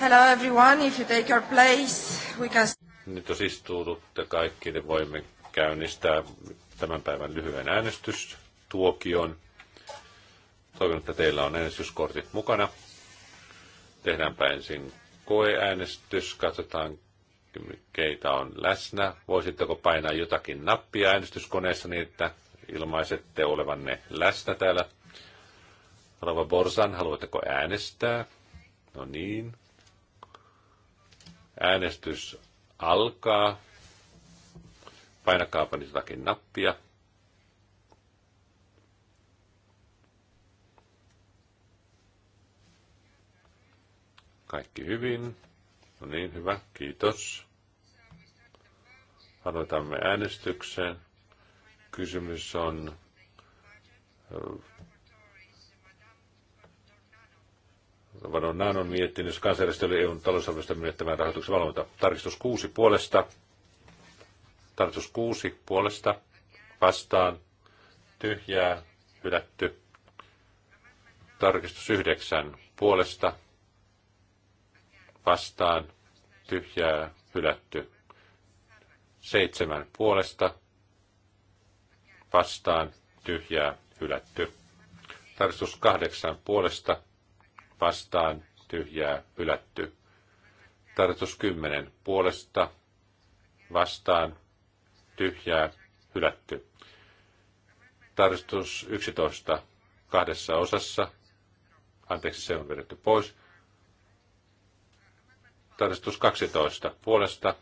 Hello everyone, if you take your place, we can... Nyt jos istuudutte kaikki, niin voimme käynnistää tämän päivän lyhyen äänestystuokion. Toivon, että teillä on äänestyskortit mukana. Tehdäänpä ensin koeäänestys, katsotaan keitä on läsnä. Voisitteko painaa jotakin nappia äänestyskoneessa niin, että ilmaisette olevanne läsnä täällä. Rava Borsan, haluatteko äänestää? No niin. Äänestys alkaa. Painakaapa nyt jotakin nappia. Kaikki hyvin. No niin, hyvä. Kiitos. Aloitamme äänestykseen. Kysymys on Vanonaan on miettinyt, jos kansanjärjestely EUn talousarviosta myönnettävän rahoituksen valvonta. Tarkistus 6 puolesta. Tarkistus 6 puolesta. Vastaan. Tyhjää. Hylätty. Tarkistus 9 puolesta. Vastaan. Tyhjää. Hylätty. 7 puolesta. Vastaan. Tyhjää. Hylätty. Tarkistus 8 puolesta vastaan tyhjää ylätty Tartus 10 puolesta vastaan tyhjää hylätty. Tartus 11 kahdessa osassa. Anteeksi, se on vedetty pois. Tarkistus 12 puolesta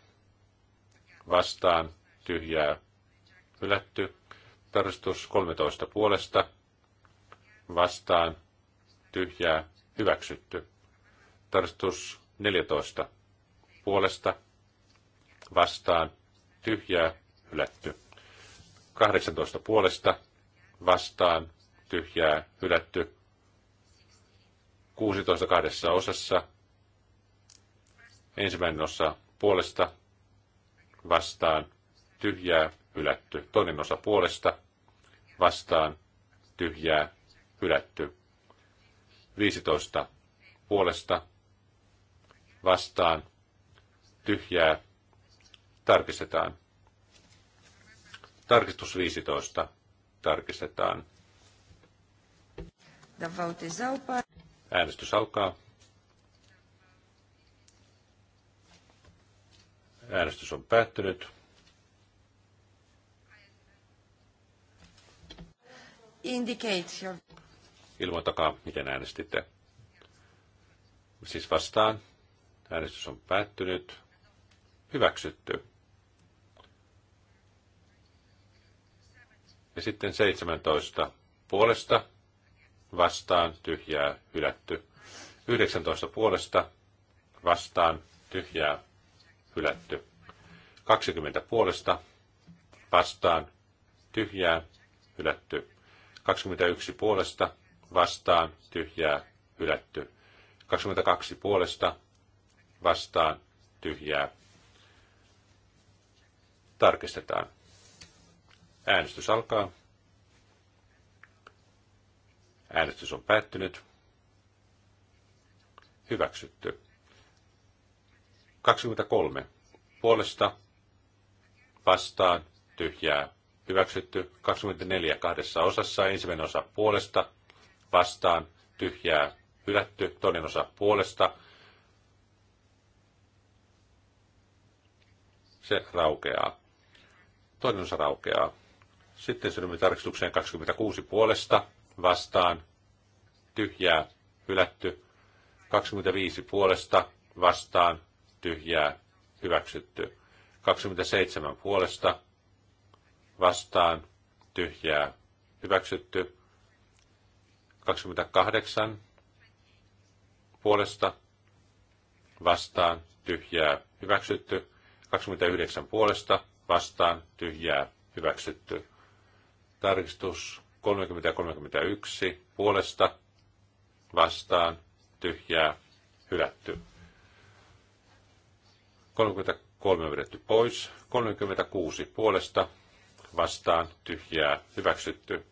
vastaan tyhjää hylätty. Tarkistus 13 puolesta vastaan tyhjää hyväksytty. Tarkistus 14 puolesta vastaan tyhjää hylätty. 18 puolesta vastaan tyhjää hylätty. 16 kahdessa osassa. Ensimmäinen osa puolesta vastaan tyhjää hylätty. Toinen osa puolesta vastaan tyhjää hylätty. 15 puolesta vastaan tyhjää tarkistetaan. Tarkistus 15 tarkistetaan. Äänestys alkaa. Äänestys on päättynyt. Indicate your... Ilmoittakaa, miten äänestitte. Siis vastaan. Äänestys on päättynyt. Hyväksytty. Ja sitten 17 puolesta vastaan tyhjää hylätty. 19 puolesta vastaan tyhjää hylätty. 20 puolesta vastaan tyhjää hylätty. 21 puolesta vastaan, tyhjää, hylätty. 22 puolesta, vastaan, tyhjää. Tarkistetaan. Äänestys alkaa. Äänestys on päättynyt. Hyväksytty. 23. Puolesta, vastaan, tyhjää, hyväksytty. 24 kahdessa osassa. Ensimmäinen osa puolesta, vastaan, tyhjää, hylätty, toinen osa puolesta. Se raukeaa. Toinen osa raukeaa. Sitten siirrymme tarkistukseen 26 puolesta, vastaan, tyhjää, hylätty, 25 puolesta, vastaan, tyhjää, hyväksytty. 27 puolesta, vastaan, tyhjää, hyväksytty. 28 puolesta vastaan tyhjää hyväksytty. 29 puolesta vastaan tyhjää hyväksytty. Tarkistus 30 31 puolesta vastaan tyhjää hylätty. 33 on vedetty pois. 36 puolesta vastaan tyhjää hyväksytty.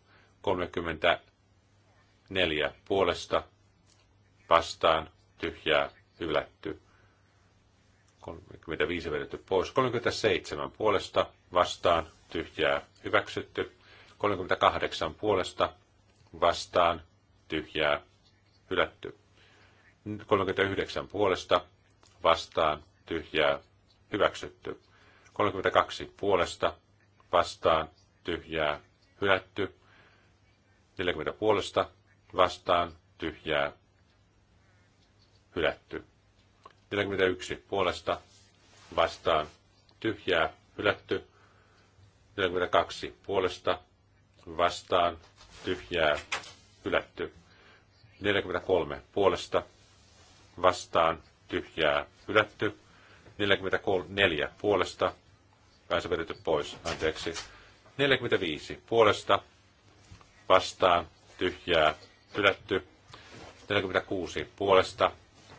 30 Neljä puolesta vastaan tyhjää hylätty. 35 vedetty pois. 37 puolesta vastaan tyhjää hyväksytty. 38 puolesta vastaan tyhjää hylätty. 39 puolesta vastaan tyhjää hyväksytty. 32 puolesta vastaan tyhjää hylätty. 40 puolesta vastaan tyhjää hylätty. 41 puolesta vastaan tyhjää hylätty. 42 puolesta vastaan tyhjää hylätty. 43 puolesta vastaan tyhjää hylätty. 44 puolesta pääsi vedetty pois, anteeksi. 45 puolesta vastaan tyhjää hylätty. 46 puolesta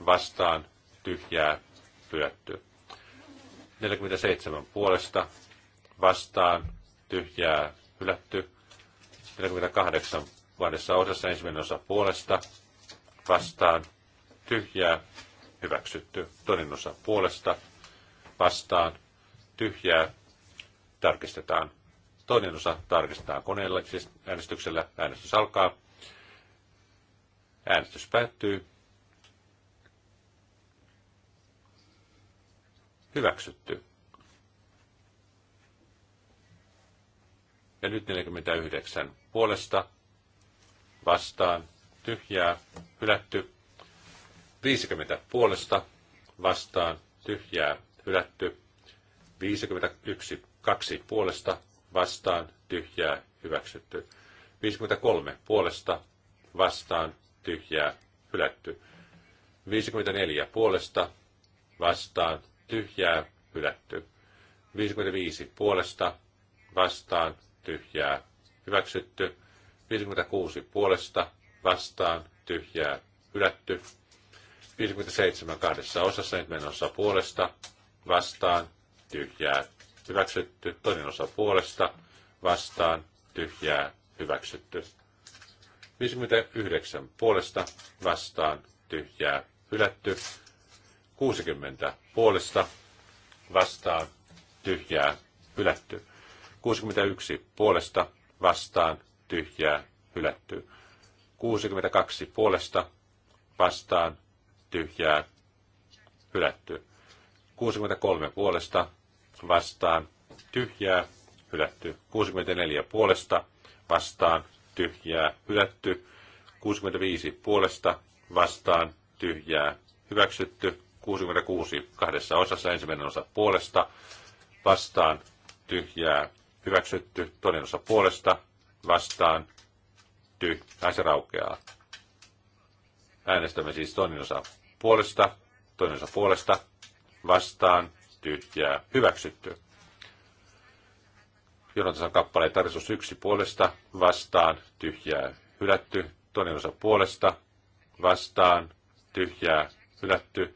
vastaan tyhjää hylätty. 47 puolesta vastaan tyhjää hylätty. 48 vuodessa osassa ensimmäinen osa puolesta vastaan tyhjää hyväksytty. Toinen osa puolesta vastaan tyhjää tarkistetaan. Toinen osa tarkistetaan koneella, siis äänestyksellä. Äänestys alkaa. Äänestys päättyy. Hyväksytty. Ja nyt 49 puolesta vastaan tyhjää hylätty. 50 puolesta vastaan tyhjää hylätty. 51 2 puolesta vastaan tyhjää hyväksytty. 53 puolesta vastaan tyhjää, hylätty. 54 puolesta, vastaan, tyhjää, hylätty. 55 puolesta, vastaan, tyhjää, hyväksytty. 56 puolesta, vastaan, tyhjää, hylätty. 57 kahdessa osassa, nyt menossa puolesta, vastaan, tyhjää, hyväksytty. Toinen osa puolesta, vastaan, tyhjää, hyväksytty. 59 puolesta vastaan tyhjää hylätty. 60 puolesta vastaan tyhjää hylätty. 61 puolesta vastaan tyhjää hylätty. 62 puolesta vastaan tyhjää hylätty. 63 puolesta vastaan tyhjää hylätty. 64 puolesta vastaan tyhjää, hylätty. 65 puolesta, vastaan, tyhjää, hyväksytty. 66 kahdessa osassa, ensimmäinen osa puolesta, vastaan, tyhjää, hyväksytty. Toinen osa puolesta, vastaan, tyhjää, se raukeaa. Äänestämme siis toinen osa puolesta, toinen osa puolesta, vastaan, tyhjää, hyväksytty. Jonatason kappale tarkistus yksi puolesta vastaan tyhjää hylätty. Toinen osa puolesta vastaan tyhjää hylätty.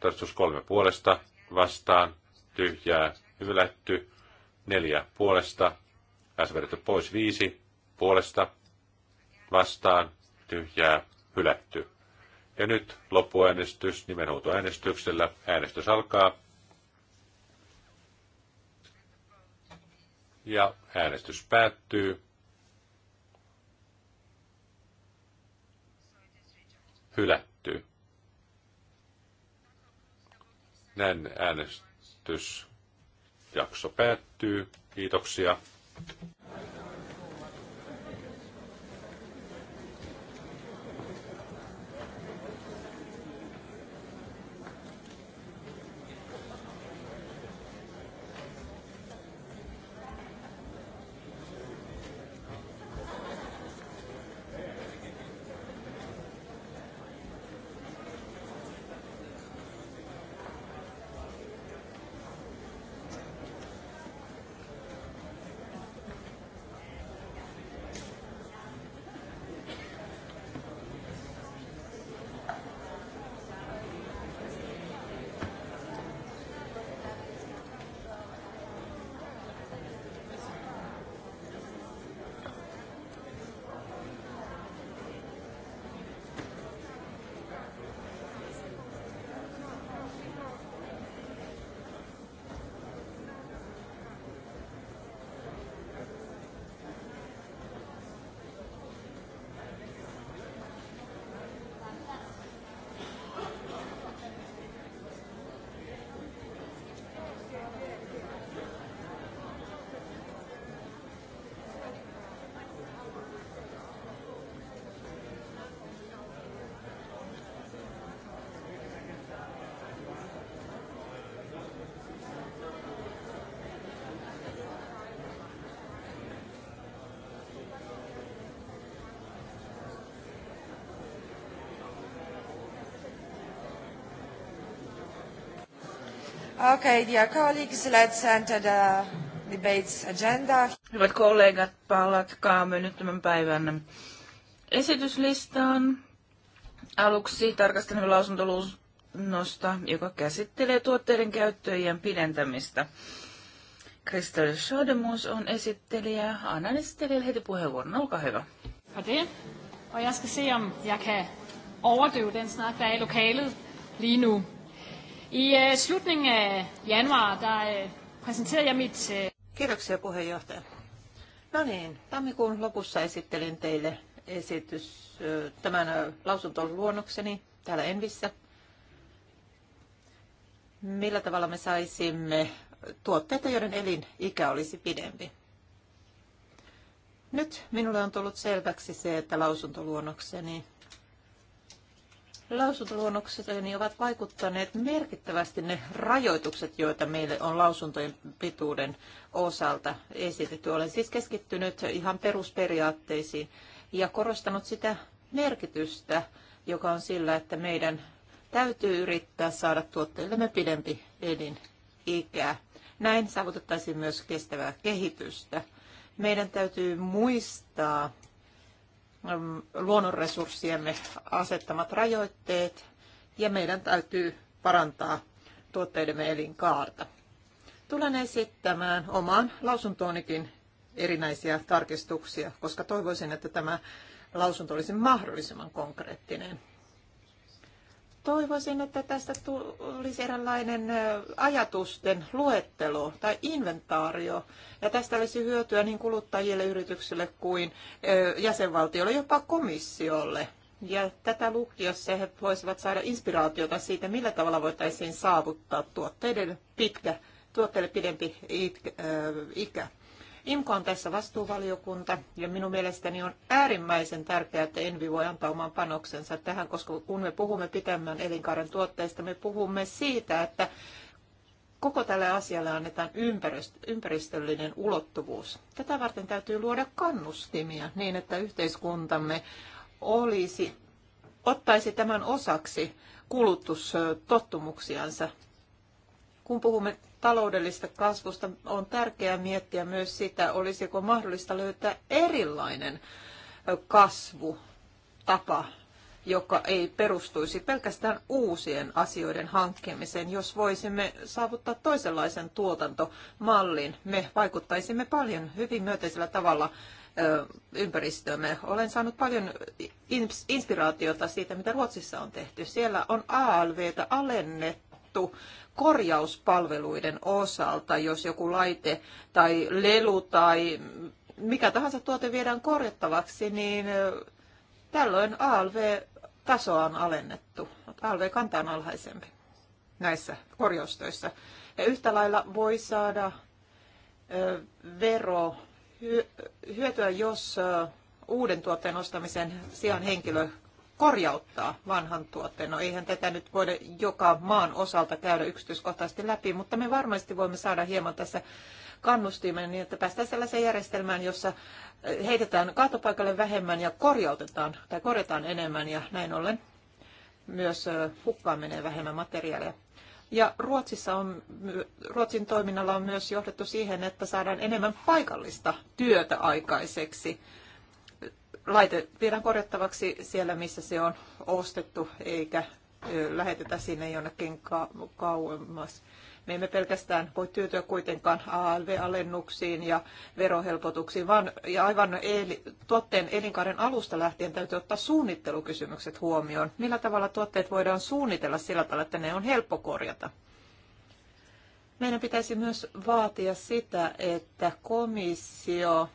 Tarkistus kolme puolesta vastaan tyhjää hylätty. Neljä puolesta. Äsveritty pois viisi puolesta vastaan tyhjää hylätty. Ja nyt loppuäänestys nimenhuutoäänestyksellä. Äänestys alkaa. ja äänestys päättyy. Hylätty. Näin äänestysjakso päättyy. Kiitoksia. Okay, dear colleagues, let's enter the debates agenda. Hyvät kollegat, palatkaamme nyt tämän päivän esityslistaan. Aluksi tarkastelemme lausuntoluunnosta, joka käsittelee tuotteiden käyttöjen pidentämistä. Kristel Schodemus on esittelijä. Anna esittelijä heti puheenvuoron. Olkaa hyvä. Ja det. Og jeg skal se, om jeg kan overdøve den snak, der er i lokalet lige nu. I øh, slutningen af januar, der øh, præsenterede jeg mit... Øh, Kiitoksia puheenjohtaja. No niin, tammikuun lopussa esittelin teille esitys, tämän lausuntoluonnokseni täällä Envissä. Millä tavalla me saisimme tuotteita, joiden elinikä olisi pidempi? Nyt minulle on tullut selväksi se, että lausuntoluonnokseni niin ovat vaikuttaneet merkittävästi ne rajoitukset, joita meille on lausuntojen pituuden osalta esitetty. Olen siis keskittynyt ihan perusperiaatteisiin ja korostanut sitä merkitystä, joka on sillä, että meidän täytyy yrittää saada tuotteillemme pidempi elinikä. Näin saavutettaisiin myös kestävää kehitystä. Meidän täytyy muistaa luonnonresurssiemme asettamat rajoitteet ja meidän täytyy parantaa tuotteidemme elinkaarta. Tulen esittämään omaan lausuntoonikin erinäisiä tarkistuksia, koska toivoisin, että tämä lausunto olisi mahdollisimman konkreettinen toivoisin, että tästä tulisi eräänlainen ajatusten luettelo tai inventaario. Ja tästä olisi hyötyä niin kuluttajille, yrityksille kuin jäsenvaltiolle, jopa komissiolle. Ja tätä lukiossa he voisivat saada inspiraatiota siitä, millä tavalla voitaisiin saavuttaa tuotteiden pitkä, tuotteille pidempi ikä. IMKO on tässä vastuuvaliokunta ja minun mielestäni on äärimmäisen tärkeää, että Envi voi antaa oman panoksensa tähän, koska kun me puhumme pitemmän elinkaaren tuotteista, me puhumme siitä, että koko tälle asialle annetaan ympäristöllinen ulottuvuus. Tätä varten täytyy luoda kannustimia niin, että yhteiskuntamme olisi, ottaisi tämän osaksi kulutustottumuksiansa kun puhumme taloudellista kasvusta, on tärkeää miettiä myös sitä, olisiko mahdollista löytää erilainen kasvutapa joka ei perustuisi pelkästään uusien asioiden hankkimiseen. Jos voisimme saavuttaa toisenlaisen tuotantomallin, me vaikuttaisimme paljon hyvin myönteisellä tavalla ympäristöömme. Olen saanut paljon inspiraatiota siitä, mitä Ruotsissa on tehty. Siellä on ALVtä alennettu laadittu korjauspalveluiden osalta, jos joku laite tai lelu tai mikä tahansa tuote viedään korjattavaksi, niin tällöin ALV-tasoa on alennettu. ALV-kanta on alhaisempi näissä korjaustöissä. Ja yhtä lailla voi saada vero hyötyä, jos uuden tuotteen ostamisen sijaan henkilö korjauttaa vanhan tuotteen. No eihän tätä nyt voida joka maan osalta käydä yksityiskohtaisesti läpi, mutta me varmasti voimme saada hieman tässä kannustimen niin, että päästään sellaiseen järjestelmään, jossa eh, heitetään kaatopaikalle vähemmän ja korjautetaan tai korjataan enemmän ja näin ollen myös eh, hukkaan menee vähemmän materiaalia. Ja Ruotsissa on, Ruotsin toiminnalla on myös johdettu siihen, että saadaan enemmän paikallista työtä aikaiseksi laite viedään korjattavaksi siellä, missä se on ostettu, eikä lähetetä sinne jonnekin kauemmas. Me emme pelkästään voi tyytyä kuitenkaan ALV-alennuksiin ja verohelpotuksiin, vaan ja aivan eli, tuotteen elinkaaren alusta lähtien täytyy ottaa suunnittelukysymykset huomioon. Millä tavalla tuotteet voidaan suunnitella sillä tavalla, että ne on helppo korjata? Meidän pitäisi myös vaatia sitä, että komissio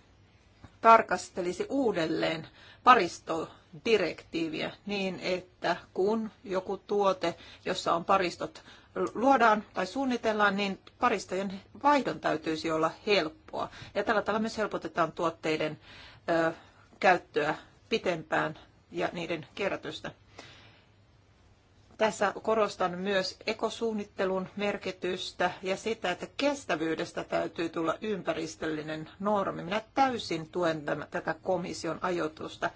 tarkastelisi uudelleen paristodirektiiviä niin, että kun joku tuote, jossa on paristot luodaan tai suunnitellaan, niin paristojen vaihdon täytyisi olla helppoa. Ja tällä tavalla myös helpotetaan tuotteiden ö, käyttöä pitempään ja niiden kierrätystä. Tässä korostan myös ekosuunnittelun merkitystä ja sitä, että kestävyydestä täytyy tulla ympäristöllinen normi. Minä täysin tuen tämän, tätä komission ajoitusta.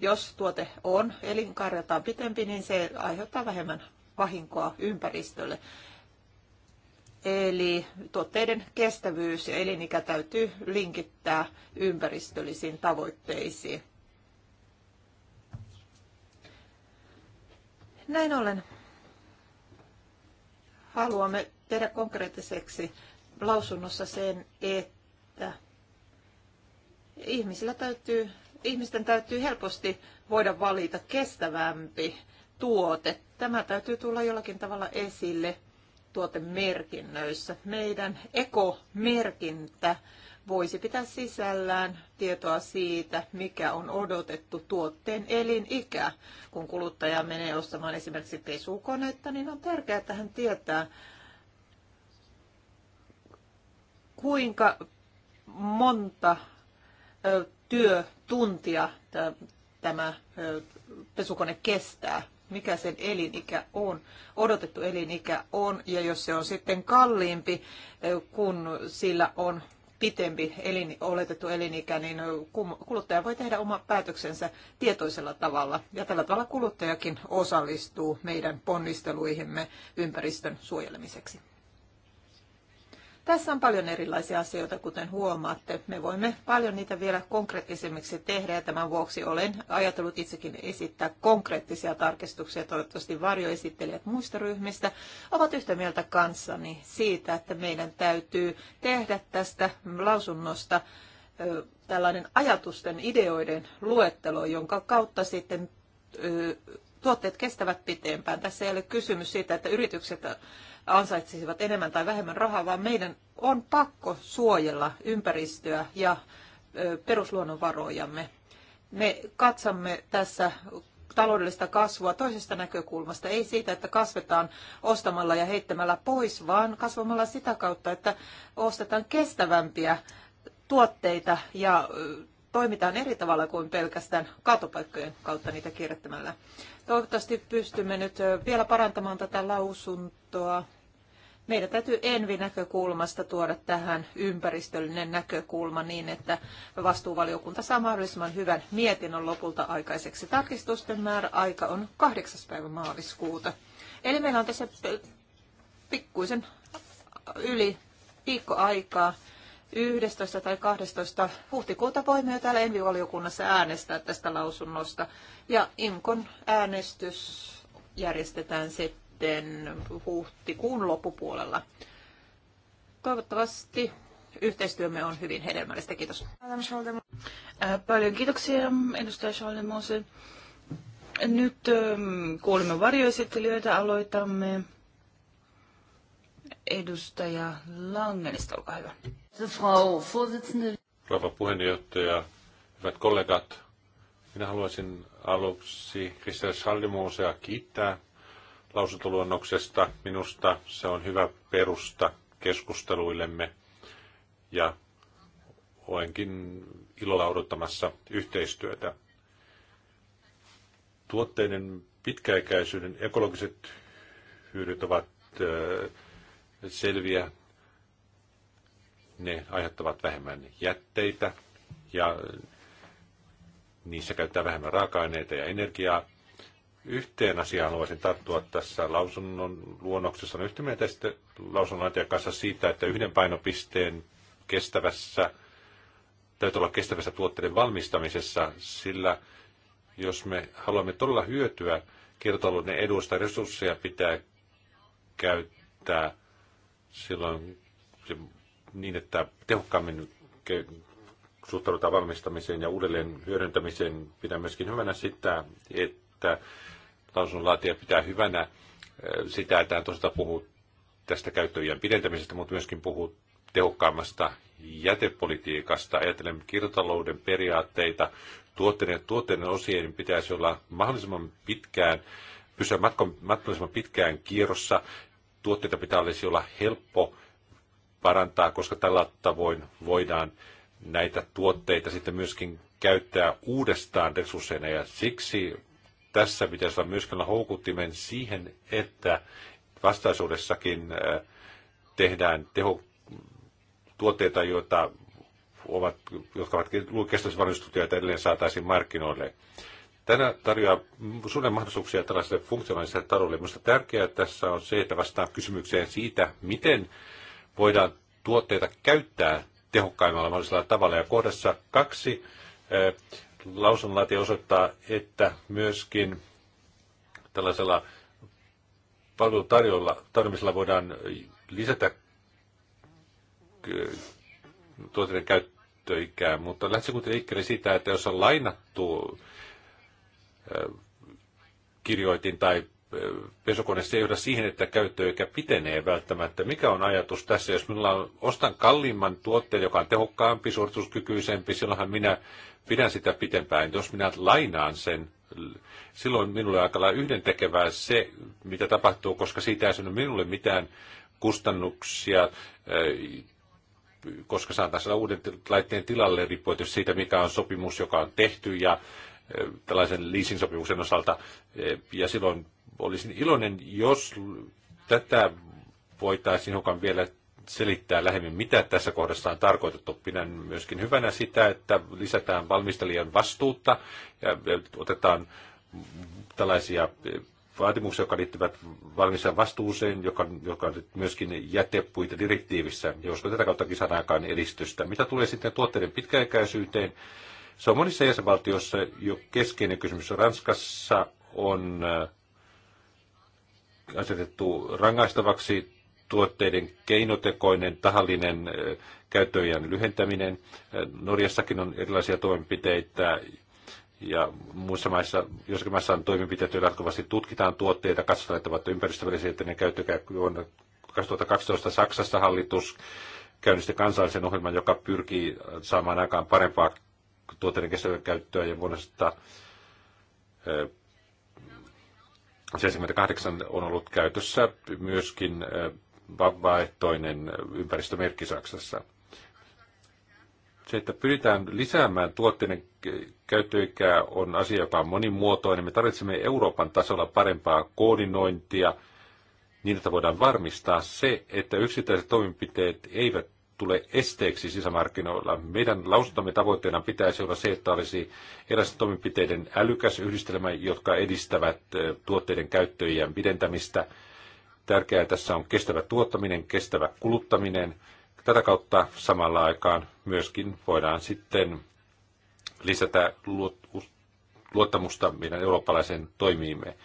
Jos tuote on elinkaareltaan pitempi, niin se aiheuttaa vähemmän vahinkoa ympäristölle. Eli tuotteiden kestävyys ja elinikä täytyy linkittää ympäristöllisiin tavoitteisiin. Näin ollen haluamme tehdä konkreettiseksi lausunnossa sen, että ihmisillä täytyy, ihmisten täytyy helposti voida valita kestävämpi tuote. Tämä täytyy tulla jollakin tavalla esille tuotemerkinnöissä. Meidän ekomerkintä voisi pitää sisällään tietoa siitä, mikä on odotettu tuotteen elinikä. Kun kuluttaja menee ostamaan esimerkiksi pesukonetta, niin on tärkeää, että hän tietää, kuinka monta työtuntia tämä pesukone kestää, mikä sen elinikä on, odotettu elinikä on, ja jos se on sitten kalliimpi, kun sillä on pitempi elin, oletettu elinikä, niin kuluttaja voi tehdä oma päätöksensä tietoisella tavalla. Ja tällä tavalla kuluttajakin osallistuu meidän ponnisteluihimme ympäristön suojelemiseksi. Tässä on paljon erilaisia asioita, kuten huomaatte. Me voimme paljon niitä vielä konkreettisemmiksi tehdä ja tämän vuoksi olen ajatellut itsekin esittää konkreettisia tarkistuksia. Toivottavasti varjoesittelijät muista ryhmistä ovat yhtä mieltä kanssani siitä, että meidän täytyy tehdä tästä lausunnosta tällainen ajatusten, ideoiden luettelo, jonka kautta sitten tuotteet kestävät pitempään. Tässä ei ole kysymys siitä, että yritykset ansaitsisivat enemmän tai vähemmän rahaa, vaan meidän on pakko suojella ympäristöä ja perusluonnonvarojamme. Me katsomme tässä taloudellista kasvua toisesta näkökulmasta, ei siitä, että kasvetaan ostamalla ja heittämällä pois, vaan kasvamalla sitä kautta, että ostetaan kestävämpiä tuotteita ja toimitaan eri tavalla kuin pelkästään kaatopaikkojen kautta niitä kierrättämällä. Toivottavasti pystymme nyt vielä parantamaan tätä lausuntoa. Meidän täytyy Envi-näkökulmasta tuoda tähän ympäristöllinen näkökulma niin, että vastuuvaliokunta saa mahdollisimman hyvän mietinnön lopulta aikaiseksi. Tarkistusten määrä aika on 8. päivä maaliskuuta. Eli meillä on tässä pikkuisen yli viikko aikaa 11. tai 12. huhtikuuta voimme jo täällä Envi-valiokunnassa äänestää tästä lausunnosta. Ja IMKON äänestys järjestetään sitten huhtikuun loppupuolella. Toivottavasti yhteistyömme on hyvin hedelmällistä. Kiitos. Äh, paljon kiitoksia, edustaja Schollemose. Nyt ähm, kuulimme varjoesittelijöitä. Aloitamme edustaja Langenista, olkaa hyvä. Rouva puheenjohtaja, hyvät kollegat, minä haluaisin aluksi Kristel Schallimuusea kiittää lausuntoluonnoksesta. Minusta se on hyvä perusta keskusteluillemme ja olenkin ilolla odottamassa yhteistyötä. Tuotteiden pitkäikäisyyden ekologiset hyödyt ovat äh, selviä. Ne aiheuttavat vähemmän jätteitä ja niissä käyttää vähemmän raaka-aineita ja energiaa. Yhteen asiaan haluaisin tarttua tässä lausunnon luonnoksessa. Olen yhtä mieltä lausunnonantajan kanssa siitä, että yhden painopisteen kestävässä, täytyy olla kestävässä tuotteiden valmistamisessa, sillä jos me haluamme todella hyötyä kiertotalouden edusta, resursseja pitää käyttää silloin se, niin, että tehokkaammin suhtaudutaan valmistamiseen ja uudelleen hyödyntämiseen. Pidän myöskin hyvänä sitä, että lausunnonlaatija pitää hyvänä äh, sitä, että hän tosiaan puhuu tästä käyttöjen pidentämisestä, mutta myöskin puhuu tehokkaammasta jätepolitiikasta. Ajattelen kiertotalouden periaatteita, tuotteiden ja tuotteiden osien pitäisi olla mahdollisimman pitkään, pysyä matko, mahdollisimman pitkään kierrossa tuotteita pitää olisi olla helppo parantaa, koska tällä tavoin voidaan näitä tuotteita sitten myöskin käyttää uudestaan resursseina. Ja siksi tässä pitäisi olla myöskin houkuttimen siihen, että vastaisuudessakin äh, tehdään teho, tuotteita, joita ovat, jotka ovat kestävyysvalmistuttuja, että edelleen saataisiin markkinoille. Tänä tarjoaa suuren mahdollisuuksia tällaiselle funktionaaliselle tarjolle. Minusta tärkeää tässä on se, että vastaan kysymykseen siitä, miten voidaan tuotteita käyttää tehokkaimmalla mahdollisella tavalla. Ja kohdassa kaksi lausunnonlaatio osoittaa, että myöskin tällaisella palvelutarjoamisella voidaan lisätä tuotteiden käyttöikää, mutta lähtisi kuitenkin liikkeelle siitä, että jos on lainattu kirjoitin tai pesukone, se ei johda siihen, että käyttöikä pitenee välttämättä. Mikä on ajatus tässä, jos minulla on, ostan kalliimman tuotteen, joka on tehokkaampi, suorituskykyisempi, silloinhan minä pidän sitä pitempään. Jos minä lainaan sen, silloin minulle on aika lailla yhdentekevää se, mitä tapahtuu, koska siitä ei synny minulle mitään kustannuksia, koska saan taas uuden laitteen tilalle riippuen siitä, mikä on sopimus, joka on tehty ja tällaisen leasing-sopimuksen osalta. E, ja silloin olisin iloinen, jos tätä voitaisiin hiukan vielä selittää lähemmin, mitä tässä kohdassa on tarkoitettu. Pidän myöskin hyvänä sitä, että lisätään valmistelijan vastuutta ja otetaan tällaisia e, vaatimuksia, jotka liittyvät valmistajan vastuuseen, joka, joka on myöskin jätepuita direktiivissä, josko tätä kautta saadaan aikaan edistystä. Mitä tulee sitten tuotteiden pitkäikäisyyteen, se on monissa jäsenvaltioissa jo keskeinen kysymys. Ranskassa on äh, asetettu rangaistavaksi tuotteiden keinotekoinen tahallinen äh, käyttöjen lyhentäminen. Äh, Norjassakin on erilaisia toimenpiteitä ja muissa maissa, joissakin maissa on toimenpiteitä, joilla jatkuvasti tutkitaan tuotteita, katsotaan, että ovat ympäristövälisiä, että ne käyttökää vuonna 2012 Saksassa hallitus käynnisti kansallisen ohjelman, joka pyrkii saamaan aikaan parempaa tuotteiden kestävää käyttöä ja vuonna 1978 eh, on ollut käytössä myöskin eh, vapaaehtoinen ympäristömerkki Saksassa. Se, että pyritään lisäämään tuotteiden käyttöikää, on asia, joka on monimuotoinen. Me tarvitsemme Euroopan tasolla parempaa koordinointia niin, että voidaan varmistaa se, että yksittäiset toimenpiteet eivät tule esteeksi sisämarkkinoilla. Meidän lausuntamme tavoitteena pitäisi olla se, että olisi eräs toimenpiteiden älykäs yhdistelmä, jotka edistävät tuotteiden käyttöiän pidentämistä. Tärkeää tässä on kestävä tuottaminen, kestävä kuluttaminen. Tätä kautta samalla aikaan myöskin voidaan sitten lisätä luottamusta meidän eurooppalaiseen toimiimme.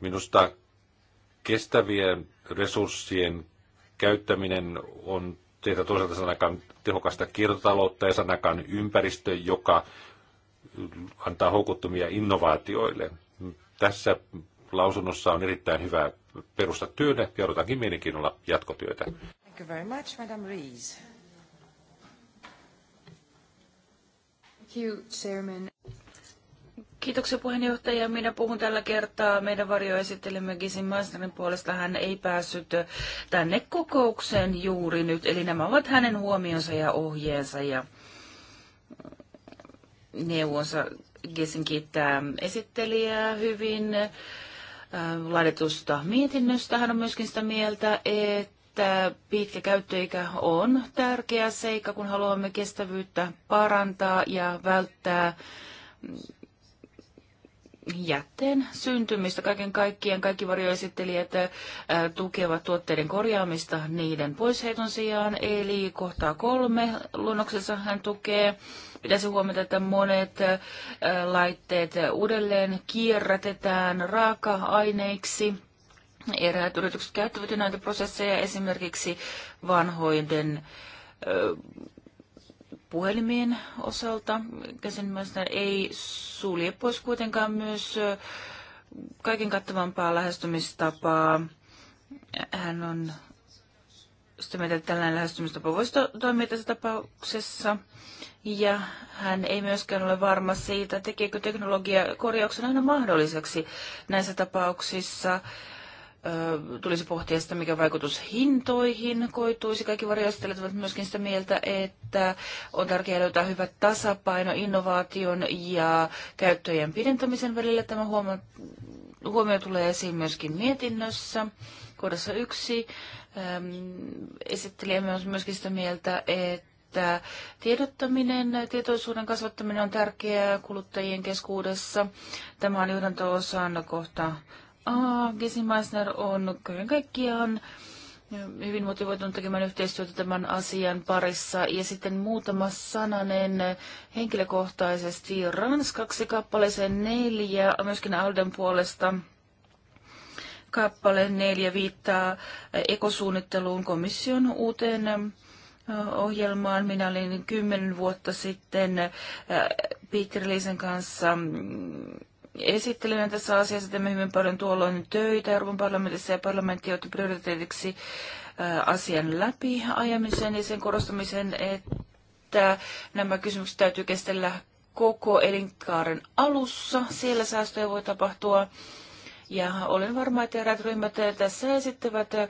Minusta kestävien resurssien käyttäminen on teitä toisaalta sanakaan tehokasta kiertotaloutta ja sanakaan ympäristö, joka antaa houkuttumia innovaatioille. Tässä lausunnossa on erittäin hyvä perusta työlle ja odotankin mielenkiinnolla jatkotyötä. Thank you very much, Madam Rees. Thank you, Chairman. Kiitoksia puheenjohtaja. Minä puhun tällä kertaa meidän varjoesittelemme Gisin Maisterin puolesta. Hän ei päässyt tänne kokoukseen juuri nyt, eli nämä ovat hänen huomionsa ja ohjeensa ja neuvonsa. Gisin kiittää esittelijää hyvin äh, laaditusta mietinnöstä. Hän on myöskin sitä mieltä, että pitkä käyttöikä on tärkeä seikka, kun haluamme kestävyyttä parantaa ja välttää jätteen syntymistä. Kaiken kaikkiaan kaikki varjoesittelijät tukevat tuotteiden korjaamista niiden poisheiton sijaan, eli kohtaa kolme luonnoksessa hän tukee. Pitäisi huomata, että monet laitteet uudelleen kierrätetään raaka-aineiksi. Eräät yritykset käyttävät näitä prosesseja esimerkiksi vanhoiden puhelimien osalta. Käsinmäistä ei sulje pois kuitenkaan myös kaiken kattavampaa lähestymistapaa. Hän on sitä mieltä, että tällainen lähestymistapa voisi toimia tässä tapauksessa. Ja hän ei myöskään ole varma siitä, tekeekö teknologia korjauksen aina mahdolliseksi näissä tapauksissa tulisi pohtia sitä, mikä vaikutus hintoihin koituisi. Kaikki varjoistelijat ovat myöskin sitä mieltä, että on tärkeää löytää hyvä tasapaino innovaation ja käyttöjen pidentämisen välillä. Tämä huomio, huomio tulee esiin myöskin mietinnössä. Kohdassa yksi ähm, esittelijämme on myöskin sitä mieltä, että että tiedottaminen, tietoisuuden kasvattaminen on tärkeää kuluttajien keskuudessa. Tämä on johdanto-osan kohta Gesi Meissner on kaiken kaikkiaan hyvin motivoitunut tekemään yhteistyötä tämän asian parissa. Ja sitten muutama sananen henkilökohtaisesti ranskaksi kappaleeseen neljä, myöskin Alden puolesta. Kappale neljä viittaa ekosuunnitteluun komission uuteen ohjelmaan. Minä olin kymmenen vuotta sitten Peter Liisen kanssa mm, esittelijänä tässä asiassa. Teemme hyvin paljon tuolloin töitä Euroopan parlamentissa ja parlamentti otti prioriteetiksi äh, asian läpi ajamisen ja sen korostamisen, että nämä kysymykset täytyy kestellä koko elinkaaren alussa. Siellä säästöjä voi tapahtua. Ja olen varma, että eräät ryhmät tässä esittävät äh,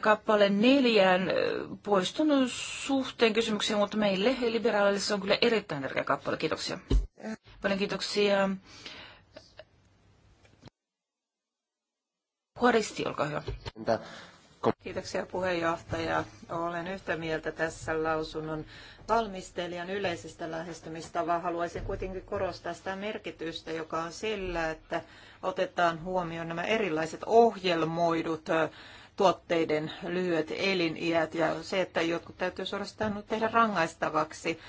kappale neljään äh, poistunut suhteen kysymyksiä, mutta meille liberaaleille se on kyllä erittäin tärkeä kappale. Kiitoksia. Paljon kiitoksia Huoristi, olkaa hyvä. Kiitoksia puheenjohtaja. Olen yhtä mieltä tässä lausunnon valmistelijan yleisestä lähestymistavaa. Haluaisin kuitenkin korostaa sitä merkitystä, joka on sillä, että otetaan huomioon nämä erilaiset ohjelmoidut tuotteiden lyhyet eliniät ja se, että jotkut täytyy suorastaan tehdä rangaistavaksi.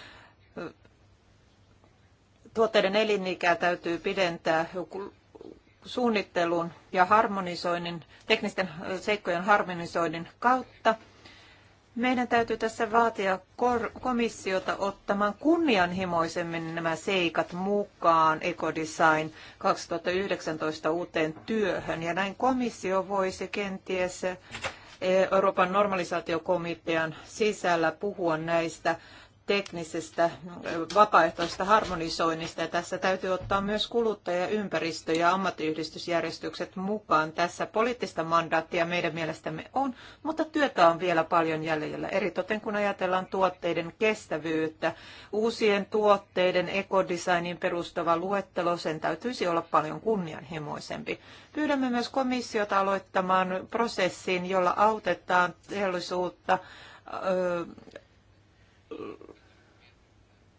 Tuotteiden elinikää täytyy pidentää suunnittelun ja harmonisoinnin, teknisten seikkojen harmonisoinnin kautta. Meidän täytyy tässä vaatia komissiota ottamaan kunnianhimoisemmin nämä seikat mukaan Ecodesign 2019 uuteen työhön. Ja näin komissio voisi kenties Euroopan normalisaatiokomitean sisällä puhua näistä teknisestä vapaaehtoisesta harmonisoinnista. Ja tässä täytyy ottaa myös kuluttaja, ympäristö ja ammattiyhdistysjärjestykset mukaan. Tässä poliittista mandaattia meidän mielestämme on, mutta työtä on vielä paljon jäljellä. Eritoten kun ajatellaan tuotteiden kestävyyttä, uusien tuotteiden ekodesignin perustava luettelo, sen täytyisi olla paljon kunnianhimoisempi. Pyydämme myös komissiota aloittamaan prosessin, jolla autetaan teollisuutta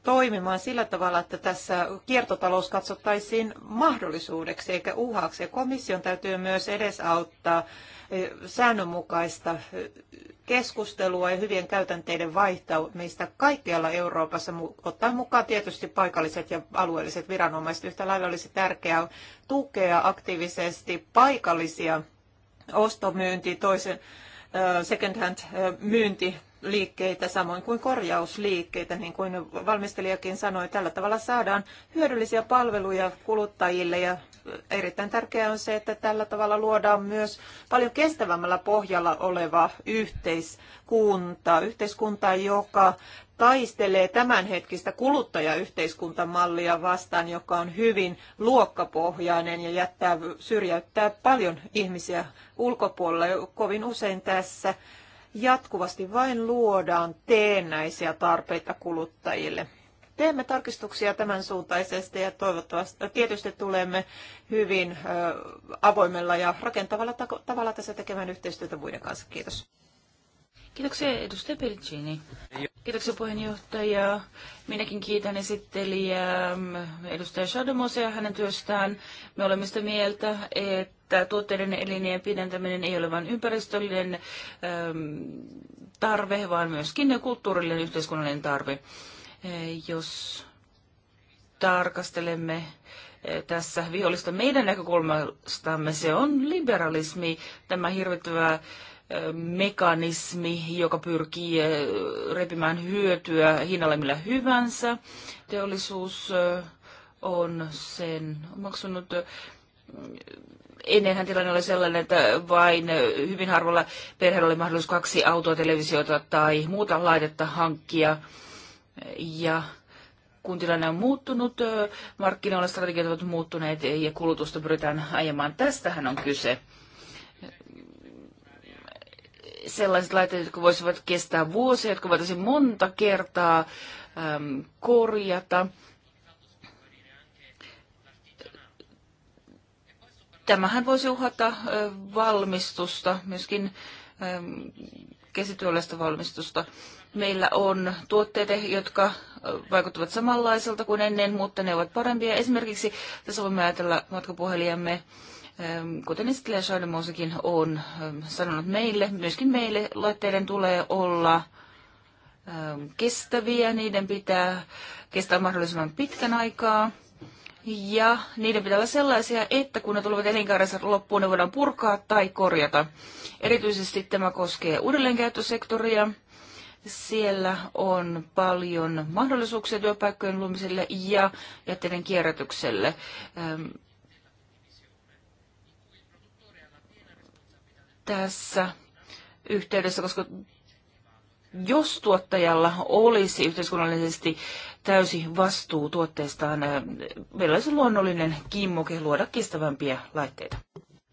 toimimaan sillä tavalla, että tässä kiertotalous katsottaisiin mahdollisuudeksi eikä uhaksi. Ja komission täytyy myös edesauttaa eh, säännönmukaista eh, keskustelua ja hyvien käytänteiden vaihtamista kaikkialla Euroopassa, ottaen mukaan tietysti paikalliset ja alueelliset viranomaiset. Yhtä lailla olisi tärkeää tukea aktiivisesti paikallisia ostomyynti, toisen eh, second hand myynti liikkeitä, samoin kuin korjausliikkeitä, niin kuin valmistelijakin sanoi. Tällä tavalla saadaan hyödyllisiä palveluja kuluttajille ja erittäin tärkeää on se, että tällä tavalla luodaan myös paljon kestävämmällä pohjalla oleva yhteiskunta, yhteiskunta, joka taistelee tämänhetkistä kuluttajayhteiskuntamallia vastaan, joka on hyvin luokkapohjainen ja jättää, syrjäyttää paljon ihmisiä ulkopuolella. Kovin usein tässä jatkuvasti vain luodaan teennäisiä tarpeita kuluttajille. Teemme tarkistuksia tämän suuntaisesti ja toivottavasti tietysti tulemme hyvin avoimella ja rakentavalla tavalla tässä tekemään yhteistyötä muiden kanssa. Kiitos. Kiitoksia edustaja Pellicini. Kiitoksia puheenjohtaja. Minäkin kiitän esittelijää mm, edustaja ja hänen työstään. Me olemme sitä mieltä, että tuotteiden elinien pidentäminen ei ole vain ympäristöllinen äm, mm, tarve, vaan myöskin kulttuurillinen yhteiskunnallinen tarve. E, jos tarkastelemme e, tässä vihollista meidän näkökulmastamme, se on liberalismi, tämä hirvittävä mekanismi, joka pyrkii repimään hyötyä hinnalle millä hyvänsä. Teollisuus on sen maksanut. Ennenhän tilanne oli sellainen, että vain hyvin harvalla perheellä oli mahdollisuus kaksi autoa, televisiota tai muuta laitetta hankkia. Ja kun tilanne on muuttunut, markkinoilla strategiat ovat muuttuneet ja kulutusta pyritään ajamaan. Tästähän on kyse sellaiset laitteet, jotka voisivat kestää vuosia, jotka voitaisiin monta kertaa äm, korjata. Tämähän voisi uhata äh, valmistusta, myöskin ähm, käsityöläistä valmistusta. Meillä on tuotteita, jotka äh, vaikuttavat samanlaiselta kuin ennen, mutta ne ovat parempia. Esimerkiksi tässä voimme ajatella matkapuhelijamme. äh, kuten esittelijä Schaldemosikin on sanonut meille, myöskin meille laitteiden tulee olla kestäviä, niiden pitää kestää mahdollisimman pitkän aikaa. Ja niiden pitää olla sellaisia, että kun ne tulevat elinkaarensa loppuun, ne voidaan purkaa tai korjata. Erityisesti tämä koskee uudelleenkäyttösektoria. Siellä on paljon mahdollisuuksia työpaikkojen luomiselle ja jätteiden kierrätykselle. tässä yhteydessä, koska jos tuottajalla olisi yhteiskunnallisesti täysi vastuu tuotteistaan, eh, meillä olisi luonnollinen kimmoke luoda kestävämpiä laitteita.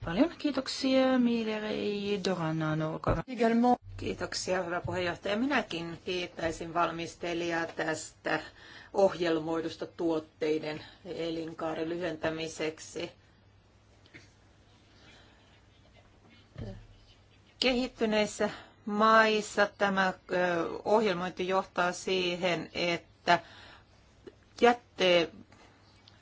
Paljon kiitoksia, Mileri Doranan, olkaa Kiitoksia, hyvä puheenjohtaja. Minäkin kiittäisin valmistelijaa tästä ohjelmoidusta tuotteiden elinkaaren lyhentämiseksi. Kehittyneissä maissa tämä ohjelmointi johtaa siihen, että jätteen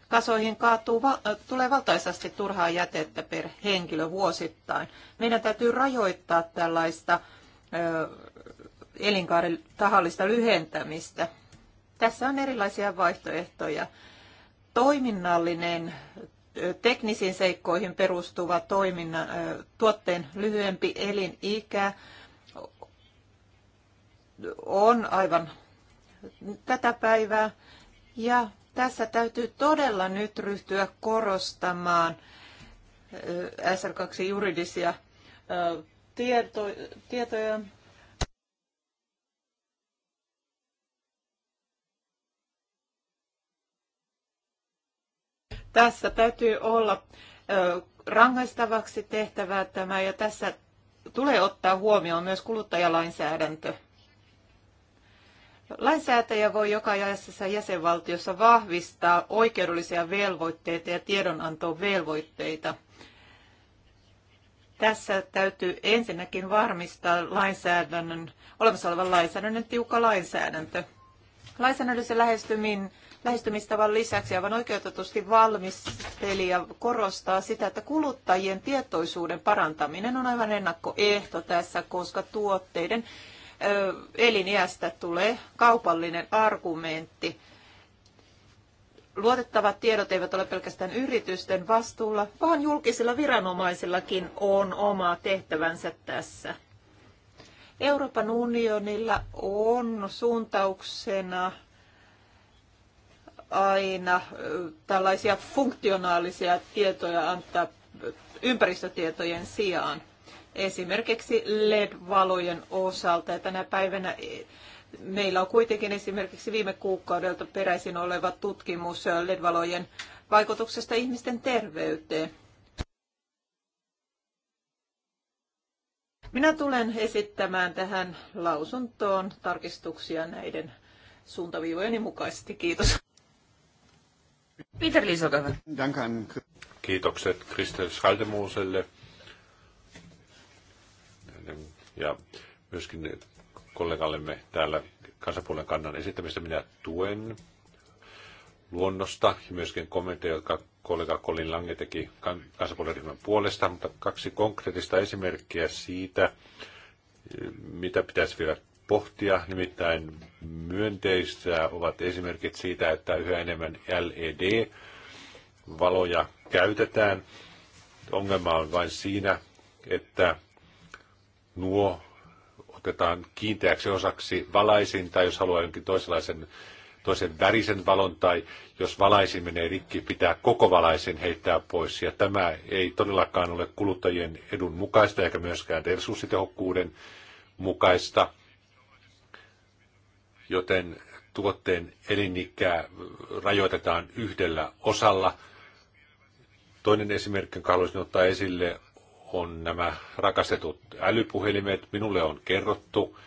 kasoihin kaatuu, tulee valtaisasti turhaa jätettä per henkilö vuosittain. Meidän täytyy rajoittaa tällaista elinkaaren tahallista lyhentämistä. Tässä on erilaisia vaihtoehtoja. Toiminnallinen teknisiin seikkoihin perustuva toiminnan, tuotteen lyhyempi elinikä on aivan tätä päivää. Ja tässä täytyy todella nyt ryhtyä korostamaan SR2 juridisia tieto, tietoja Tässä täytyy olla rangaistavaksi tehtävää tämä ja tässä tulee ottaa huomioon myös kuluttajalainsäädäntö. Lainsäätäjä voi joka jäsessä jäsenvaltiossa vahvistaa oikeudellisia velvoitteita ja tiedonantovelvoitteita. Tässä täytyy ensinnäkin varmistaa lainsäädännön, olemassa olevan lainsäädännön tiukka lainsäädäntö. Lainsäädännöllisen lähestyminen lähestymistavan lisäksi aivan oikeutetusti valmistelija korostaa sitä, että kuluttajien tietoisuuden parantaminen on aivan ennakkoehto tässä, koska tuotteiden eliniästä tulee kaupallinen argumentti. Luotettavat tiedot eivät ole pelkästään yritysten vastuulla, vaan julkisilla viranomaisillakin on oma tehtävänsä tässä. Euroopan unionilla on suuntauksena aina tällaisia funktionaalisia tietoja antaa ympäristötietojen sijaan. Esimerkiksi LED-valojen osalta ja tänä päivänä e, meillä on kuitenkin esimerkiksi viime kuukaudelta peräisin oleva tutkimus LED-valojen vaikutuksesta ihmisten terveyteen. Minä tulen esittämään tähän lausuntoon tarkistuksia näiden suuntaviivojeni mukaisesti. Kiitos. Peter Kiitokset Kristel Schaldemuselle ja myöskin kollegallemme täällä kansapuolen kannan esittämistä minä tuen luonnosta ja myöskin kommentteja, jotka kollega Colin Lange teki kansapuolen ryhmän puolesta, mutta kaksi konkreettista esimerkkiä siitä, mitä pitäisi vielä pohtia. Nimittäin myönteistä ovat esimerkit siitä, että yhä enemmän LED-valoja käytetään. Ongelma on vain siinä, että nuo otetaan kiinteäksi osaksi valaisin, tai jos haluaa jonkin toisenlaisen toisen värisen valon, tai jos valaisin menee rikki, pitää koko valaisin heittää pois. Ja tämä ei todellakaan ole kuluttajien edun mukaista, eikä myöskään resurssitehokkuuden mukaista joten tuotteen elinikää rajoitetaan yhdellä osalla. Toinen esimerkki, jonka haluaisin ottaa esille, on nämä rakastetut älypuhelimet. Minulle on kerrottu,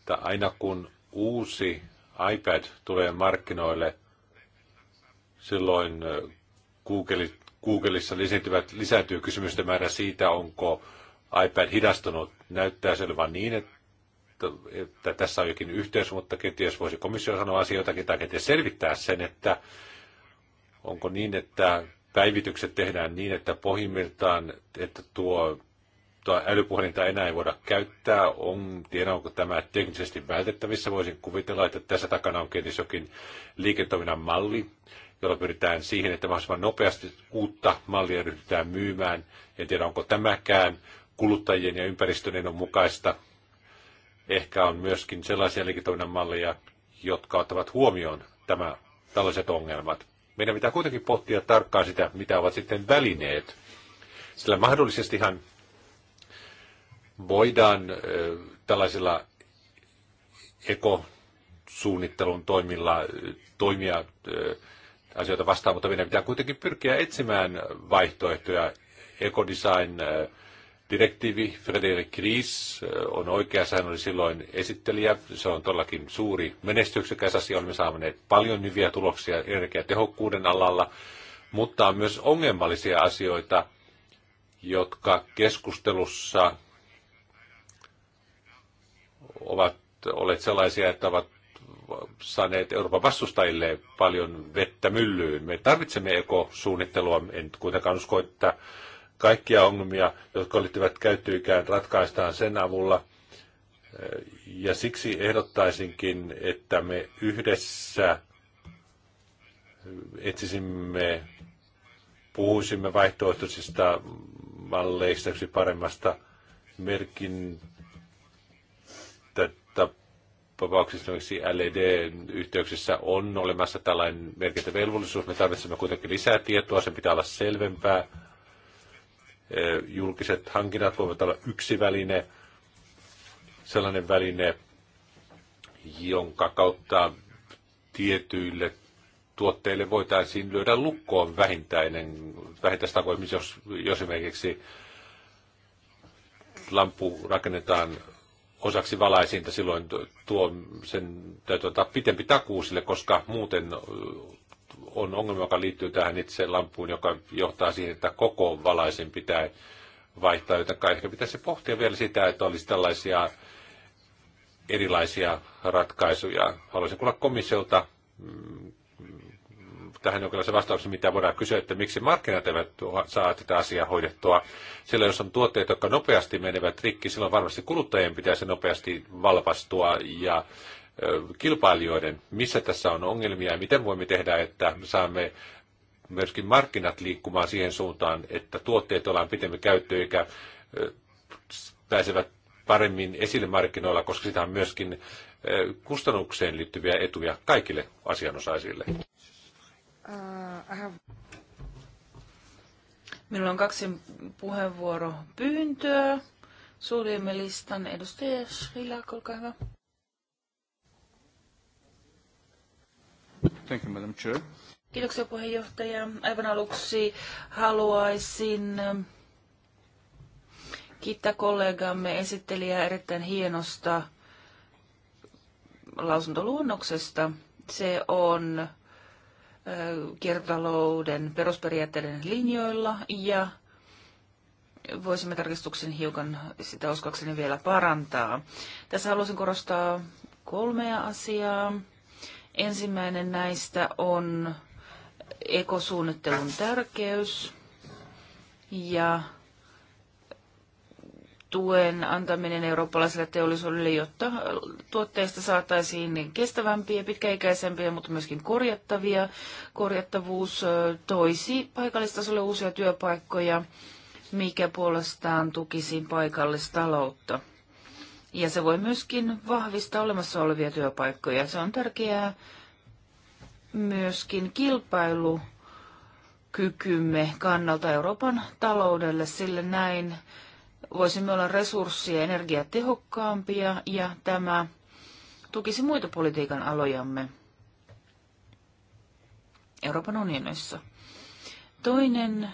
että aina kun uusi iPad tulee markkinoille, silloin Google, Googleissa lisääntyy kysymysten määrä siitä, onko iPad hidastunut. Näyttää selvä niin, että että tässä on jokin yhteys, mutta kenties voisi komissio sanoa asioitakin tai kenties selvittää sen, että onko niin, että päivitykset tehdään niin, että pohjimmiltaan, että tuo, tuo älypuhelinta enää ei voida käyttää. On, tiedä, onko tämä teknisesti vältettävissä. Voisin kuvitella, että tässä takana on kenties jokin liiketoiminnan malli, jolla pyritään siihen, että mahdollisimman nopeasti uutta mallia ryhdytään myymään. En tiedä, onko tämäkään kuluttajien ja ympäristön mukaista ehkä on myöskin sellaisia liiketoiminnan malleja, jotka ottavat huomioon tämä, tällaiset ongelmat. Meidän pitää kuitenkin pohtia tarkkaan sitä, mitä ovat sitten välineet, sillä mahdollisestihan voidaan tällaisilla ekosuunnittelun toimilla toimia asioita vastaan, mutta meidän pitää kuitenkin pyrkiä etsimään vaihtoehtoja ekodesign direktiivi. Frederik Ries äh, on oikeassa, hän oli silloin esittelijä. Se on todellakin suuri menestyksekäs asia. Olemme saaneet paljon hyviä tuloksia energiatehokkuuden alalla, mutta on myös ongelmallisia asioita, jotka keskustelussa ovat olleet sellaisia, että ovat saaneet Euroopan vastustajille paljon vettä myllyyn. Me tarvitsemme ekosuunnittelua. En kuitenkaan usko, että Kaikkia ongelmia, jotka liittyvät käyttöikään, ratkaistaan sen avulla. Ja siksi ehdottaisinkin, että me yhdessä etsisimme, puhuisimme vaihtoehtoisista malleista yksi paremmasta tapauksessa esimerkiksi LED-yhteyksissä on olemassa tällainen merkintävelvollisuus. Me tarvitsemme kuitenkin lisää tietoa, sen pitää olla selvempää Julkiset hankinnat voivat olla yksi väline, sellainen väline, jonka kautta tietyille tuotteille voitaisiin lyödä lukkoon vähintäinen, vähintäistä jos, jos esimerkiksi lampu rakennetaan osaksi valaisinta, silloin tuo, sen täytyy ottaa pitempi takuu sille, koska muuten on ongelma, joka liittyy tähän itse lampuun, joka johtaa siihen, että koko valaisin pitää vaihtaa, joten ehkä pitäisi pohtia vielä sitä, että olisi tällaisia erilaisia ratkaisuja. Haluaisin kuulla komissiolta mm, tähän jonkinlaisen vastauksen, mitä voidaan kysyä, että miksi markkinat eivät saa tätä asiaa hoidettua. Sillä jos on tuotteita, jotka nopeasti menevät rikki, silloin varmasti kuluttajien pitäisi nopeasti valvastua ja kilpailijoiden, missä tässä on ongelmia ja miten voimme tehdä, että saamme myöskin markkinat liikkumaan siihen suuntaan, että tuotteet ollaan pitemmän käyttöön eikä pääsevät paremmin esille markkinoilla, koska sitä on myöskin kustannukseen liittyviä etuja kaikille asianosaisille. Äh, Minulla on kaksi puheenvuoropyyntöä. Suljemme listan. Edustaja Schrilak, olkaa hyvä. Thank you, Madam Chair. Kiitoksia puheenjohtaja. Aivan aluksi haluaisin ähm, kiittää kollegaamme esittelijää erittäin hienosta lausuntoluonnoksesta. Se on äh, kiertotalouden perusperiaatteiden linjoilla ja voisimme tarkistuksen hiukan sitä uskoakseni vielä parantaa. Tässä haluaisin korostaa kolmea asiaa. Ensimmäinen näistä on ekosuunnittelun tärkeys ja tuen antaminen eurooppalaiselle teollisuudelle, jotta tuotteista saataisiin niin kestävämpiä, pitkäikäisempiä, mutta myöskin korjattavia. Korjattavuus toisi paikallistasolle uusia työpaikkoja, mikä puolestaan tukisi paikallistaloutta. Ja se voi myöskin vahvistaa olemassa olevia työpaikkoja. Se on tärkeää myöskin kilpailukykymme kannalta Euroopan taloudelle, sillä näin voisimme olla resurssia energiatehokkaampia ja tämä tukisi muita politiikan alojamme Euroopan unionissa. Toinen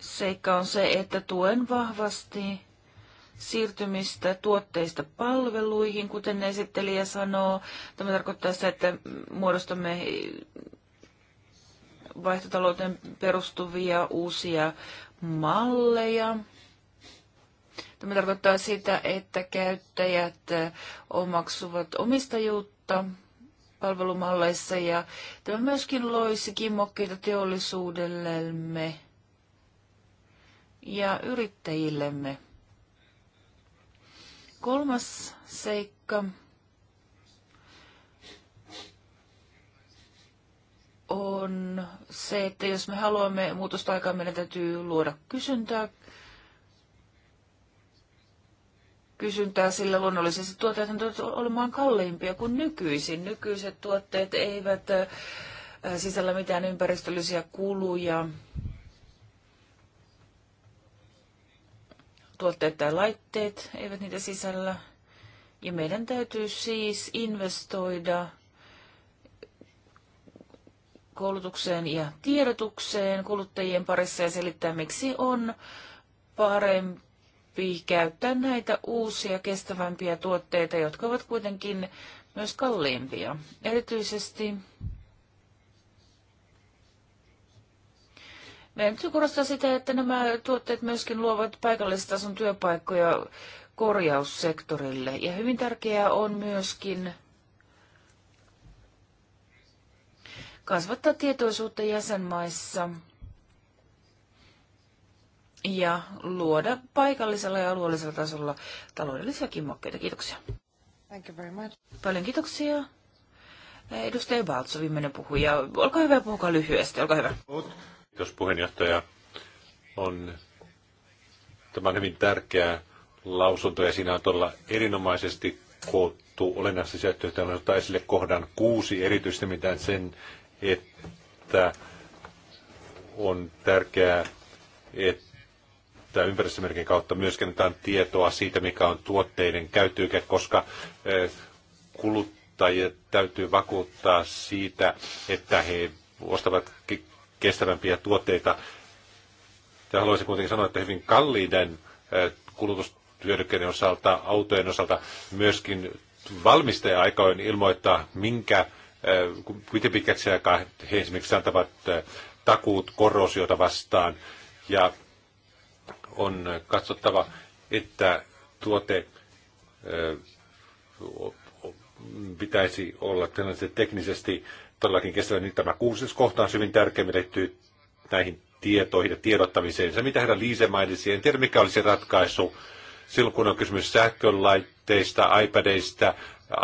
seikka on se, että tuen vahvasti siirtymistä tuotteista palveluihin, kuten esittelijä sanoo. Tämä tarkoittaa sitä, että muodostamme vaihtotalouteen perustuvia uusia malleja. Tämä tarkoittaa sitä, että käyttäjät omaksuvat omistajuutta palvelumalleissa ja tämä myöskin loisi kimmokkeita teollisuudellemme ja yrittäjillemme. Kolmas seikka on se, että jos me haluamme muutosta aikaa, meidän täytyy luoda kysyntää. Kysyntää sillä luonnollisesti tuotteet on olemaan kalliimpia kuin nykyisin. Nykyiset tuotteet eivät äh, sisällä mitään ympäristöllisiä kuluja. tuotteet tai laitteet eivät niitä sisällä. Ja meidän täytyy siis investoida koulutukseen ja tiedotukseen kuluttajien parissa ja selittää, miksi on parempi käyttää näitä uusia kestävämpiä tuotteita, jotka ovat kuitenkin myös kalliimpia. Erityisesti Meidän pitää korostaa sitä, että nämä tuotteet myöskin luovat paikallistason työpaikkoja korjaussektorille. Ja hyvin tärkeää on myöskin kasvattaa tietoisuutta jäsenmaissa ja luoda paikallisella ja alueellisella tasolla taloudellisia kimmokkeita. Kiitoksia. Thank you very much. Paljon kiitoksia. Edustaja Baltso, viimeinen puhuja. Olkaa hyvä, puhukaa lyhyesti. Olkaa hyvä. Kiitos puheenjohtaja. On, tämä on hyvin tärkeä lausunto ja siinä on todella erinomaisesti koottu olennaisesti sisältöä. Täällä ottaa esille kohdan kuusi erityisesti mitään sen, että on tärkeää, että ympäristömerkin kautta myöskin annetaan tietoa siitä, mikä on tuotteiden käyttöykä, koska eh, kuluttajat täytyy vakuuttaa siitä, että he ostavat kestävämpiä tuotteita. Ja haluaisin kuitenkin sanoa, että hyvin kalliiden kulutushyödykkeiden osalta, autojen osalta myöskin valmistaja aikoin ilmoittaa, minkä, miten pitkäksi aikaa he esimerkiksi antavat takuut korrosiota vastaan. Ja on katsottava, että tuote pitäisi olla teknisesti todellakin kestävä, niin tämä kuusis kohta on hyvin tärkeä, mitä näihin tietoihin ja tiedottamiseen. Se, mitä herran Liise mainitsi, en tiedä mikä oli se ratkaisu silloin, kun on kysymys sähkölaitteista, iPadeista,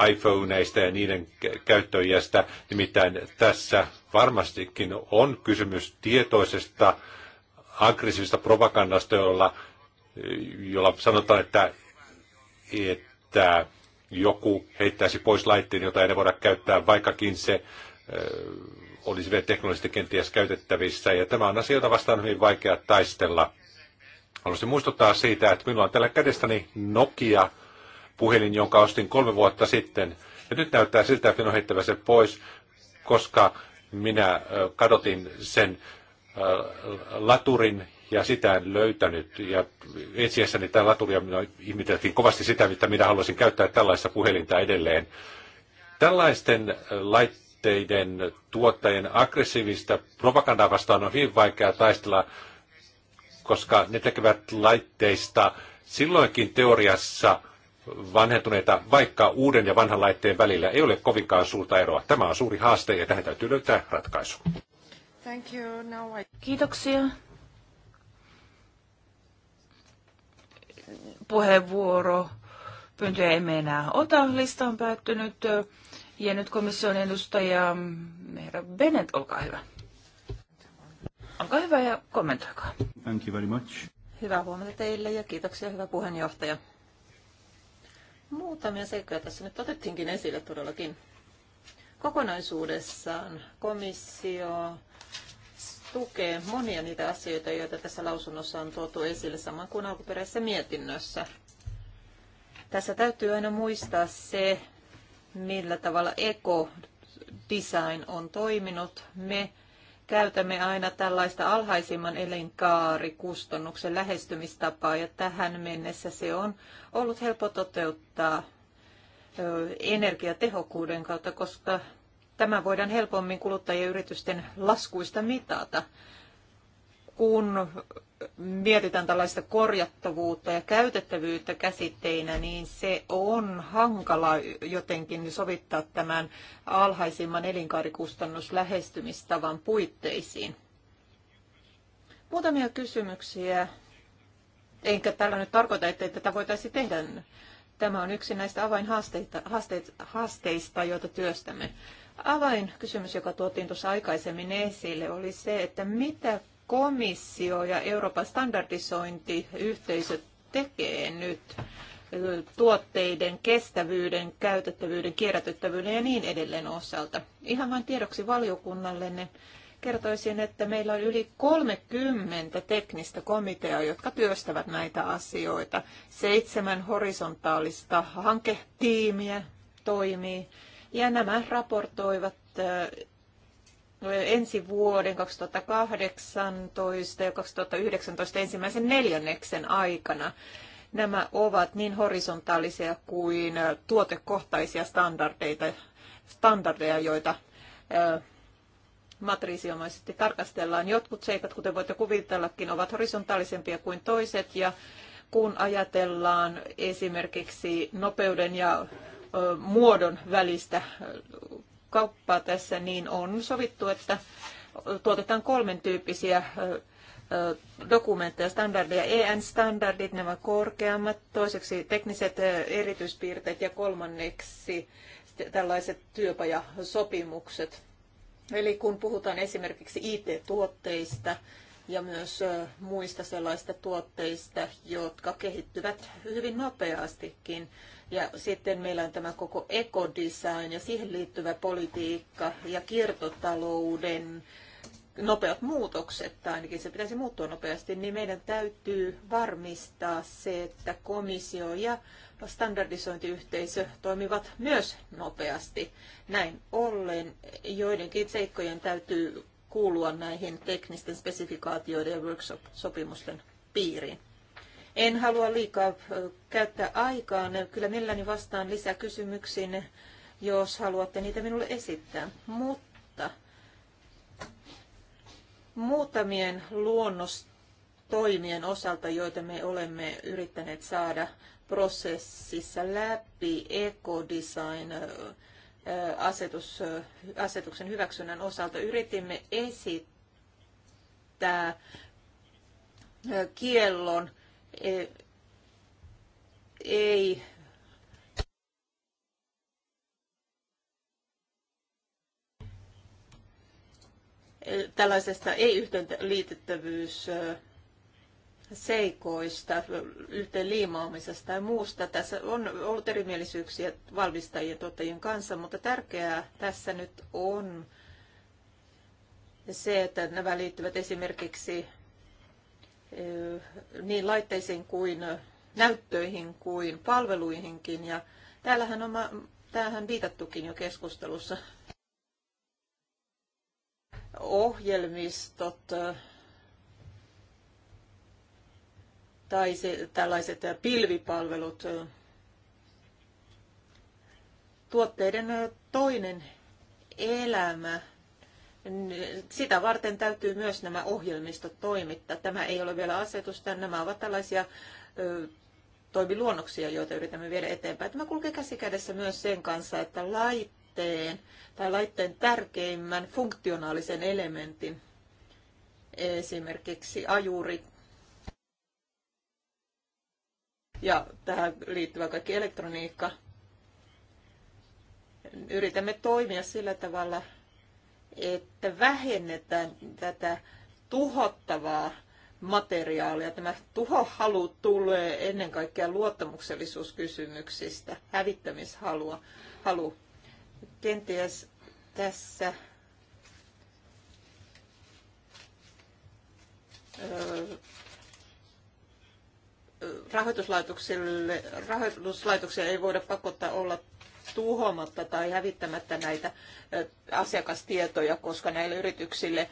iPhoneista ja niiden käyttöjästä. Nimittäin tässä varmastikin on kysymys tietoisesta aggressiivista propagandasta, jolla, jolla sanotaan, että, että joku heittäisi pois laitteen, jota ei voida käyttää, vaikkakin se olisi vielä teknologisesti kenties käytettävissä. Ja tämä on asioita vastaan hyvin vaikea taistella. Haluaisin muistuttaa siitä, että minulla on tällä kädestäni Nokia-puhelin, jonka ostin kolme vuotta sitten. Ja nyt näyttää siltä, että minun on heittävä se pois, koska minä kadotin sen laturin ja sitä en löytänyt. Ja etsiessäni tämä laturia minä ihmeteltiin kovasti sitä, mitä minä haluaisin käyttää tällaista puhelinta edelleen. Tällaisten laitteiden tuotteiden tuottajien aggressiivista propagandaa vastaan on hyvin vaikea taistella, koska ne tekevät laitteista silloinkin teoriassa vanhentuneita, vaikka uuden ja vanhan laitteen välillä ei ole kovinkaan suurta eroa. Tämä on suuri haaste ja tähän täytyy löytää ratkaisu. Thank you. Now I... Kiitoksia. Puheenvuoro. Pyyntöjä emme enää ota. Lista on päättynyt. Ja nyt komission edustaja Meera Bennett, olkaa hyvä. Olkaa hyvä ja kommentoikaa. Thank you very much. Hyvää huomenta teille ja kiitoksia hyvä puheenjohtaja. Muutamia seikkoja tässä nyt otettiinkin esille todellakin. Kokonaisuudessaan komissio tukee monia niitä asioita, joita tässä lausunnossa on tuotu esille, saman kuin alkuperäisessä mietinnössä. Tässä täytyy aina muistaa se, millä tavalla ekodesign on toiminut. Me käytämme aina tällaista alhaisimman elinkaarikustannuksen lähestymistapaa ja tähän mennessä se on ollut helppo toteuttaa energiatehokkuuden kautta, koska tämä voidaan helpommin kuluttajien yritysten laskuista mitata kun mietitään tällaista korjattavuutta ja käytettävyyttä käsitteinä, niin se on hankala jotenkin sovittaa tämän alhaisimman elinkaarikustannuslähestymistavan puitteisiin. Muutamia kysymyksiä. Enkä tällä nyt tarkoita, että tätä voitaisiin tehdä. Tämä on yksi näistä avainhaasteista, haasteista, joita työstämme. Avainkysymys, joka tuotiin tuossa aikaisemmin esille, oli se, että mitä komissio ja Euroopan standardisointiyhteisö tekee nyt tuotteiden kestävyyden, käytettävyyden, kierrätettävyyden ja niin edelleen osalta. Ihan vain tiedoksi valiokunnallenne kertoisin, että meillä on yli 30 teknistä komiteaa, jotka työstävät näitä asioita. Seitsemän horisontaalista hanketiimiä toimii ja nämä raportoivat ensi vuoden 2018 ja 2019 ensimmäisen neljänneksen aikana. Nämä ovat niin horisontaalisia kuin tuotekohtaisia standardeita, standardeja, joita matriisiomaisesti tarkastellaan. Jotkut seikat, kuten voitte kuvitellakin, ovat horisontaalisempia kuin toiset ja kun ajatellaan esimerkiksi nopeuden ja muodon välistä kauppaa tässä, niin on sovittu, että tuotetaan kolmen tyyppisiä dokumentteja, standardeja. EN-standardit, ne ovat korkeammat, toiseksi tekniset erityispiirteet ja kolmanneksi tällaiset työpajasopimukset. Eli kun puhutaan esimerkiksi IT-tuotteista ja myös muista sellaista tuotteista, jotka kehittyvät hyvin nopeastikin, ja sitten meillä on tämä koko ekodesign ja siihen liittyvä politiikka ja kiertotalouden nopeat muutokset, tai ainakin se pitäisi muuttua nopeasti, niin meidän täytyy varmistaa se, että komissio ja standardisointiyhteisö toimivat myös nopeasti. Näin ollen joidenkin seikkojen täytyy kuulua näihin teknisten spesifikaatioiden ja workshop-sopimusten piiriin. En halua liikaa käyttää aikaa. Kyllä mielelläni vastaan lisää kysymyksiin, jos haluatte niitä minulle esittää. Mutta muutamien luonnostoimien osalta, joita me olemme yrittäneet saada prosessissa läpi ekodesign asetus, asetuksen hyväksynnän osalta yritimme esittää kiellon E, ei e, tällaisesta ei-yhteenliitettävyysseikoista, yhteen liimaamisesta ja muusta. Tässä on ollut erimielisyyksiä valmistajien ja tuottajien kanssa, mutta tärkeää tässä nyt on se, että nämä liittyvät esimerkiksi Eh, niin laitteisiin kuin eh, näyttöihin kuin palveluihinkin. Ja täällähän on, tämähän viitattukin jo keskustelussa. Ohjelmistot eh, tai se, tällaiset pilvipalvelut. Tuotteiden toinen elämä sitä varten täytyy myös nämä ohjelmistot toimittaa. Tämä ei ole vielä asetusta, nämä ovat tällaisia toimiluonnoksia, joita yritämme viedä eteenpäin. Tämä kulkee käsi kädessä myös sen kanssa, että laitteen tai laitteen tärkeimmän funktionaalisen elementin, esimerkiksi ajuri ja tähän liittyvä kaikki elektroniikka, yritämme toimia sillä tavalla, että vähennetään tätä tuhottavaa materiaalia. Tämä tuhohalu tulee ennen kaikkea luottamuksellisuuskysymyksistä, hävittämishalua. Halu. Kenties tässä rahoituslaitoksille, rahoituslaitoksia ei voida pakottaa olla tuhoamatta tai hävittämättä näitä asiakastietoja, koska näille yrityksille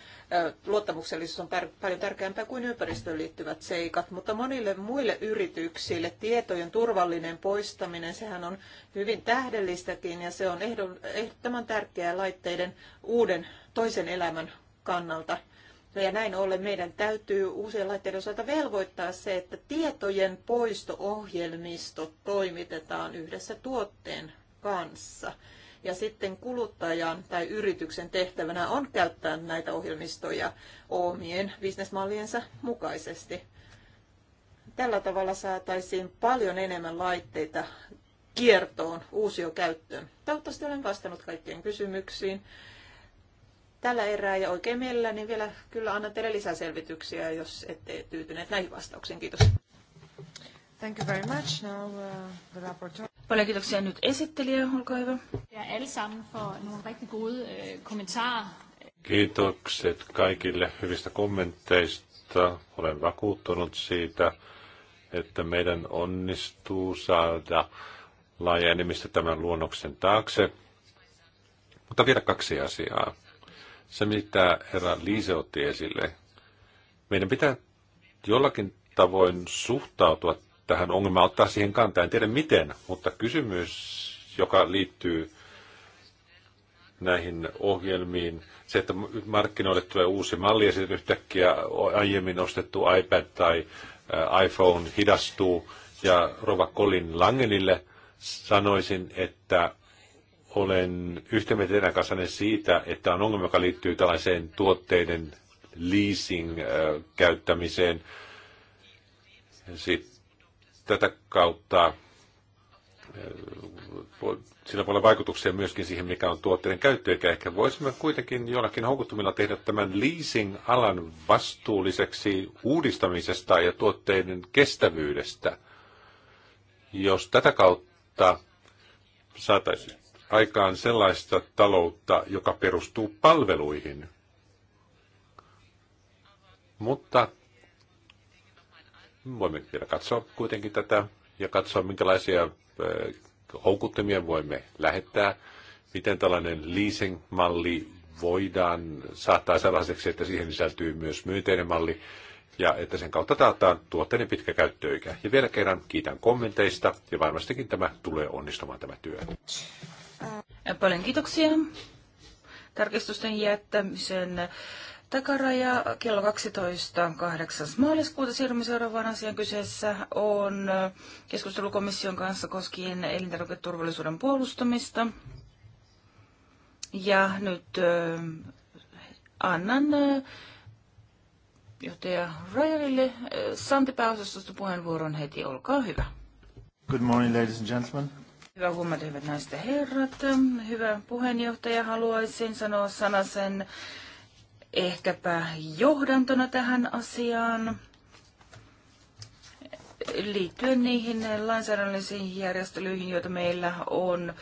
luottamuksellisuus on paljon tärkeämpää kuin ympäristöön liittyvät seikat. Mutta monille muille yrityksille tietojen turvallinen poistaminen, sehän on hyvin tähdellistäkin ja se on ehdottoman tärkeää laitteiden uuden toisen elämän kannalta. ja näin ollen meidän täytyy uusien laitteiden osalta velvoittaa se, että tietojen poisto ohjelmisto toimitetaan yhdessä tuotteen kanssa. Ja sitten kuluttajan tai yrityksen tehtävänä on käyttää näitä ohjelmistoja omien bisnesmalliensa mukaisesti. Tällä tavalla saataisiin paljon enemmän laitteita kiertoon, uusiokäyttöön. Toivottavasti olen vastannut kaikkien kysymyksiin tällä erää ja oikein mielelläni vielä kyllä annan teille lisäselvityksiä, jos ette tyytyneet näihin vastauksiin. Kiitos. Thank you very much. Now, uh, the rapporteur. Paljon kiitoksia nyt esittelijä, olkaa hyvä. Ja alle sammen for nogle rigtig gode øh, kommentarer. Kiitokset kaikille hyvistä kommentteista, Olen vakuuttunut siitä, että meidän onnistuu saada laaja enemmistö tämän luonnoksen taakse. Mutta vielä kaksi asiaa. Se, mitä herra Liise otti esille. Meidän pitää jollakin tavoin suhtautua tähän ongelmaan ottaa siihen kantaa. En tiedä miten, mutta kysymys, joka liittyy näihin ohjelmiin, se, että markkinoille tulee uusi malli ja sitten yhtäkkiä aiemmin ostettu iPad tai iPhone hidastuu. Ja Rova Colin Langenille sanoisin, että olen yhtä mieltä teidän siitä, että on ongelma, joka liittyy tällaiseen tuotteiden leasing-käyttämiseen. Sitten tätä kautta sillä voi olla vaikutuksia myöskin siihen, mikä on tuotteiden käyttö, eikä ehkä voisimme kuitenkin jollakin houkuttumilla tehdä tämän leasing-alan vastuulliseksi uudistamisesta ja tuotteiden kestävyydestä. Jos tätä kautta saataisiin aikaan sellaista taloutta, joka perustuu palveluihin, mutta Voimme vielä katsoa kuitenkin tätä ja katsoa, minkälaisia houkuttimia voimme lähettää, miten tällainen leasing-malli voidaan saattaa sellaiseksi, että siihen sisältyy myös myynteinen malli ja että sen kautta taataan tuotteiden pitkä käyttöikä. Ja vielä kerran kiitän kommenteista ja varmastikin tämä tulee onnistumaan tämä työ. Äh, paljon kiitoksia. Tarkistusten jättämisen takaraja kello 12.8. maaliskuuta. Siirrymme seuraavaan asian kyseessä on keskustelukomission kanssa koskien elintarviketurvallisuuden puolustamista. Ja nyt annan johtaja Rajalille äh, Pääosastosta puheenvuoron heti. Olkaa hyvä. Good morning, ladies and gentlemen. Hyvä huomata, hyvät naiset ja herrat. Hyvä puheenjohtaja, haluaisin sanoa sanasen sen ehkäpä johdantona tähän asiaan liittyen niihin lainsäädännöllisiin järjestelyihin, joita meillä on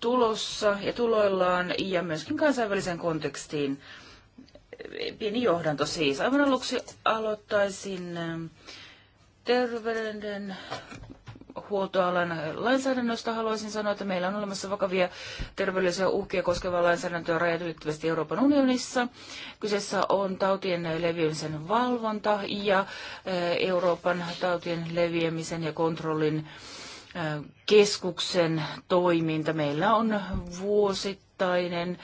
tulossa ja tuloillaan ja myöskin kansainväliseen kontekstiin. Pieni johdanto siis. Aivan aluksi aloittaisin terveyden terveydenhuoltoalan lainsäädännöstä haluaisin sanoa, että meillä on olemassa vakavia terveydellisiä uhkia koskevaa lainsäädäntöä rajat ylittävästi Euroopan unionissa. Kyseessä on tautien leviämisen valvonta ja eh, Euroopan tautien leviämisen ja kontrollin eh, keskuksen toiminta. Meillä on vuosittainen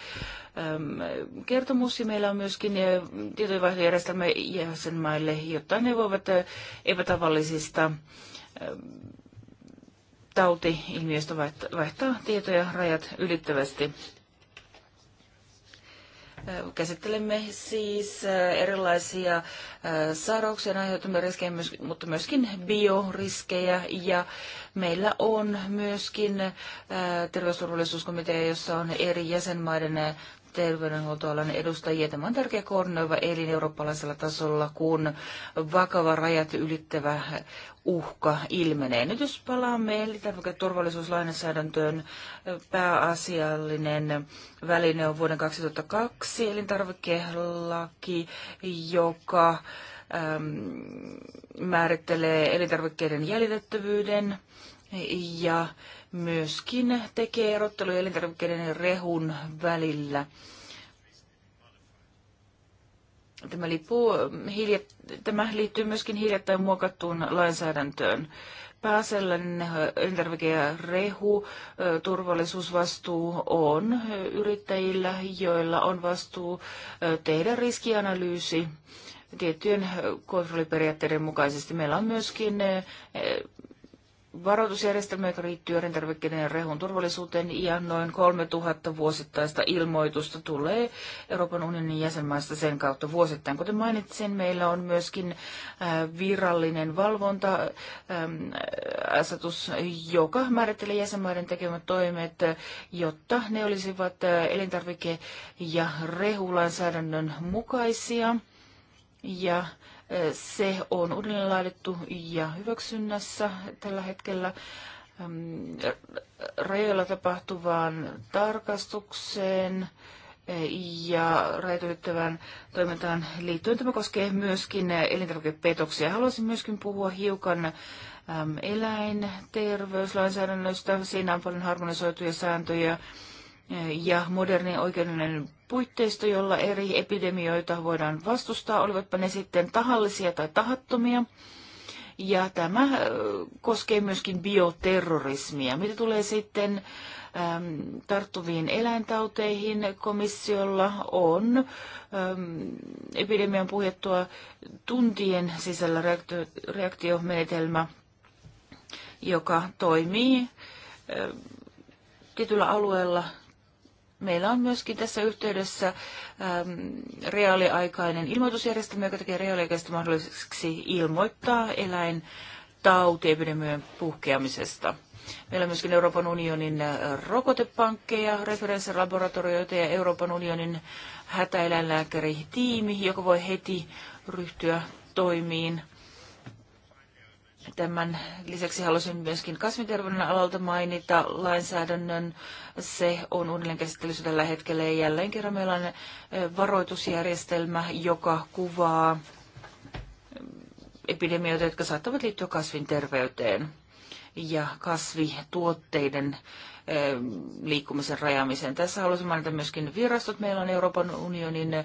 ehm, kertomus ja meillä on myöskin eh, tietojenvaihtojärjestelmä jäsenmaille, jotta ne voivat epätavallisista ehm, tauti-ilmiöstä vaihtaa tietoja rajat ylittävästi. Käsittelemme siis erilaisia sairauksien aiheuttamia riskejä, mutta myöskin bioriskejä. Ja meillä on myöskin terveysturvallisuuskomitea, jossa on eri jäsenmaiden terveydenhuoltoalan edustajia. Tämä on tärkeä koordinoiva elin eurooppalaisella tasolla, kun vakava rajat ylittävä uhka ilmenee. Nyt jos palaamme elintarviketurvallisuuslainsäädäntöön, pääasiallinen väline on vuoden 2002 elintarvikelaki, joka ähm, määrittelee elintarvikkeiden jäljitettävyyden ja myöskin tekee erotteluja elintarvikkeiden ja rehun välillä. Tämä, liippuu, tämä liittyy myöskin hiljattain muokattuun lainsäädäntöön. Pääsellinen elintarvike- ja rehu, turvallisuusvastuu on yrittäjillä, joilla on vastuu tehdä riskianalyysi tiettyjen kontrolliperiaatteiden mukaisesti. Meillä on myöskin varoitusjärjestelmä, joka liittyy elintarvikkeiden ja rehun turvallisuuteen, ja noin 3000 vuosittaista ilmoitusta tulee Euroopan unionin jäsenmaista sen kautta vuosittain. Kuten mainitsin, meillä on myöskin äh, virallinen valvonta-asetus, ähm, joka määrittelee jäsenmaiden tekemät toimet, jotta ne olisivat äh, elintarvike- ja rehulainsäädännön mukaisia. Ja se on uudelleen laadittu ja hyväksynnässä tällä hetkellä rajoilla tapahtuvaan tarkastukseen ja rajoittavaan toimintaan liittyen. Tämä koskee myöskin elintarvikepetoksia. Haluaisin myöskin puhua hiukan eläinterveyslainsäädännöstä. Siinä on paljon harmonisoituja sääntöjä ja moderni oikeudellinen puitteisto, jolla eri epidemioita voidaan vastustaa, olivatpa ne sitten tahallisia tai tahattomia. Ja tämä koskee myöskin bioterrorismia. Mitä tulee sitten äm, tarttuviin eläintauteihin, komissiolla on äm, epidemian puhjettua tuntien sisällä reaktio, reaktiomenetelmä, joka toimii äm, tietyllä alueella meillä on myöskin tässä yhteydessä äm, reaaliaikainen ilmoitusjärjestelmä, joka tekee reaaliaikaisesti mahdolliseksi ilmoittaa eläintautiepidemian puhkeamisesta. Meillä on myöskin Euroopan unionin äh, rokotepankkeja, referenssilaboratorioita ja Euroopan unionin hätäeläinlääkäritiimi, joka voi heti ryhtyä toimiin Tämän lisäksi halusin myöskin kasvinterveyden alalta mainita lainsäädännön. Se on uudelleenkäsittelyssä tällä hetkellä ja jälleen kerran meillä on varoitusjärjestelmä, joka kuvaa epidemioita, jotka saattavat liittyä kasvinterveyteen ja kasvituotteiden eh, liikkumisen rajaamiseen. Tässä haluaisin mainita myöskin virastot. Meillä on Euroopan unionin eh,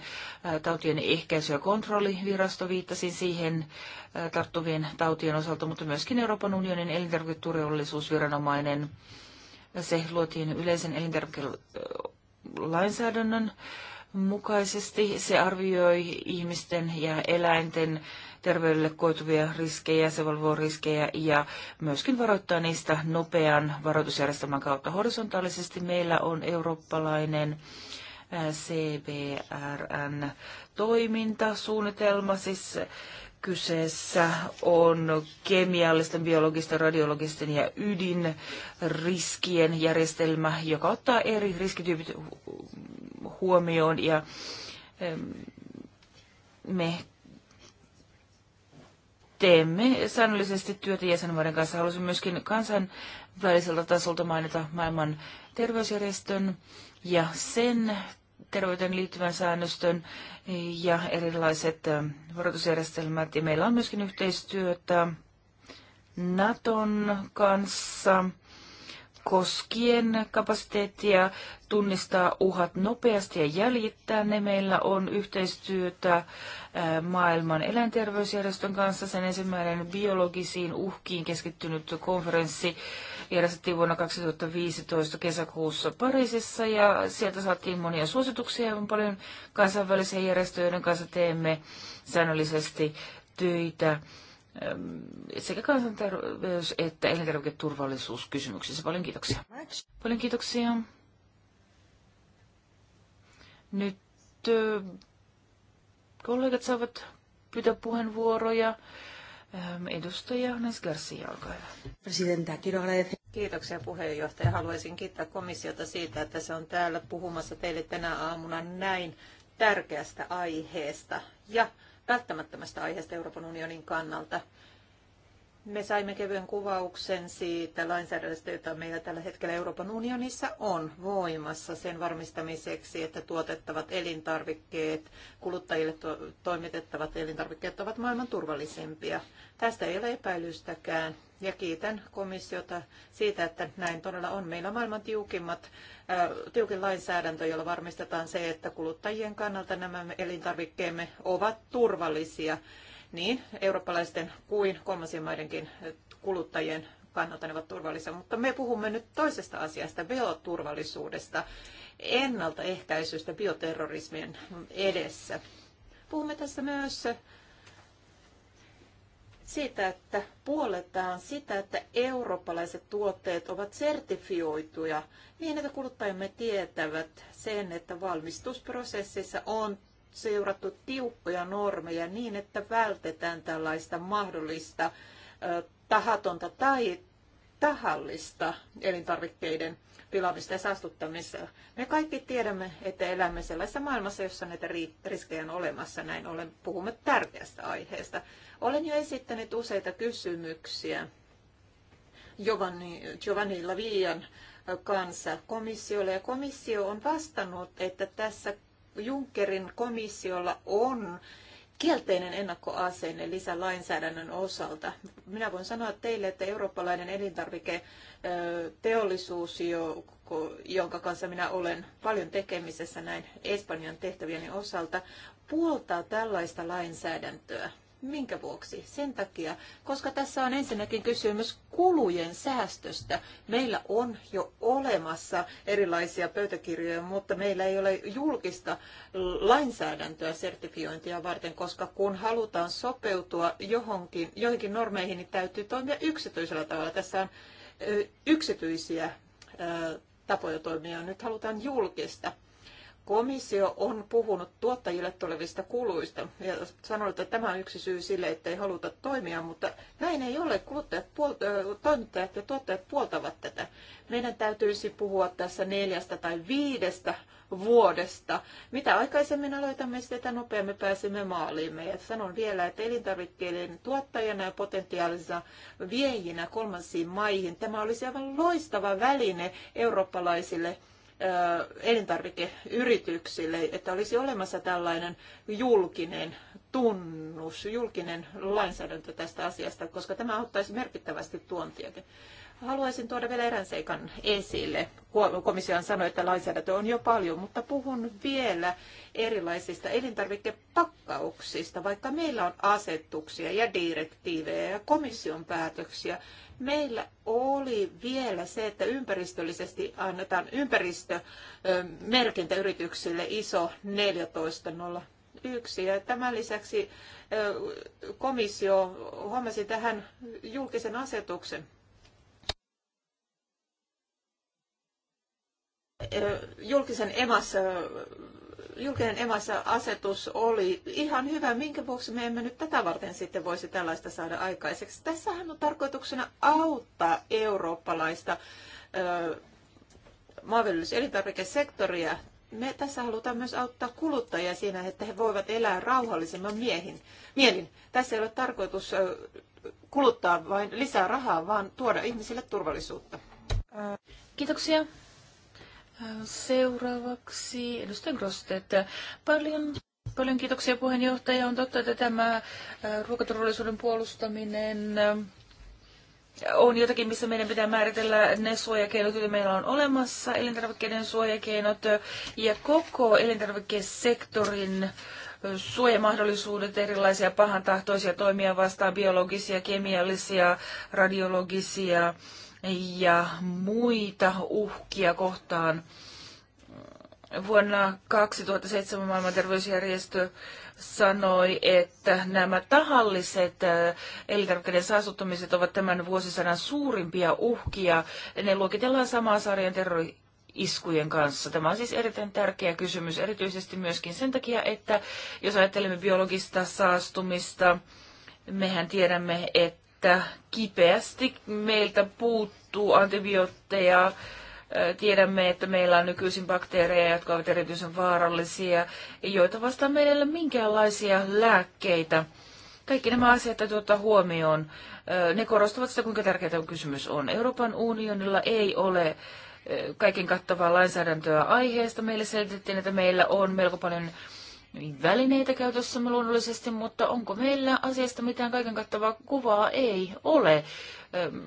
tautien ehkäisy- ja kontrollivirasto, viittasin siihen eh, tarttuvien tautien osalta, mutta myöskin Euroopan unionin elintarviketurvallisuusviranomainen. Se luotiin yleisen elintarvikelainsäädännön mukaisesti. Se arvioi ihmisten ja eläinten terveydelle koituvia riskejä, se valvoo riskejä ja myöskin varoittaa niistä nopean varoitusjärjestelmän kautta. Horisontaalisesti meillä on eurooppalainen CBRN toimintasuunnitelma, siis kyseessä on kemiallisten, biologisten, radiologisten ja ydinriskien järjestelmä, joka ottaa eri riskityypit huomioon ja me teemme säännöllisesti työtä jäsenmaiden kanssa. Haluaisin myöskin kansainväliseltä tasolta mainita maailman terveysjärjestön ja sen terveyteen liittyvän säännöstön ja erilaiset ähm, varoitusjärjestelmät. Ja meillä on myöskin yhteistyötä Naton kanssa koskien kapasiteettia tunnistaa uhat nopeasti ja jäljittää ne. Meillä on yhteistyötä äh, maailman eläinterveysjärjestön kanssa. Sen ensimmäinen biologisiin uhkiin keskittynyt konferenssi järjestettiin vuonna 2015 kesäkuussa Pariisissa ja sieltä saatiin monia suosituksia ja paljon kansainvälisiä järjestöjä, joiden kanssa teemme säännöllisesti töitä sekä kansanterveys- että elintarviketurvallisuuskysymyksissä. Paljon kiitoksia. Paljon kiitoksia. Nyt kollegat saavat pyytää puheenvuoroja. Edustaja Hannes Garcia, olkaa hyvä. Presidenta, Kiitoksia puheenjohtaja. Haluaisin kiittää komissiota siitä, että se on täällä puhumassa teille tänä aamuna näin tärkeästä aiheesta. Ja välttämättömästä aiheesta Euroopan unionin kannalta. Me saimme kevyen kuvauksen siitä lainsäädännöstä, jota meillä tällä hetkellä Euroopan unionissa on voimassa sen varmistamiseksi, että tuotettavat elintarvikkeet, kuluttajille toimitettavat elintarvikkeet ovat maailman turvallisempia. Tästä ei ole epäilystäkään ja kiitän komissiota siitä, että näin todella on. Meillä on maailman tiukimmat, tiukin lainsäädäntö, jolla varmistetaan se, että kuluttajien kannalta nämä elintarvikkeemme ovat turvallisia niin eurooppalaisten kuin kolmansien maidenkin kuluttajien kannalta ne ovat turvallisia. Mutta me puhumme nyt toisesta asiasta, bioturvallisuudesta, ennaltaehkäisystä bioterrorismin edessä. Puhumme tässä myös siitä, että puoletaan sitä, että eurooppalaiset tuotteet ovat sertifioituja niin, että kuluttajamme tietävät sen, että valmistusprosessissa on seurattu tiukkoja normeja niin, että vältetään tällaista mahdollista tahatonta tai tahallista elintarvikkeiden pilaamista ja saastuttamista. Me kaikki tiedämme, että elämme sellaisessa maailmassa, jossa näitä riskejä on olemassa. Näin ollen puhumme tärkeästä aiheesta. Olen jo esittänyt useita kysymyksiä Giovanni, Giovanni Lavian kanssa komissiolle. Ja komissio on vastannut, että tässä Junckerin komissiolla on kielteinen ennakkoasenne lisälainsäädännön osalta. Minä voin sanoa teille, että eurooppalainen elintarviketeollisuus, jonka kanssa minä olen paljon tekemisessä näin Espanjan tehtävieni osalta, puoltaa tällaista lainsäädäntöä. Minkä vuoksi? Sen takia, koska tässä on ensinnäkin kysymys kulujen säästöstä. Meillä on jo olemassa erilaisia pöytäkirjoja, mutta meillä ei ole julkista lainsäädäntöä sertifiointia varten, koska kun halutaan sopeutua johonkin, joihinkin normeihin, niin täytyy toimia yksityisellä tavalla. Tässä on yksityisiä tapoja toimia, nyt halutaan julkista. Komissio on puhunut tuottajille tulevista kuluista ja sanonut, että tämä on yksi syy sille, ettei haluta toimia, mutta näin ei ole. Kuluttajat, puol- toimittajat ja tuottajat puoltavat tätä. Meidän täytyisi puhua tässä neljästä tai viidestä vuodesta. Mitä aikaisemmin aloitamme, sitä nopeammin pääsemme maaliimme. Ja sanon vielä, että elintarvikkeiden tuottajana ja potentiaalisena viejinä kolmansiin maihin tämä olisi aivan loistava väline eurooppalaisille elintarvikeyrityksille, että olisi olemassa tällainen julkinen tunnus, julkinen lainsäädäntö tästä asiasta, koska tämä auttaisi merkittävästi tuontiakin. Haluaisin tuoda vielä erään seikan esille. on sanoi, että lainsäädäntö on jo paljon, mutta puhun vielä erilaisista elintarvikepakkauksista, vaikka meillä on asetuksia ja direktiivejä ja komission päätöksiä, Meillä oli vielä se, että ympäristöllisesti annetaan ympäristömerkintä yrityksille ISO 1401. Ja tämän lisäksi komissio huomasi tähän julkisen asetuksen julkisen emas julkinen EMAS-asetus oli ihan hyvä. Minkä vuoksi me emme nyt tätä varten sitten voisi tällaista saada aikaiseksi? Tässähän on tarkoituksena auttaa eurooppalaista maanviljelys- elintarvikesektoria. Me tässä halutaan myös auttaa kuluttajia siinä, että he voivat elää rauhallisemman miehin, mielin. Tässä ei ole tarkoitus kuluttaa vain lisää rahaa, vaan tuoda ihmisille turvallisuutta. Kiitoksia. Seuraavaksi edustaja Grostet. Paljon, paljon kiitoksia puheenjohtaja. On totta, että tämä ruokaturvallisuuden puolustaminen on jotakin, missä meidän pitää määritellä ne suojakeinot, joita meillä on olemassa, elintarvikkeiden suojakeinot ja koko elintarvikesektorin suojamahdollisuudet erilaisia pahantahtoisia toimia vastaan, biologisia, kemiallisia, radiologisia, ja muita uhkia kohtaan. Vuonna 2007 maailman terveysjärjestö sanoi, että nämä tahalliset äh, elintarvikkeiden saastuttamiset ovat tämän vuosisadan suurimpia uhkia. Ne luokitellaan samaan sarjan terrori iskujen kanssa. Tämä on siis erittäin tärkeä kysymys, erityisesti myöskin sen takia, että jos ajattelemme biologista saastumista, mehän tiedämme, että että kipeästi meiltä puuttuu antibiootteja. Tiedämme, että meillä on nykyisin bakteereja, jotka ovat erityisen vaarallisia, joita vastaan meillä ei ole minkäänlaisia lääkkeitä. Kaikki nämä asiat täytyy ottaa huomioon. Ne korostavat sitä, kuinka tärkeää tämä kysymys on. Euroopan unionilla ei ole kaiken kattavaa lainsäädäntöä aiheesta. Meille selitettiin, että meillä on melko paljon välineitä käytössämme luonnollisesti, mutta onko meillä asiasta mitään kaiken kattavaa kuvaa? Ei ole ähm,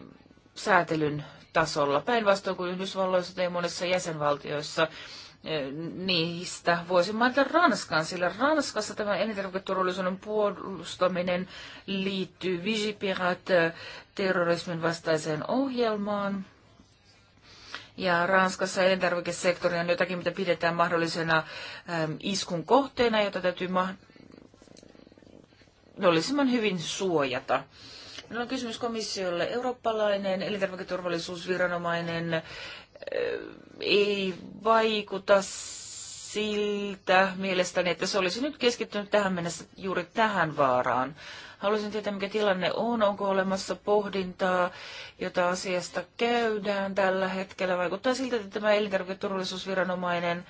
säätelyn tasolla. Päinvastoin kuin Yhdysvalloissa tai monissa jäsenvaltioissa äh, niistä voisi mainita Ranskan, sillä Ranskassa tämä elintarviketurvallisuuden puolustaminen liittyy Vigipirat terrorismin vastaiseen ohjelmaan. Ja Ranskassa elintarvikesektori on jotakin, mitä pidetään mahdollisena iskun kohteena, jota täytyy mahdollisimman hyvin suojata. Minulla on kysymys komissiolle. Eurooppalainen elintarviketurvallisuusviranomainen ei vaikuta siltä mielestäni, että se olisi nyt keskittynyt tähän mennessä juuri tähän vaaraan. Haluaisin tietää, mikä tilanne on. Onko olemassa pohdintaa, jota asiasta käydään tällä hetkellä? Vaikuttaa siltä, että tämä elintarviketurvallisuusviranomainen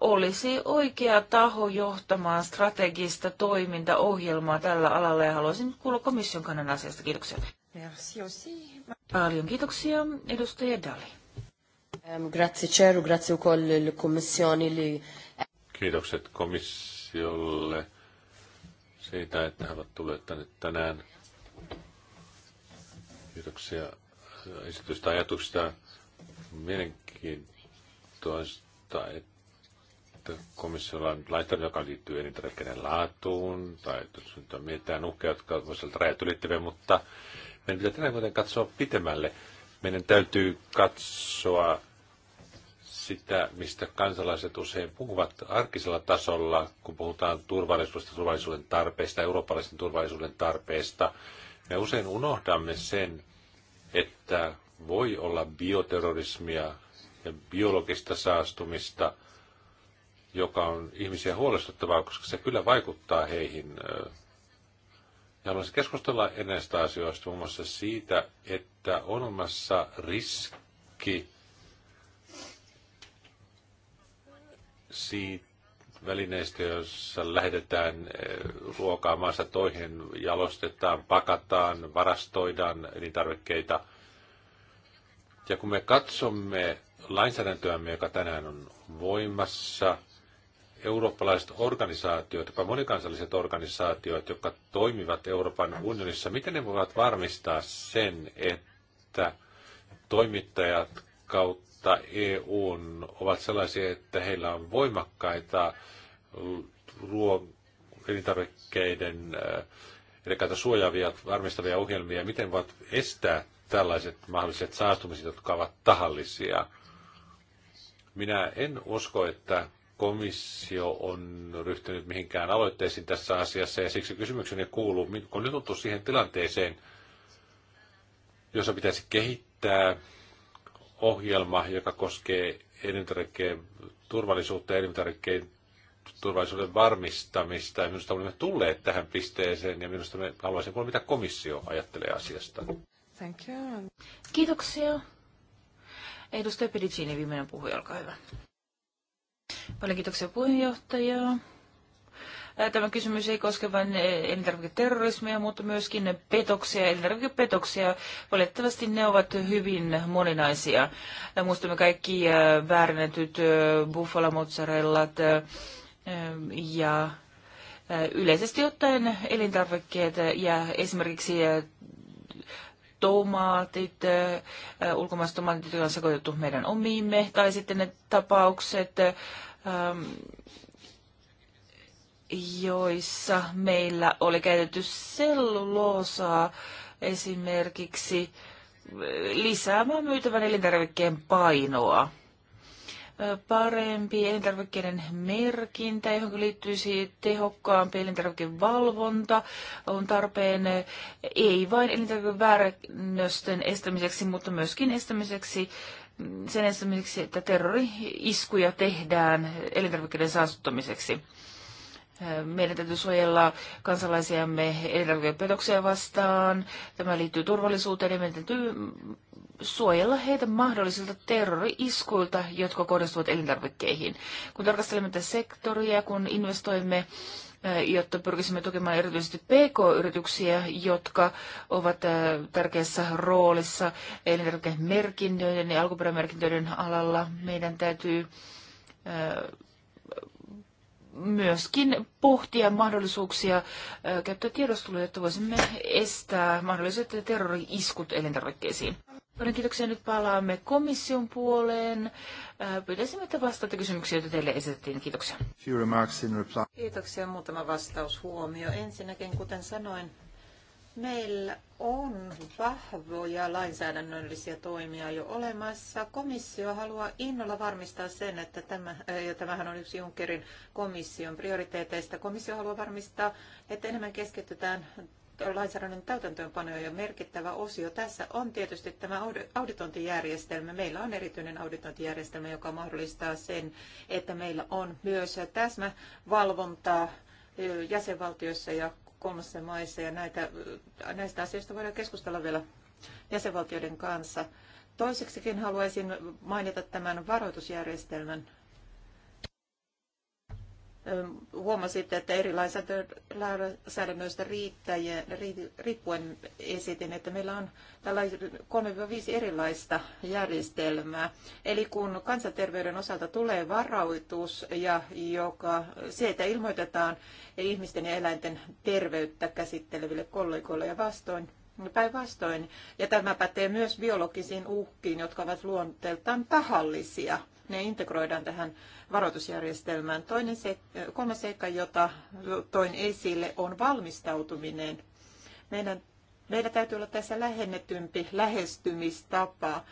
olisi oikea taho johtamaan strategista toimintaohjelmaa tällä alalla ja haluaisin kuulla komission kannan asiasta. Kiitoksia. Merci aussi. Paljon kiitoksia, edustaja Dali. Ähm, grazie Ceru, grazie komissioni. Kiitokset komissiolle siitä, että he ovat tulleet tänne tänään. Kiitoksia esitystä ajatuksista. Mielenkiintoista, että komissio on laittanut, joka liittyy elintarvikkeiden laatuun, tai että nyt mietitään uhkia, jotka sieltä rajat ylittäviä, mutta meidän pitää tänään kuitenkin katsoa pitemmälle. Meidän täytyy katsoa sitä, mistä kansalaiset usein puhuvat arkisella tasolla, kun puhutaan turvallisuudesta, turvallisuuden tarpeesta, eurooppalaisen turvallisuuden tarpeesta. Me usein unohdamme sen, että voi olla bioterrorismia ja biologista saastumista, joka on ihmisiä huolestuttavaa, koska se kyllä vaikuttaa heihin. Ja haluaisin keskustella näistä asioista, muun muassa siitä, että on olemassa riski siitä välineistö, jossa lähetetään eh, ruokaa maassa toihin, jalostetaan, pakataan, varastoidaan elintarvikkeita. Ja kun me katsomme lainsäädäntöämme, joka tänään on voimassa, eurooppalaiset organisaatiot, jopa monikansalliset organisaatiot, jotka toimivat Euroopan unionissa, miten ne voivat varmistaa sen, että toimittajat kautta EU on ovat sellaisia, että heillä on voimakkaita ruoan elintarvikkeiden äh, elikkä suojaavia, varmistavia ohjelmia, miten voit estää tällaiset mahdolliset saastumiset, jotka ovat tahallisia. Minä en usko, että komissio on ryhtynyt mihinkään aloitteisiin tässä asiassa, ja siksi kysymykseni kuuluu, kun nyt on siihen tilanteeseen, jossa pitäisi kehittää ohjelma, joka koskee elintarvikkeen turvallisuutta ja elintarvikkeen turvallisuuden varmistamista. Ja minusta olemme tulleet tähän pisteeseen ja minusta me haluaisin kuulla, mitä komissio ajattelee asiasta. Thank you. Kiitoksia. Edustaja Pedicini, viimeinen puhuja, olkaa hyvä. Paljon kiitoksia puheenjohtajaa. Tämä kysymys ei koske vain elintarviketerrorismia, mutta myöskin petoksia, elintarvikepetoksia. Valitettavasti ne ovat hyvin moninaisia. Muistamme kaikki väärennetyt buffalamozzarellat ja yleisesti ottaen elintarvikkeet ja esimerkiksi tomaatit, ulkomaiset tomaatit, joita on sekoitettu meidän omiimme, tai sitten ne tapaukset, joissa meillä oli käytetty selluloosaa esimerkiksi eh, lisäämään myytävän elintarvikkeen painoa. Eh, parempi elintarvikkeiden merkintä, johon liittyisi tehokkaampi elintarvikevalvonta, on tarpeen eh, ei vain elintarvikeväärännösten estämiseksi, mutta myöskin estämiseksi mm, sen estämiseksi, että terrori-iskuja tehdään elintarvikkeiden saastuttamiseksi. Äh, meidän täytyy suojella kansalaisiamme elintarvikepetoksia vastaan. Tämä liittyy turvallisuuteen ja meidän täytyy suojella heitä mahdollisilta terrori-iskuilta, jotka kohdistuvat elintarvikkeihin. Kun tarkastelemme tätä sektoria, kun investoimme äh, jotta pyrkisimme tukemaan erityisesti PK-yrityksiä, jotka ovat äh, tärkeässä roolissa elintarvikemerkintöiden ja alkuperämerkintöiden alalla. Meidän täytyy myöskin pohtia mahdollisuuksia käyttää tiedostuloja, että voisimme estää mahdolliset terrori-iskut elintarvikkeisiin. Paljon kiitoksia. Nyt palaamme komission puoleen. Pyytäisimme, että vastaatte kysymyksiä, joita teille esitettiin. Kiitoksia. Kiitoksia. Muutama vastaushuomio. Ensinnäkin, kuten sanoin, Meillä on vahvoja lainsäädännöllisiä toimia jo olemassa. Komissio haluaa innolla varmistaa sen, että tämä, ja tämähän on yksi Junckerin komission prioriteeteista, komissio haluaa varmistaa, että enemmän keskitytään lainsäädännön täytäntöönpanoja ja merkittävä osio tässä on tietysti tämä auditointijärjestelmä. Meillä on erityinen auditointijärjestelmä, joka mahdollistaa sen, että meillä on myös täsmävalvontaa jäsenvaltioissa ja kolmessa maissa ja näitä, näistä asioista voidaan keskustella vielä jäsenvaltioiden kanssa. Toiseksikin haluaisin mainita tämän varoitusjärjestelmän huomasitte, että eri lainsäädännöistä riippuen esitin, että meillä on tällainen 3-5 erilaista järjestelmää. Eli kun kansanterveyden osalta tulee varautus ja joka, se, että ilmoitetaan ihmisten ja eläinten terveyttä käsitteleville kollegoille ja vastoin, Päinvastoin, ja tämä pätee myös biologisiin uhkiin, jotka ovat luonteeltaan tahallisia – ne integroidaan tähän varoitusjärjestelmään. Toinen se, kolmas seikka, jota toin esille, on valmistautuminen. Meidän Meillä täytyy olla tässä lähennetympi lähestymistapa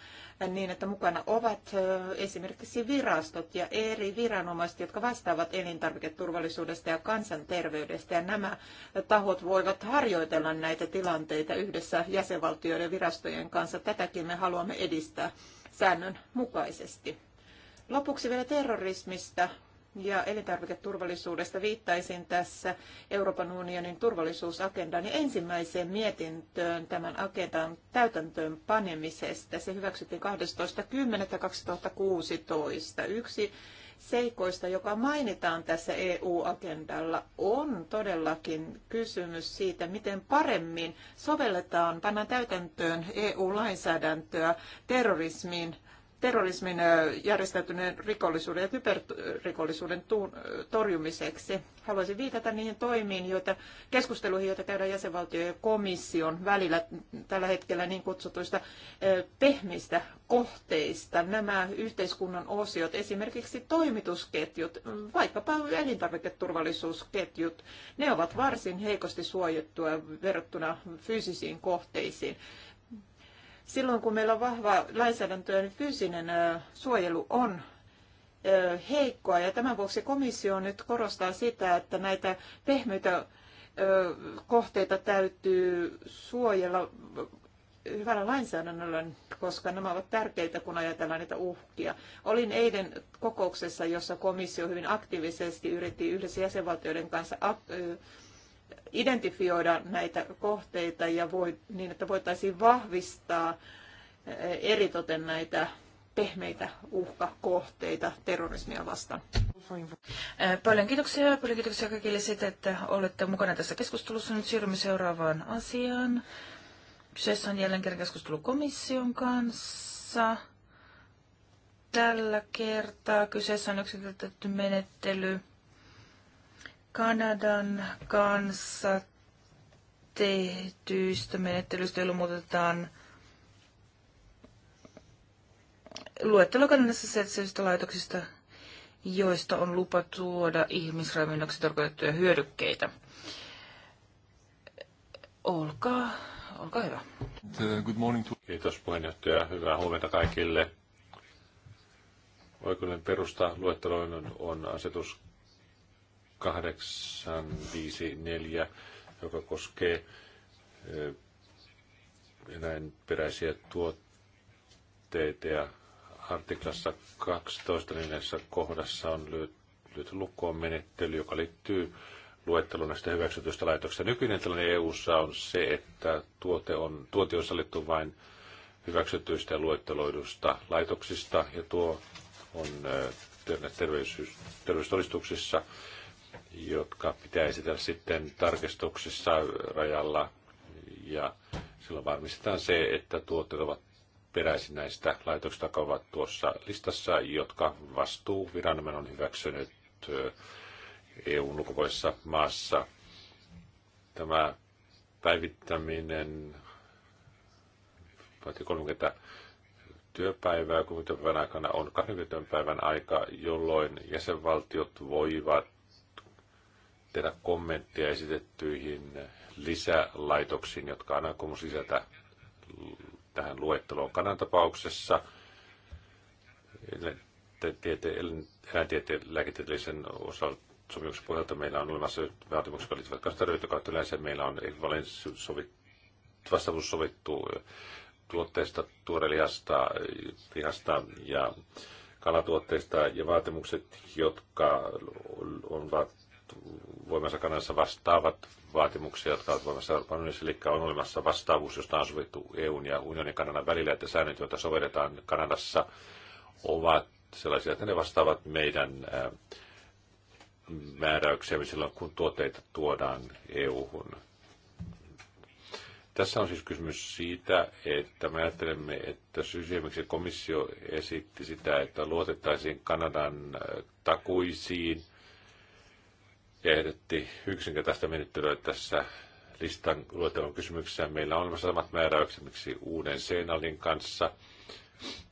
niin, että mukana ovat esimerkiksi virastot ja eri viranomaiset, jotka vastaavat elintarviketurvallisuudesta ja kansanterveydestä. Ja nämä tahot voivat harjoitella näitä tilanteita yhdessä jäsenvaltioiden virastojen kanssa. Tätäkin me haluamme edistää säännön mukaisesti. Lopuksi vielä terrorismista ja elintarviketurvallisuudesta viittaisin tässä Euroopan unionin turvallisuusagendan ja ensimmäiseen mietintöön tämän agendan täytäntöön panemisesta. Se hyväksyttiin 12.10.2016. Yksi seikoista, joka mainitaan tässä EU-agendalla, on todellakin kysymys siitä, miten paremmin sovelletaan, pannaan täytäntöön EU-lainsäädäntöä terrorismiin terrorismin, järjestäytyneen rikollisuuden ja kyberrikollisuuden torjumiseksi. Haluaisin viitata niihin toimiin, joita, keskusteluihin, joita käydään jäsenvaltioiden ja komission välillä tällä hetkellä niin kutsutuista pehmistä kohteista. Nämä yhteiskunnan osiot, esimerkiksi toimitusketjut, vaikkapa elintarviketurvallisuusketjut, ne ovat varsin heikosti suojattuja verrattuna fyysisiin kohteisiin silloin kun meillä on vahva lainsäädäntö, niin fyysinen suojelu on heikkoa. Ja tämän vuoksi komissio nyt korostaa sitä, että näitä pehmeitä kohteita täytyy suojella hyvällä lainsäädännöllä, koska nämä ovat tärkeitä, kun ajatellaan niitä uhkia. Olin eilen kokouksessa, jossa komissio hyvin aktiivisesti yritti yhdessä jäsenvaltioiden kanssa identifioida näitä kohteita ja voi, niin, että voitaisiin vahvistaa eh, eritoten näitä pehmeitä uhkakohteita terrorismia vastaan. Eh, paljon kiitoksia. Paljon kiitoksia kaikille siitä, että olette mukana tässä keskustelussa. Nyt siirrymme seuraavaan asiaan. Kyseessä on jälleen kerran keskustelu komission kanssa. Tällä kertaa kyseessä on yksinkertaistetty menettely Kanadan kanssa tehtyistä menettelyistä, jolloin muutetaan luettelo Kanadassa seitsemistä laitoksista, joista on lupa tuoda ihmisravinnoksi tarkoitettuja hyödykkeitä. Olkaa, olkaa hyvä. Good morning to... Kiitos puheenjohtaja. Hyvää huomenta kaikille. Oikeuden perusta luetteloon on asetus 854, joka koskee eläinperäisiä tuotteita ja artiklassa 12 neljännessä kohdassa on lyöty lukkoon menettely, joka liittyy luetteloon näistä hyväksytyistä laitoksista. Nykyinen tilanne EU:ssa on se, että tuote on, tuote on sallittu vain hyväksytyistä ja luetteloidusta laitoksista, ja tuo on terveys, terveystodistuksissa jotka pitää esitellä sitten tarkistuksessa rajalla. Ja silloin varmistetaan se, että tuotteet ovat peräisin näistä laitoksista, jotka ovat tuossa listassa, jotka vastuu viranomainen on hyväksynyt EUn ulkopuolisessa maassa. Tämä päivittäminen vaatii 30 työpäivää, kun työpäivän aikana on 20 päivän aika, jolloin jäsenvaltiot voivat tehdä kommenttia esitettyihin lisälaitoksiin, jotka on aikomus lisätä tähän luetteloon Kanan tapauksessa. Eläintieteen lääketieteellisen osalta sopimuksen pohjalta meillä on olemassa vaatimukset, jotka liittyvät kansanterveyttä kautta. Yleensä meillä on vastaavuus sovittu tuotteista, tuorelihasta, lihasta ja kalatuotteista ja vaatimukset, jotka ovat voimansa Kanadassa vastaavat vaatimuksia, jotka ovat voimassa Euroopan unionissa, eli on olemassa vastaavuus, josta on sovittu EUn ja unionin Kanadan välillä, että säännöt, joita sovelletaan Kanadassa, ovat sellaisia, että ne vastaavat meidän määräyksiämme silloin, kun tuotteita tuodaan EU-hun. Tässä on siis kysymys siitä, että me ajattelemme, että systeemiksi komissio esitti sitä, että luotettaisiin Kanadan takuisiin ja ehdotti yksinkertaista menettelyä tässä listan luettelon kysymyksessä. Meillä on olemassa samat määräykset miksi uuden Seinalin kanssa.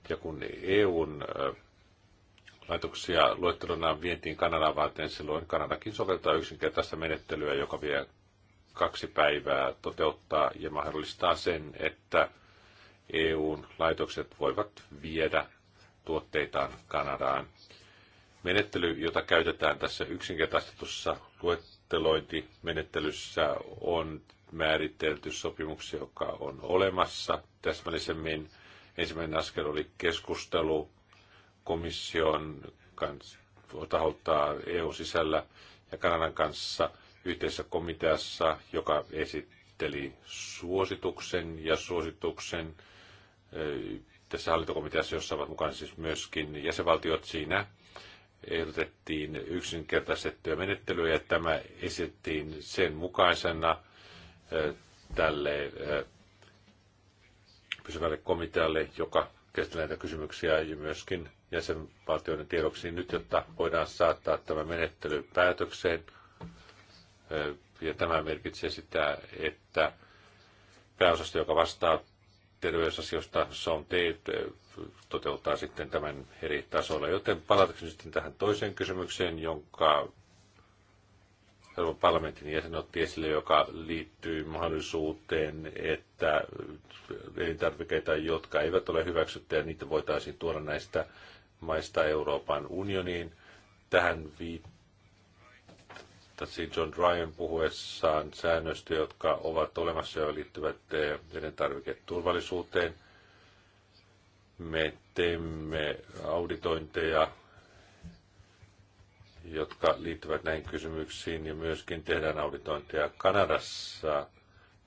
Ja kun EUn laitoksia luettelona vientiin Kanadaan varten, silloin Kanadakin soveltaa yksinkertaista menettelyä, joka vie kaksi päivää toteuttaa ja mahdollistaa sen, että EUn laitokset voivat viedä tuotteitaan Kanadaan Menettely, jota käytetään tässä yksinkertaistetussa luettelointimenettelyssä, on määritelty sopimuksi, joka on olemassa täsmällisemmin. Ensimmäinen askel oli keskustelu komission kanssa, taholta EU-sisällä ja Kanadan kanssa yhteisessä komiteassa, joka esitteli suosituksen ja suosituksen eh, tässä hallintokomiteassa, jossa ovat mukana siis myöskin jäsenvaltiot siinä ehdotettiin yksinkertaistettuja menettelyjä, ja tämä esitettiin sen mukaisena tälle pysyvälle komitealle, joka käsittelee näitä kysymyksiä ja myöskin jäsenvaltioiden tiedoksi nyt, jotta voidaan saattaa tämä menettely päätökseen. Ja tämä merkitsee sitä, että pääosasto, joka vastaa terveysasioista Sonte eh, toteuttaa sitten tämän eri tasolla. Joten palatakseni sitten tähän toiseen kysymykseen, jonka Euroopan parlamentin jäsen otti esille, joka liittyy mahdollisuuteen, että elintarvikeita, jotka eivät ole hyväksyttyjä, niitä voitaisiin tuoda näistä maista Euroopan unioniin. Tähän viittaa viittasi John Ryan puhuessaan säännöistä, jotka ovat olemassa ja liittyvät eh, elintarviketurvallisuuteen. Me teemme auditointeja, jotka liittyvät näihin kysymyksiin ja myöskin tehdään auditointeja Kanadassa.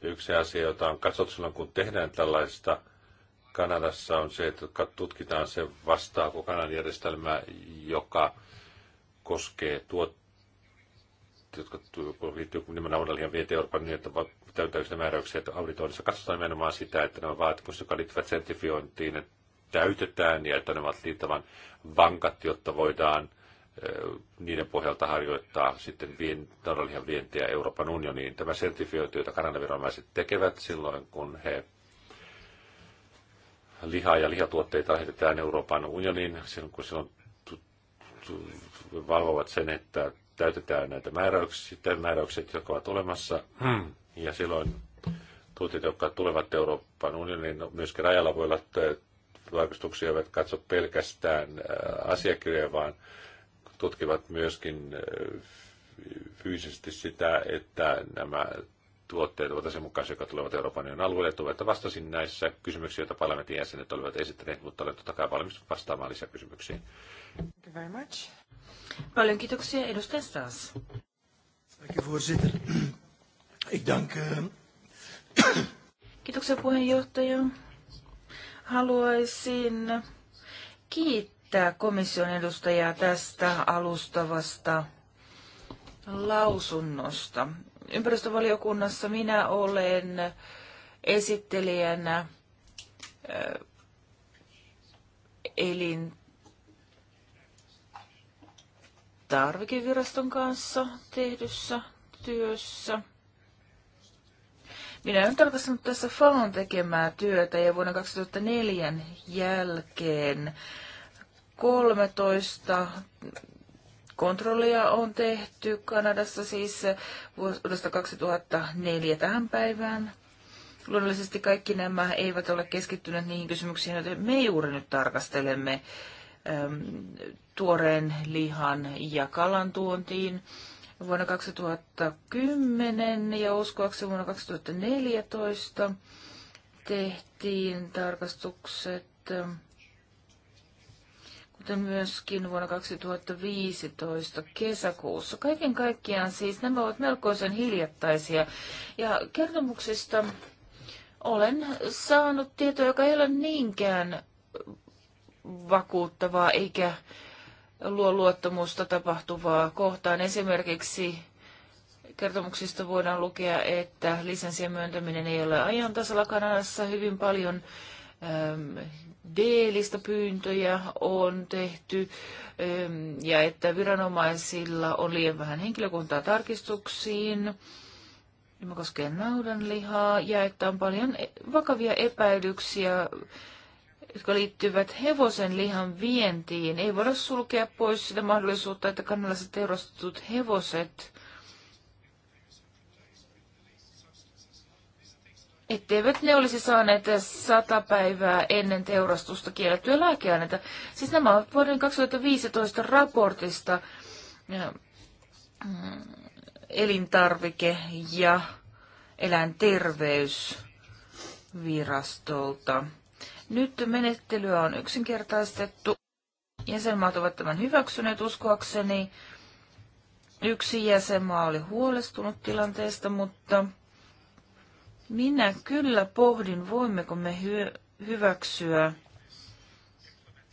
Yksi asia, jota on katsottu silloin, kun tehdään tällaista Kanadassa, on se, että tutkitaan se vastaako Kanadan järjestelmä, joka koskee tuot jotka liittyy nimenomaan Audalian VT Euroopan niin, että täytyy ne määräyksiä, että auditoinnissa katsotaan nimenomaan sitä, että nämä vaatimukset, jotka liittyvät sertifiointiin, täytetään ja että ne ovat liittävän vankat, jotta voidaan niiden pohjalta harjoittaa sitten taloudellisia vientiä Euroopan unioniin. Tämä sertifiointi, jota kananaviranomaiset tekevät silloin, kun he lihaa ja lihatuotteita lähetetään Euroopan unioniin, silloin kun silloin valvovat sen, että täytetään näitä määräyksiä, määräykset, jotka ovat olemassa, ja silloin tuotteet, jotka tulevat Euroopan unioniin, no, myöskin rajalla voi olla vaikutuksia, eivät katso pelkästään äh, asiakirjoja, vaan tutkivat myöskin äh, fyysisesti sitä, että nämä tuotteet ovat asianmukaisia, jotka tulevat Euroopan unionin alueelle. Toivon, että vastasin näissä kysymyksiä, joita parlamentin jäsenet olivat esittäneet, mutta olen totta kai valmis vastaamaan lisäkysymyksiin. Thank you very much. Paljon kiitoksia. Edustaja Stas. Eh, kiitoksia puheenjohtaja. Haluaisin kiittää komission edustajaa tästä alustavasta lausunnosta ympäristövaliokunnassa minä olen esittelijänä elin tarvikeviraston kanssa tehdyssä työssä. Minä olen tarkastanut tässä FAON tekemää työtä ja vuonna 2004 jälkeen 13 Kontrollia on tehty Kanadassa siis vuodesta 2004 tähän päivään. Luonnollisesti kaikki nämä eivät ole keskittyneet niihin kysymyksiin, joita me juuri nyt tarkastelemme tuoreen lihan ja kalan tuontiin vuonna 2010 ja uskoakseni vuonna 2014 tehtiin tarkastukset kuten myöskin vuonna 2015 kesäkuussa. Kaiken kaikkiaan siis nämä ovat melkoisen hiljattaisia. Ja kertomuksista olen saanut tietoa, joka ei ole niinkään vakuuttavaa eikä luo luottamusta tapahtuvaa kohtaan. Esimerkiksi kertomuksista voidaan lukea, että lisenssien myöntäminen ei ole ajan tasalla Kanadassa hyvin paljon ähm, d pyyntöjä on tehty ähm, ja että viranomaisilla on liian vähän henkilökuntaa tarkistuksiin. Tämä koskee naudanlihaa ja että on paljon e- vakavia epäilyksiä, jotka liittyvät hevosen lihan vientiin. Ei voida sulkea pois sitä mahdollisuutta, että kannalliset teurastetut hevoset etteivät ne olisi saaneet sata päivää ennen teurastusta kiellettyä lääkeaineita. Siis nämä ovat vuoden 2015 raportista mm, elintarvike- ja eläinterveysvirastolta. Nyt menettelyä on yksinkertaistettu. Jäsenmaat ovat tämän hyväksyneet uskoakseni. Yksi jäsenmaa oli huolestunut tilanteesta, mutta minä kyllä pohdin, voimmeko me hy- hyväksyä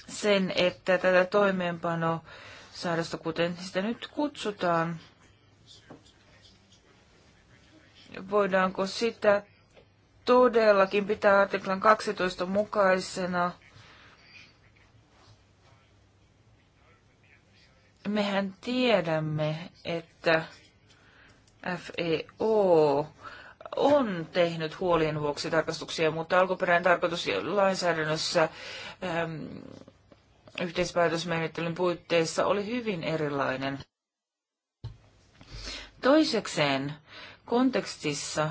sen, että tätä toimeenpano sairasta, kuten sitä nyt kutsutaan, voidaanko sitä todellakin pitää artiklan 12 mukaisena. Mehän tiedämme, että FEO on tehnyt huolien vuoksi tarkastuksia, mutta alkuperäinen tarkoitus lainsäädännössä ähm, yhteispäätösmenettelyn puitteissa oli hyvin erilainen. Toisekseen kontekstissa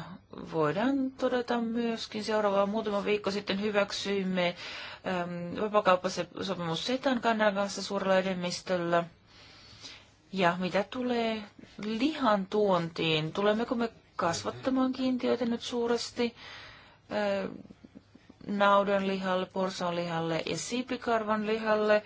voidaan todeta myöskin seuraavaa. Muutama viikko sitten hyväksyimme ähm, vapakauppasopimus Setan kannan kanssa suurella enemmistöllä. Ja mitä tulee lihan tuontiin, tulemmeko me kasvattamaan kiintiöitä nyt suuresti naudan lihalle, porsan lihalle ja siipikarvan lihalle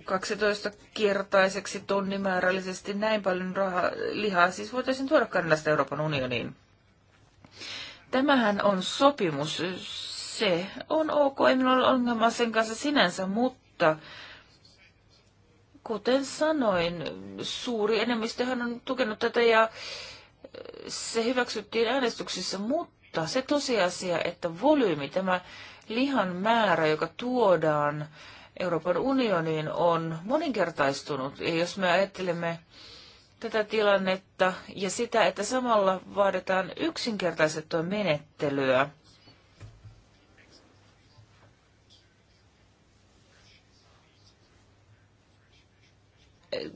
12-kertaiseksi tonnimäärällisesti näin paljon rahaa, lihaa siis voitaisiin tuoda Kanadasta Euroopan unioniin. Tämähän on sopimus. Se on ok, ei minulla ole ongelmaa sen kanssa sinänsä, mutta Kuten sanoin, suuri enemmistöhän on tukenut tätä ja äh, se hyväksyttiin äänestyksissä, mutta se tosiasia, että volyymi, tämä lihan määrä, joka tuodaan Euroopan unioniin, on moninkertaistunut. Ja jos me ajattelemme tätä tilannetta ja sitä, että samalla vaaditaan yksinkertaistettua menettelyä,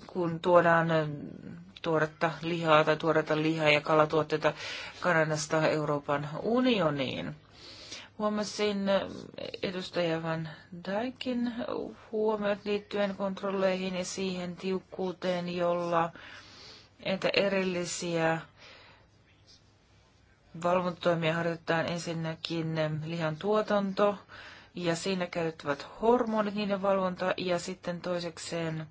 kun tuodaan tuoretta lihaa tai tuoretta lihaa ja kalatuotteita Kanadasta Euroopan unioniin. Huomasin edustaja Van Dijkin huomiot liittyen kontrolleihin ja siihen tiukkuuteen, jolla entä erillisiä valvontatoimia harjoitetaan ensinnäkin lihan tuotanto ja siinä käytettävät hormonit, niiden valvonta ja sitten toisekseen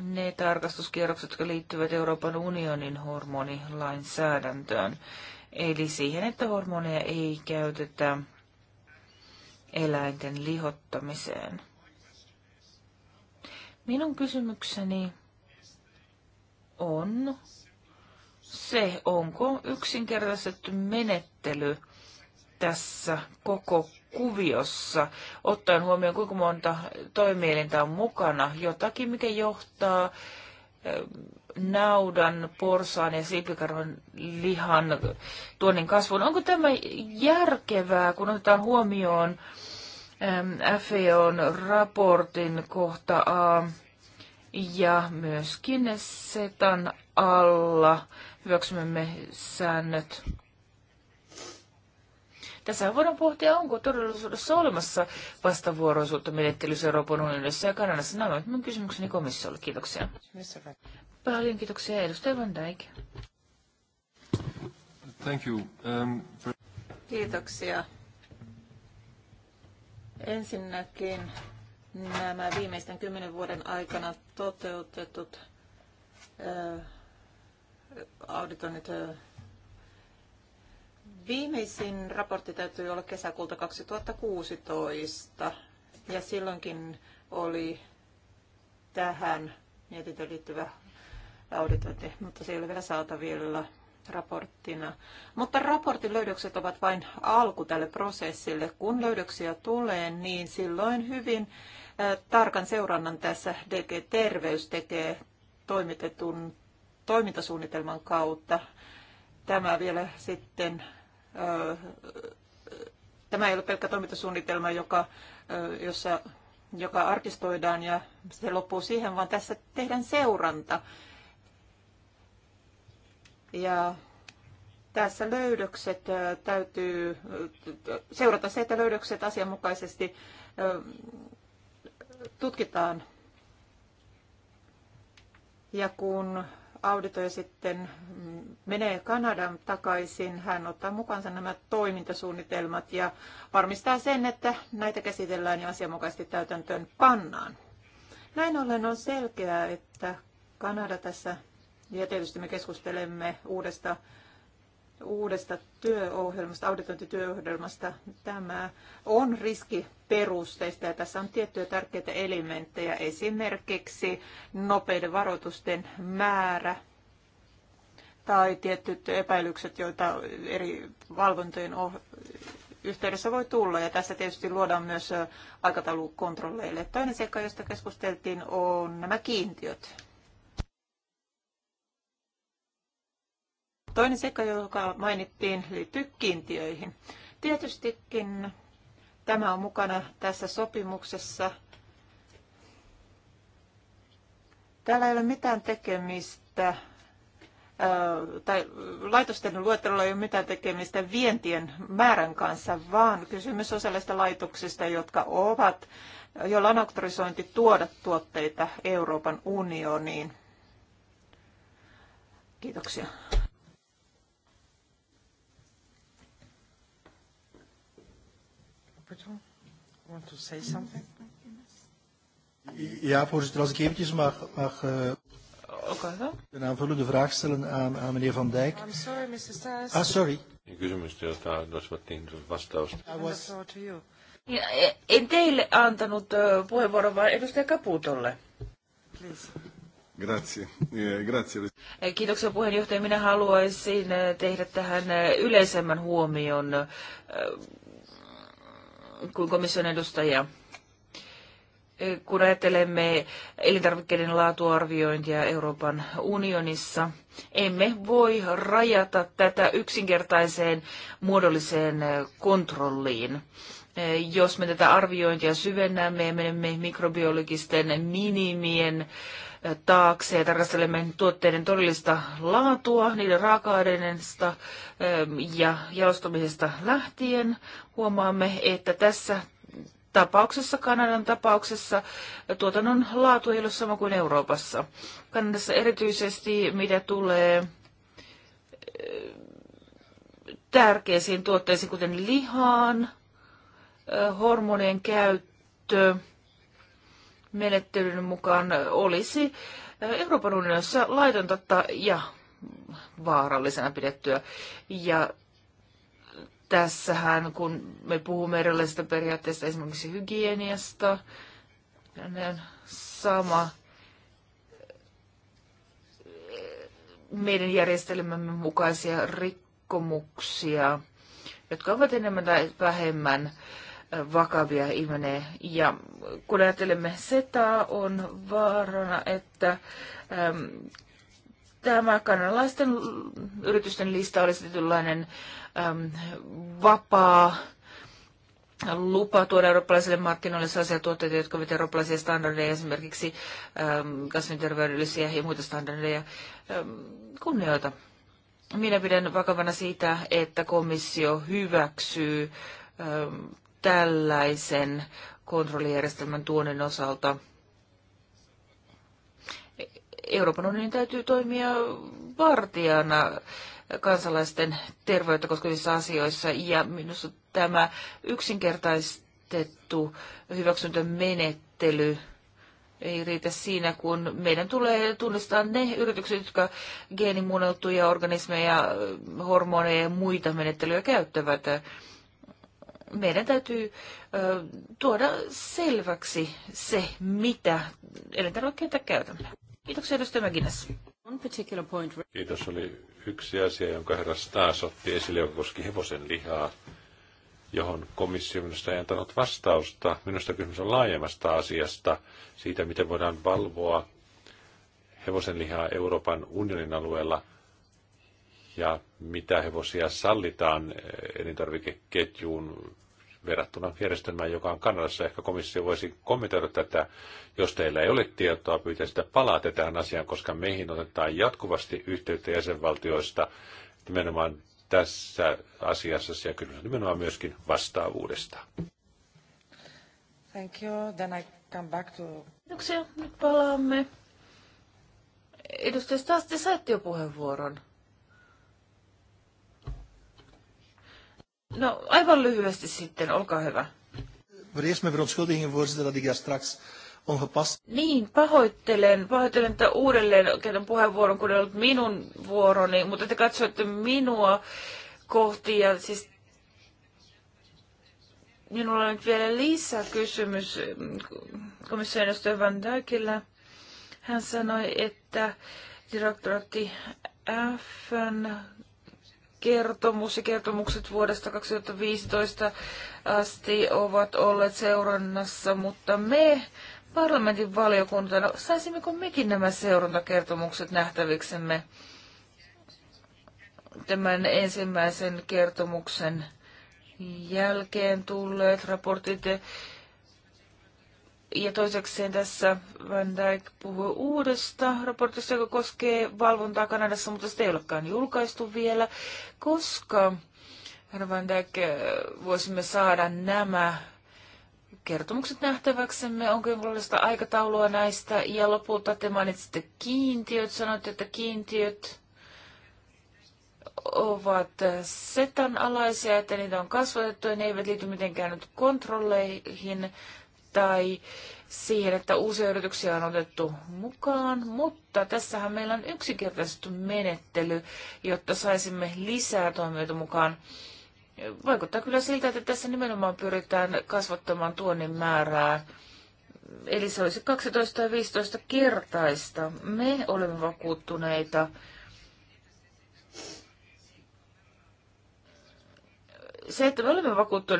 ne tarkastuskierrokset, jotka liittyvät Euroopan unionin hormonilainsäädäntöön. Eli siihen, että hormoneja ei käytetä eläinten lihottamiseen. Minun kysymykseni on se, onko yksinkertaistettu menettely tässä koko kuviossa, ottaen huomioon kuinka monta toimielintä on mukana, jotakin mikä johtaa naudan, porsaan ja siipikarvan lihan tuonnin kasvuun. Onko tämä järkevää, kun otetaan huomioon FEOn raportin kohta A ja myöskin setan alla hyväksymämme säännöt? Tässä voidaan pohtia, onko todellisuudessa olemassa vastavuoroisuutta menettelyssä Euroopan unionissa ja Kanadassa. Nämä ovat minun kysymykseni komissiolle. Kiitoksia. Paljon kiitoksia, edustaja Van Dijk. Thank you. Um, for... Kiitoksia. Ensinnäkin nämä viimeisten kymmenen vuoden aikana toteutetut äh, auditoinnit äh, Viimeisin raportti täytyy olla kesäkuulta 2016 ja silloinkin oli tähän mietintöön liittyvä auditointi, mutta se ei ole vielä saatavilla raporttina. Mutta raportin löydökset ovat vain alku tälle prosessille. Kun löydöksiä tulee, niin silloin hyvin tarkan seurannan tässä DG Terveys tekee toimitetun toimintasuunnitelman kautta. Tämä vielä sitten tämä ei ole pelkkä toimintasuunnitelma, joka, jossa, joka arkistoidaan ja se loppuu siihen, vaan tässä tehdään seuranta. Ja tässä löydökset täytyy seurata se, että löydökset asianmukaisesti tutkitaan. Ja kun auditoija sitten mm, menee Kanadan takaisin, hän ottaa mukaansa nämä toimintasuunnitelmat ja varmistaa sen, että näitä käsitellään ja asianmukaisesti täytäntöön pannaan. Näin ollen on selkeää, että Kanada tässä, ja tietysti me keskustelemme uudesta uudesta työohjelmasta, auditointityöohjelmasta. Tämä on riskiperusteista ja tässä on tiettyjä tärkeitä elementtejä, esimerkiksi nopeiden varoitusten määrä tai tietyt epäilykset, joita eri valvontojen oh- yhteydessä voi tulla. Ja tässä tietysti luodaan myös aikataulukontrolleille. Toinen seikka, josta keskusteltiin, on nämä kiintiöt. Toinen seikka, joka mainittiin, liittyy kiintiöihin. Tietystikin tämä on mukana tässä sopimuksessa. Täällä ei ole mitään tekemistä tai laitosten luettelolla ei ole mitään tekemistä vientien määrän kanssa, vaan kysymys on sellaista laitoksista, jotka ovat, joilla on auktorisointi tuoda tuotteita Euroopan unioniin. Kiitoksia. rapporteur want to say something? Ja, voorzitter, als ik eventjes mag, mag uh, een aanvullende vraag stellen aan, aan meneer Van Dijk. I'm sorry, Mr. Stas. Ah, sorry. Kysymystä, jota odosvattiin vastausta. I was... Ja, eh, en teille antanut eh, puheenvuoron, vaan edustaja Kaputolle. Please. Grazie. Grazie. Kiitoksia puheenjohtaja. Minä haluaisin tehdä tähän yleisemmän huomion kuin komission edustajia. E, kun ajattelemme elintarvikkeiden laatuarviointia Euroopan unionissa, emme voi rajata tätä yksinkertaiseen muodolliseen kontrolliin e, jos me tätä arviointia syvennämme ja menemme mikrobiologisten minimien taakse ja tarkastelemme tuotteiden todellista laatua, niiden raaka-aineista ähm, ja jalostamisesta lähtien. Huomaamme, että tässä tapauksessa, Kanadan tapauksessa, tuotannon laatu ei ole sama kuin Euroopassa. Kanadassa erityisesti, mitä tulee äh, tärkeisiin tuotteisiin, kuten lihaan, äh, hormonien käyttö, menettelyn mukaan olisi eh, Euroopan unionissa laitonta ja vaarallisena pidettyä. Ja tässähän, kun me puhumme erilaisista periaatteista, esimerkiksi hygieniasta, niin sama eh, meidän järjestelmämme mukaisia rikkomuksia, jotka ovat enemmän tai vähemmän vakavia ilmenee. Ja kun ajattelemme SETAa, on vaarana, että äm, tämä kanalaisten yritysten lista olisi tietynlainen äm, vapaa lupa tuoda eurooppalaisille markkinoille sellaisia tuotteita, jotka ovat eurooppalaisia standardeja, esimerkiksi äm, kasvinterveydellisiä ja muita standardeja ähm, kunnioita. Minä pidän vakavana siitä, että komissio hyväksyy äm, tällaisen kontrollijärjestelmän tuonnin osalta. Euroopan unionin täytyy toimia vartijana kansalaisten terveyttä koskevissa asioissa, ja minusta tämä yksinkertaistettu hyväksyntämenettely ei riitä siinä, kun meidän tulee tunnistaa ne yritykset, jotka geenimuunneltuja organismeja, hormoneja ja muita menettelyjä käyttävät meidän täytyy ö, tuoda selväksi se, mitä elintarvikkeita käytämme. Kiitoksia edustaja Mäkinäs. Kiitos. Oli yksi asia, jonka herra Staas otti esille, joka koski hevosen lihaa, johon komissio minusta ei antanut vastausta. Minusta kysymys on laajemmasta asiasta, siitä miten voidaan valvoa hevosen lihaa Euroopan unionin alueella – ja mitä hevosia sallitaan elintarvikeketjuun verrattuna järjestelmään, joka on Kanadassa. Ehkä komissio voisi kommentoida tätä. Jos teillä ei ole tietoa, pyytää sitä palaatte tähän asiaan, koska meihin otetaan jatkuvasti yhteyttä jäsenvaltioista nimenomaan tässä asiassa ja kyllä nimenomaan myöskin vastaavuudesta. Thank you. Then I come back to... Kiitoksia. Nyt palaamme. Edustaja Stasti, te saitte jo puheenvuoron. No aivan lyhyesti sitten, olkaa hyvä. Er niin, pahoittelen. Pahoittelen, että uudelleen käytän puheenvuoron, kun ei ollut minun vuoroni, mutta te katsoitte minua kohti ja siis minulla on nyt vielä lisäkysymys komissaaristoja Van Dijkillä. Hän sanoi, että direktoraatti Fn kertomus ja kertomukset vuodesta 2015 asti ovat olleet seurannassa, mutta me parlamentin valiokuntana, saisimmeko mekin nämä seurantakertomukset nähtäviksemme tämän ensimmäisen kertomuksen jälkeen tulleet raportit ja toisekseen tässä Van Dijk puhui uudesta raportista, joka koskee valvontaa Kanadassa, mutta sitä ei olekaan julkaistu vielä, koska herra Van Dijk, eh, voisimme saada nämä kertomukset nähtäväksemme, onko jonkinlaista aikataulua näistä, ja lopulta te mainitsitte kiintiöt, sanoitte, että kiintiöt ovat setan alaisia, että niitä on kasvatettu ja ne eivät liity mitenkään nyt kontrolleihin tai siihen, että uusia yrityksiä on otettu mukaan, mutta tässähän meillä on yksinkertaisesti menettely, jotta saisimme lisää toimijoita mukaan. Vaikuttaa kyllä siltä, että tässä nimenomaan pyritään kasvattamaan tuonnin määrää. Eli se olisi 12 15 kertaista. Me olemme vakuuttuneita se, että me olemme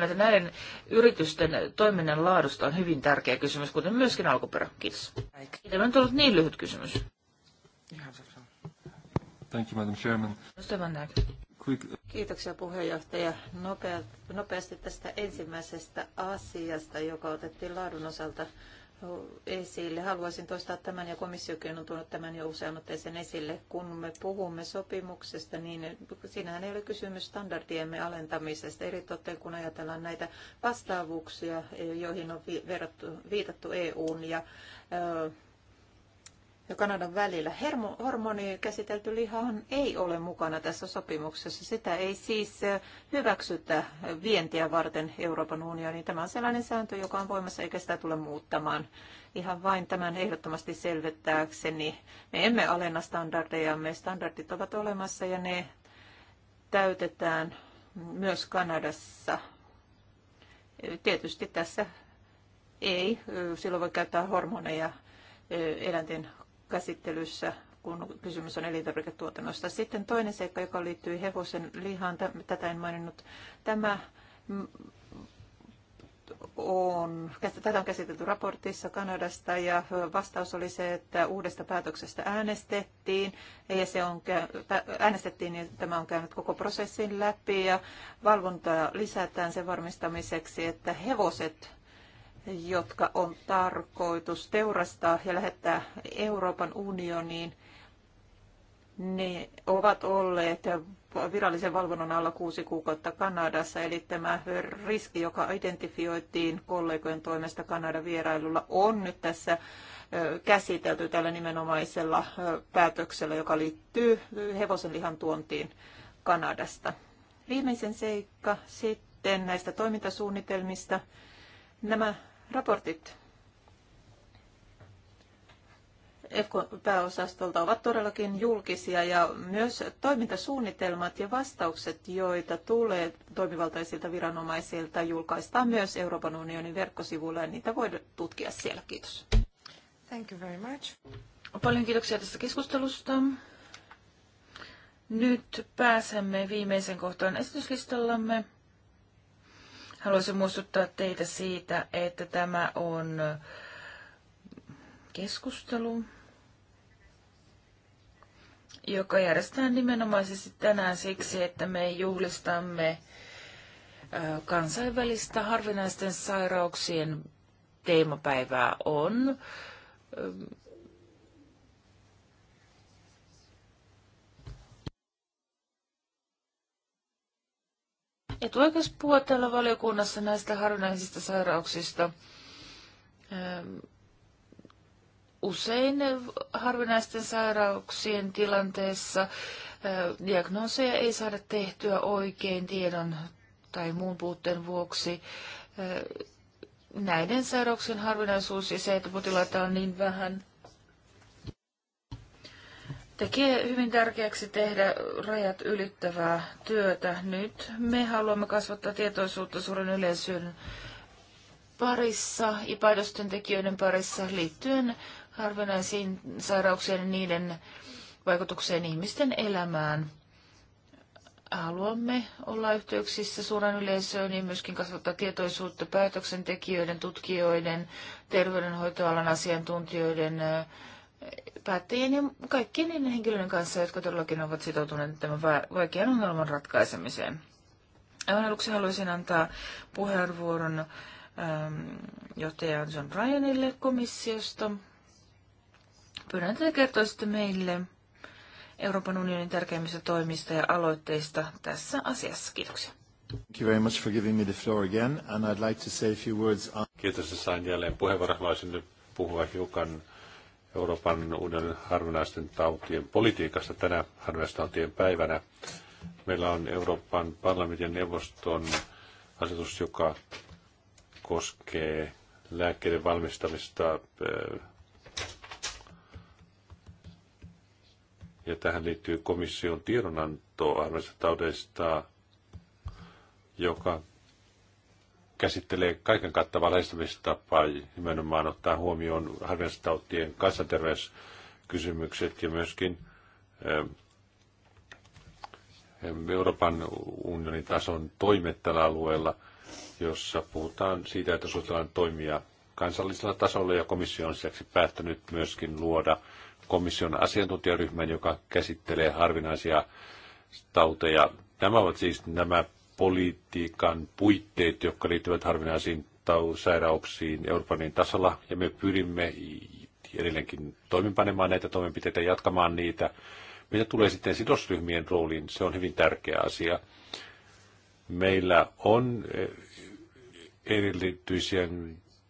että näiden yritysten toiminnan laadusta on hyvin tärkeä kysymys, kuten myöskin alkuperä. Kiitos. Tämä on ollut niin lyhyt kysymys. Thank you, Madam Chairman. Kiitoksia puheenjohtaja. Nopea, nopeasti tästä ensimmäisestä asiasta, joka otettiin laadun osalta esille. Haluaisin toistaa tämän ja komissiokin on tuonut tämän jo usean otteeseen esille. Kun me puhumme sopimuksesta, niin siinähän ei ole kysymys standardiemme alentamisesta. Eri toteen kun ajatellaan näitä vastaavuuksia, joihin on viitattu EUn ja ja Kanadan välillä. hormoni käsitelty lihahan ei ole mukana tässä sopimuksessa. Sitä ei siis eh, hyväksytä vientiä varten Euroopan unioniin. Tämä on sellainen sääntö, joka on voimassa eikä sitä tule muuttamaan. Ihan vain tämän ehdottomasti selvittääkseni. Me emme alenna standardeja, me standardit ovat olemassa ja ne täytetään myös Kanadassa. Tietysti tässä ei, eh, silloin voi käyttää hormoneja eh, eläinten käsittelyssä, kun kysymys on elintarviketuotannosta. Sitten toinen seikka, joka liittyy hevosen lihaan, tätä en maininnut. Tämä on, tätä on käsitelty raportissa Kanadasta ja vastaus oli se, että uudesta päätöksestä äänestettiin ja se on, äänestettiin ja tämä on käynyt koko prosessin läpi ja valvontaa lisätään sen varmistamiseksi, että hevoset jotka on tarkoitus teurastaa ja lähettää Euroopan unioniin, ne ovat olleet virallisen valvonnan alla kuusi kuukautta Kanadassa, eli tämä riski, joka identifioitiin kollegojen toimesta Kanadan vierailulla, on nyt tässä käsitelty tällä nimenomaisella päätöksellä, joka liittyy hevosenlihan tuontiin Kanadasta. Viimeisen seikka sitten näistä toimintasuunnitelmista. Nämä Raportit EFKO-pääosastolta ovat todellakin julkisia ja myös toimintasuunnitelmat ja vastaukset, joita tulee toimivaltaisilta viranomaisilta, julkaistaan myös Euroopan unionin verkkosivuilla ja niitä voi tutkia siellä. Kiitos. Thank you very much. Paljon kiitoksia tästä keskustelusta. Nyt pääsemme viimeisen kohtaan esityslistallamme. Haluaisin muistuttaa teitä siitä, että tämä on keskustelu, joka järjestetään nimenomaisesti tänään siksi, että me juhlistamme kansainvälistä harvinaisten sairauksien teemapäivää on etuoikeus puhua täällä valiokunnassa näistä harvinaisista sairauksista. Ähm, usein harvinaisten sairauksien tilanteessa äh, diagnooseja ei saada tehtyä oikein tiedon tai muun puutteen vuoksi. Äh, näiden sairauksien harvinaisuus ja se, että potilaita on niin vähän, tekee hyvin tärkeäksi tehdä rajat ylittävää työtä. Nyt me haluamme kasvattaa tietoisuutta suuren yleisön parissa ja paidostyöntekijöiden parissa liittyen harvinaisiin sairauksiin ja niiden vaikutukseen ihmisten elämään. Haluamme olla yhteyksissä suuren yleisöön ja myöskin kasvattaa tietoisuutta päätöksentekijöiden, tutkijoiden, terveydenhoitoalan asiantuntijoiden, päättäjien ja kaikkien niiden henkilöiden kanssa, jotka todellakin ovat sitoutuneet tämän vaikean ongelman ratkaisemiseen. Aivan aluksi haluaisin antaa puheenvuoron ähm, johtaja John Ryanille komissiosta. Pyydän, että kertoisitte meille Euroopan unionin tärkeimmistä toimista ja aloitteista tässä asiassa. Kiitoksia. Thank you very much for giving me the floor again, and I'd like to say a few words Kiitos, että sain jälleen puheenvuoron. Haluaisin nyt puhua hiukan Euroopan uuden harvinaisten tautien politiikasta tänä harvinaisten tautien päivänä. Meillä on Euroopan parlamentin neuvoston asetus, joka koskee lääkkeiden valmistamista eh, ja tähän liittyy komission tiedonanto harvinaisista taudeista, joka käsittelee kaiken kattavaa lähestymistapaa, nimenomaan ottaa huomioon harvinaistautien kansanterveyskysymykset ja myöskin eh, Euroopan unionin tason toimet tällä alueella, jossa puhutaan siitä, että suositellaan toimia kansallisella tasolla ja komissio on lisäksi päättänyt myöskin luoda komission asiantuntijaryhmän, joka käsittelee harvinaisia tauteja. Nämä ovat siis nämä politiikan puitteet, jotka liittyvät harvinaisiin sairauksiin Euroopan tasolla, ja me pyrimme edelleenkin toimimpanemaan näitä toimenpiteitä ja jatkamaan niitä. Mitä tulee sitten sidosryhmien rooliin, se on hyvin tärkeä asia. Meillä on eh, erityisiä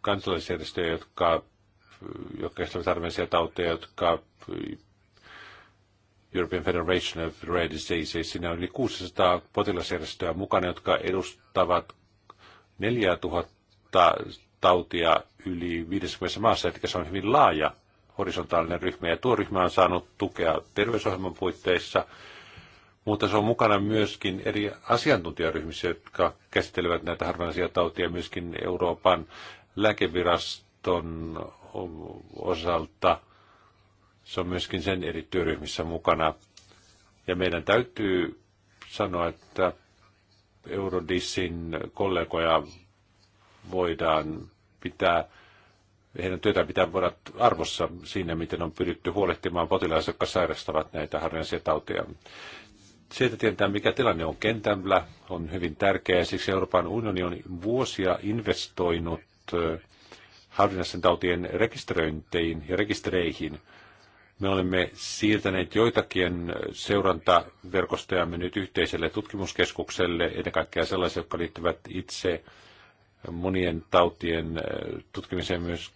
kansalaisjärjestöjä, jotka, jotka kestävät harvinaisia tauteja, jotka European Federation of Rare Diseases. Siinä on yli 600 potilasjärjestöä mukana, jotka edustavat 4000 tautia yli 50 maassa, eli se on hyvin laaja horisontaalinen ryhmä, ja tuo ryhmä on saanut tukea terveysohjelman puitteissa, mutta se on mukana myöskin eri asiantuntijaryhmissä, jotka käsittelevät näitä harvinaisia tautia myöskin Euroopan lääkeviraston osalta – se on myöskin sen eri työryhmissä mukana. Ja meidän täytyy sanoa, että Eurodissin kollegoja voidaan pitää, heidän työtään pitää voida arvossa siinä, miten on pyritty huolehtimaan potilaista, jotka sairastavat näitä harvinaisia tauteja. Sieltä tietää, mikä tilanne on kentällä, on hyvin tärkeää. Siksi Euroopan unioni on vuosia investoinut äh, harvinaisten tautien rekisteröinteihin ja rekistereihin – me olemme siirtäneet joitakin seurantaverkostojamme nyt yhteiselle tutkimuskeskukselle, ennen kaikkea sellaisia, jotka liittyvät itse monien tautien äh, tutkimiseen myös.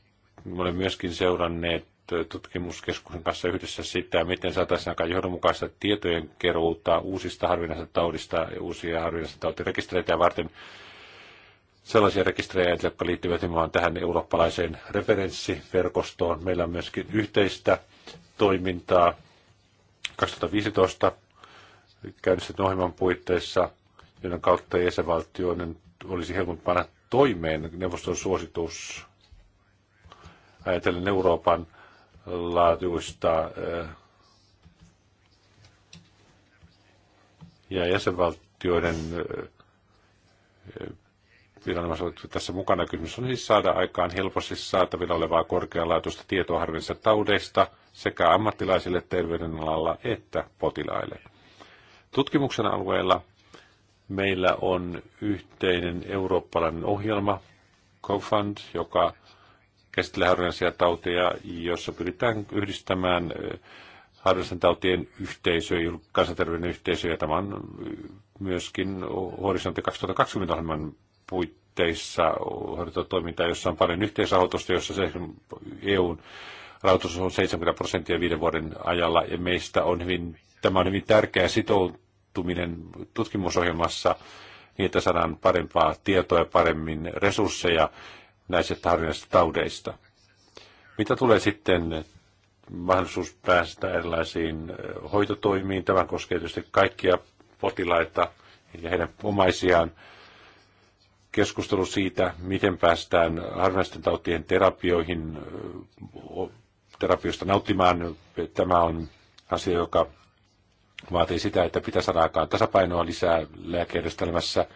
Me olemme myöskin seuranneet äh, tutkimuskeskuksen kanssa yhdessä sitä, miten saataisiin aika johdonmukaista tietojen keruuta uusista harvinaisista taudista ja uusia harvinaisista tautirekistereitä varten sellaisia rekisterejä, jotka liittyvät tähän eurooppalaiseen referenssiverkostoon. Meillä on myöskin yhteistä toimintaa 2015 käynnistetyn ohjelman puitteissa, joiden kautta jäsenvaltioiden olisi helpompi panna toimeen neuvoston suositus ajatellen Euroopan laatuista eh, ja jäsenvaltioiden eh, tässä mukana. Kysymys on siis saada aikaan helposti saatavilla olevaa korkealaatuista tietoa harvinaisista taudeista – sekä ammattilaisille terveydenalalla että potilaille. Tutkimuksen alueella meillä on yhteinen eurooppalainen ohjelma, CoFund, joka käsittelee harvinaisia tauteja, jossa pyritään yhdistämään harvinaisten tautien yhteisöjä, kansanterveyden yhteisöjä. Tämä on myöskin Horisontti 2020 ohjelman puitteissa toimintaa, jossa on paljon yhteisrahoitusta, jossa se EUn rahoitus on 70 prosenttia viiden vuoden ajalla ja meistä on hyvin, tämä on hyvin tärkeä sitoutuminen tutkimusohjelmassa niin, että saadaan parempaa tietoa ja paremmin resursseja näistä harvinaisista taudeista. Mitä tulee sitten mahdollisuus päästä erilaisiin hoitotoimiin? Tämä koskee tietysti kaikkia potilaita ja heidän omaisiaan keskustelu siitä, miten päästään harvinaisten tautien terapioihin, terapiosta nauttimaan. Tämä on asia, joka vaatii sitä, että pitää saada aikaan tasapainoa lisää lääkejärjestelmässä.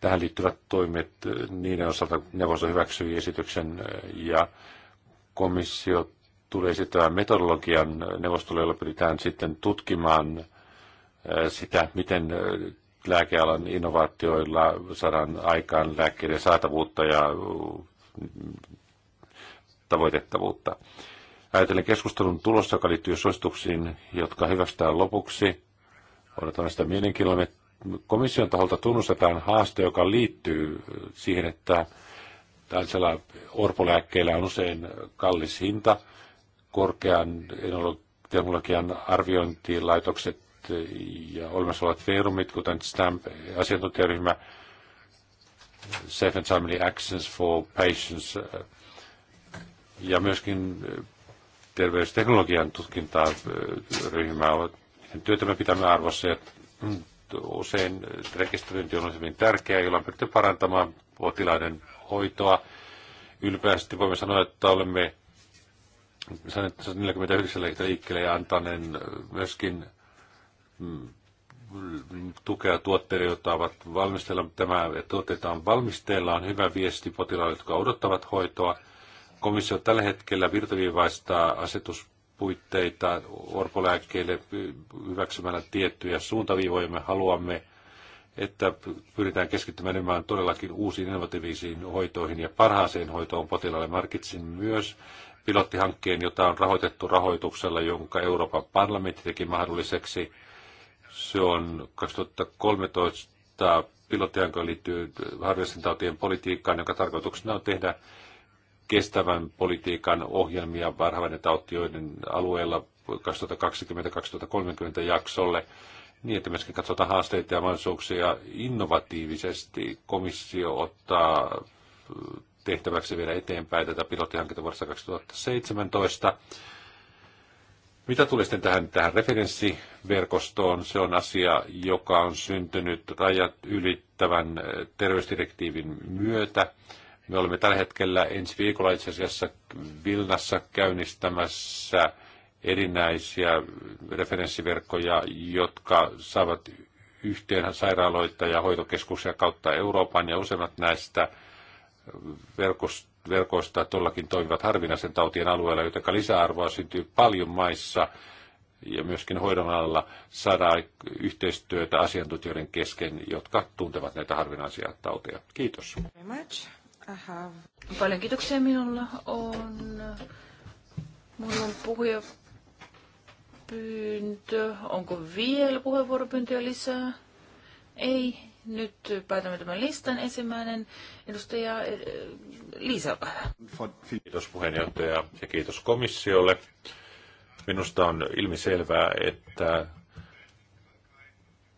Tähän liittyvät toimet, niiden osalta neuvosto hyväksyi esityksen ja komissio tulee esittämään metodologian neuvostolle, jolla pyritään sitten tutkimaan eh, sitä, miten eh, lääkealan innovaatioilla saadaan aikaan lääkkeiden saatavuutta ja mm, tavoitettavuutta. Ajatellen keskustelun tulosta, joka liittyy suosituksiin, jotka hyvästään lopuksi. Odotan sitä mielenkiinnolla. Komission taholta tunnustetaan haaste, joka liittyy siihen, että tällaisella orpolääkkeellä on usein kallis hinta. Korkean teknologian arviointilaitokset ja olemassa olevat verumit, kuten STAMP, asiantuntijaryhmä, Safe and Timely Actions for Patients, ja myöskin terveysteknologian tutkintaa ryhmää ovat työtä me pitämme arvossa ja mm, usein rekisteröinti on hyvin tärkeää, jolla on pyritty parantamaan potilaiden hoitoa. Ylpeästi voimme sanoa, että olemme saaneet 149 lehtiä liikkeelle ja antaneen myöskin mm, tukea tuotteille, joita ovat valmistella. Tämä, että tuotteita on valmisteilla, on hyvä viesti potilaille, jotka odottavat hoitoa – Komissio tällä hetkellä virtaviivaistaa asetuspuitteita orpolääkkeille hyväksymällä tiettyjä suuntaviivoja. Me haluamme, että pyritään keskittymään enemmän todellakin uusiin innovatiivisiin hoitoihin ja parhaaseen hoitoon potilaalle. Markitsin myös pilottihankkeen, jota on rahoitettu rahoituksella, jonka Euroopan parlamentti teki mahdolliseksi. Se on 2013 pilottihanke liittyy harjoitusentautien politiikkaan, jonka tarkoituksena on tehdä kestävän politiikan ohjelmia varhainen tautioiden alueella 2020-2030 jaksolle, niin että myöskin katsotaan haasteita ja mahdollisuuksia innovatiivisesti. Komissio ottaa äh, tehtäväksi vielä eteenpäin tätä pilottihanketta vuodesta 2017. Mitä tulee sitten tähän, tähän referenssiverkostoon, se on asia, joka on syntynyt rajat ylittävän äh, terveysdirektiivin myötä. Me olemme tällä hetkellä ensi viikolla itse asiassa Vilnassa käynnistämässä erinäisiä referenssiverkkoja, jotka saavat yhteen sairaaloita ja hoitokeskuksia kautta Euroopan, ja useimmat näistä verkoista todellakin toimivat harvinaisen tautien alueella, joten lisäarvoa syntyy paljon maissa ja myöskin hoidon alalla saada yhteistyötä asiantuntijoiden kesken, jotka tuntevat näitä harvinaisia tauteja. Kiitos. Very much have... Paljon kiitoksia. Minulla on... Minulla on puhuja pyyntö. Onko vielä puheenvuoropyyntöjä lisää? Ei. Nyt päätämme tämän listan. Ensimmäinen edustaja eh, Liisa. Kiitos puheenjohtaja ja kiitos komissiolle. Minusta on ilmiselvää, että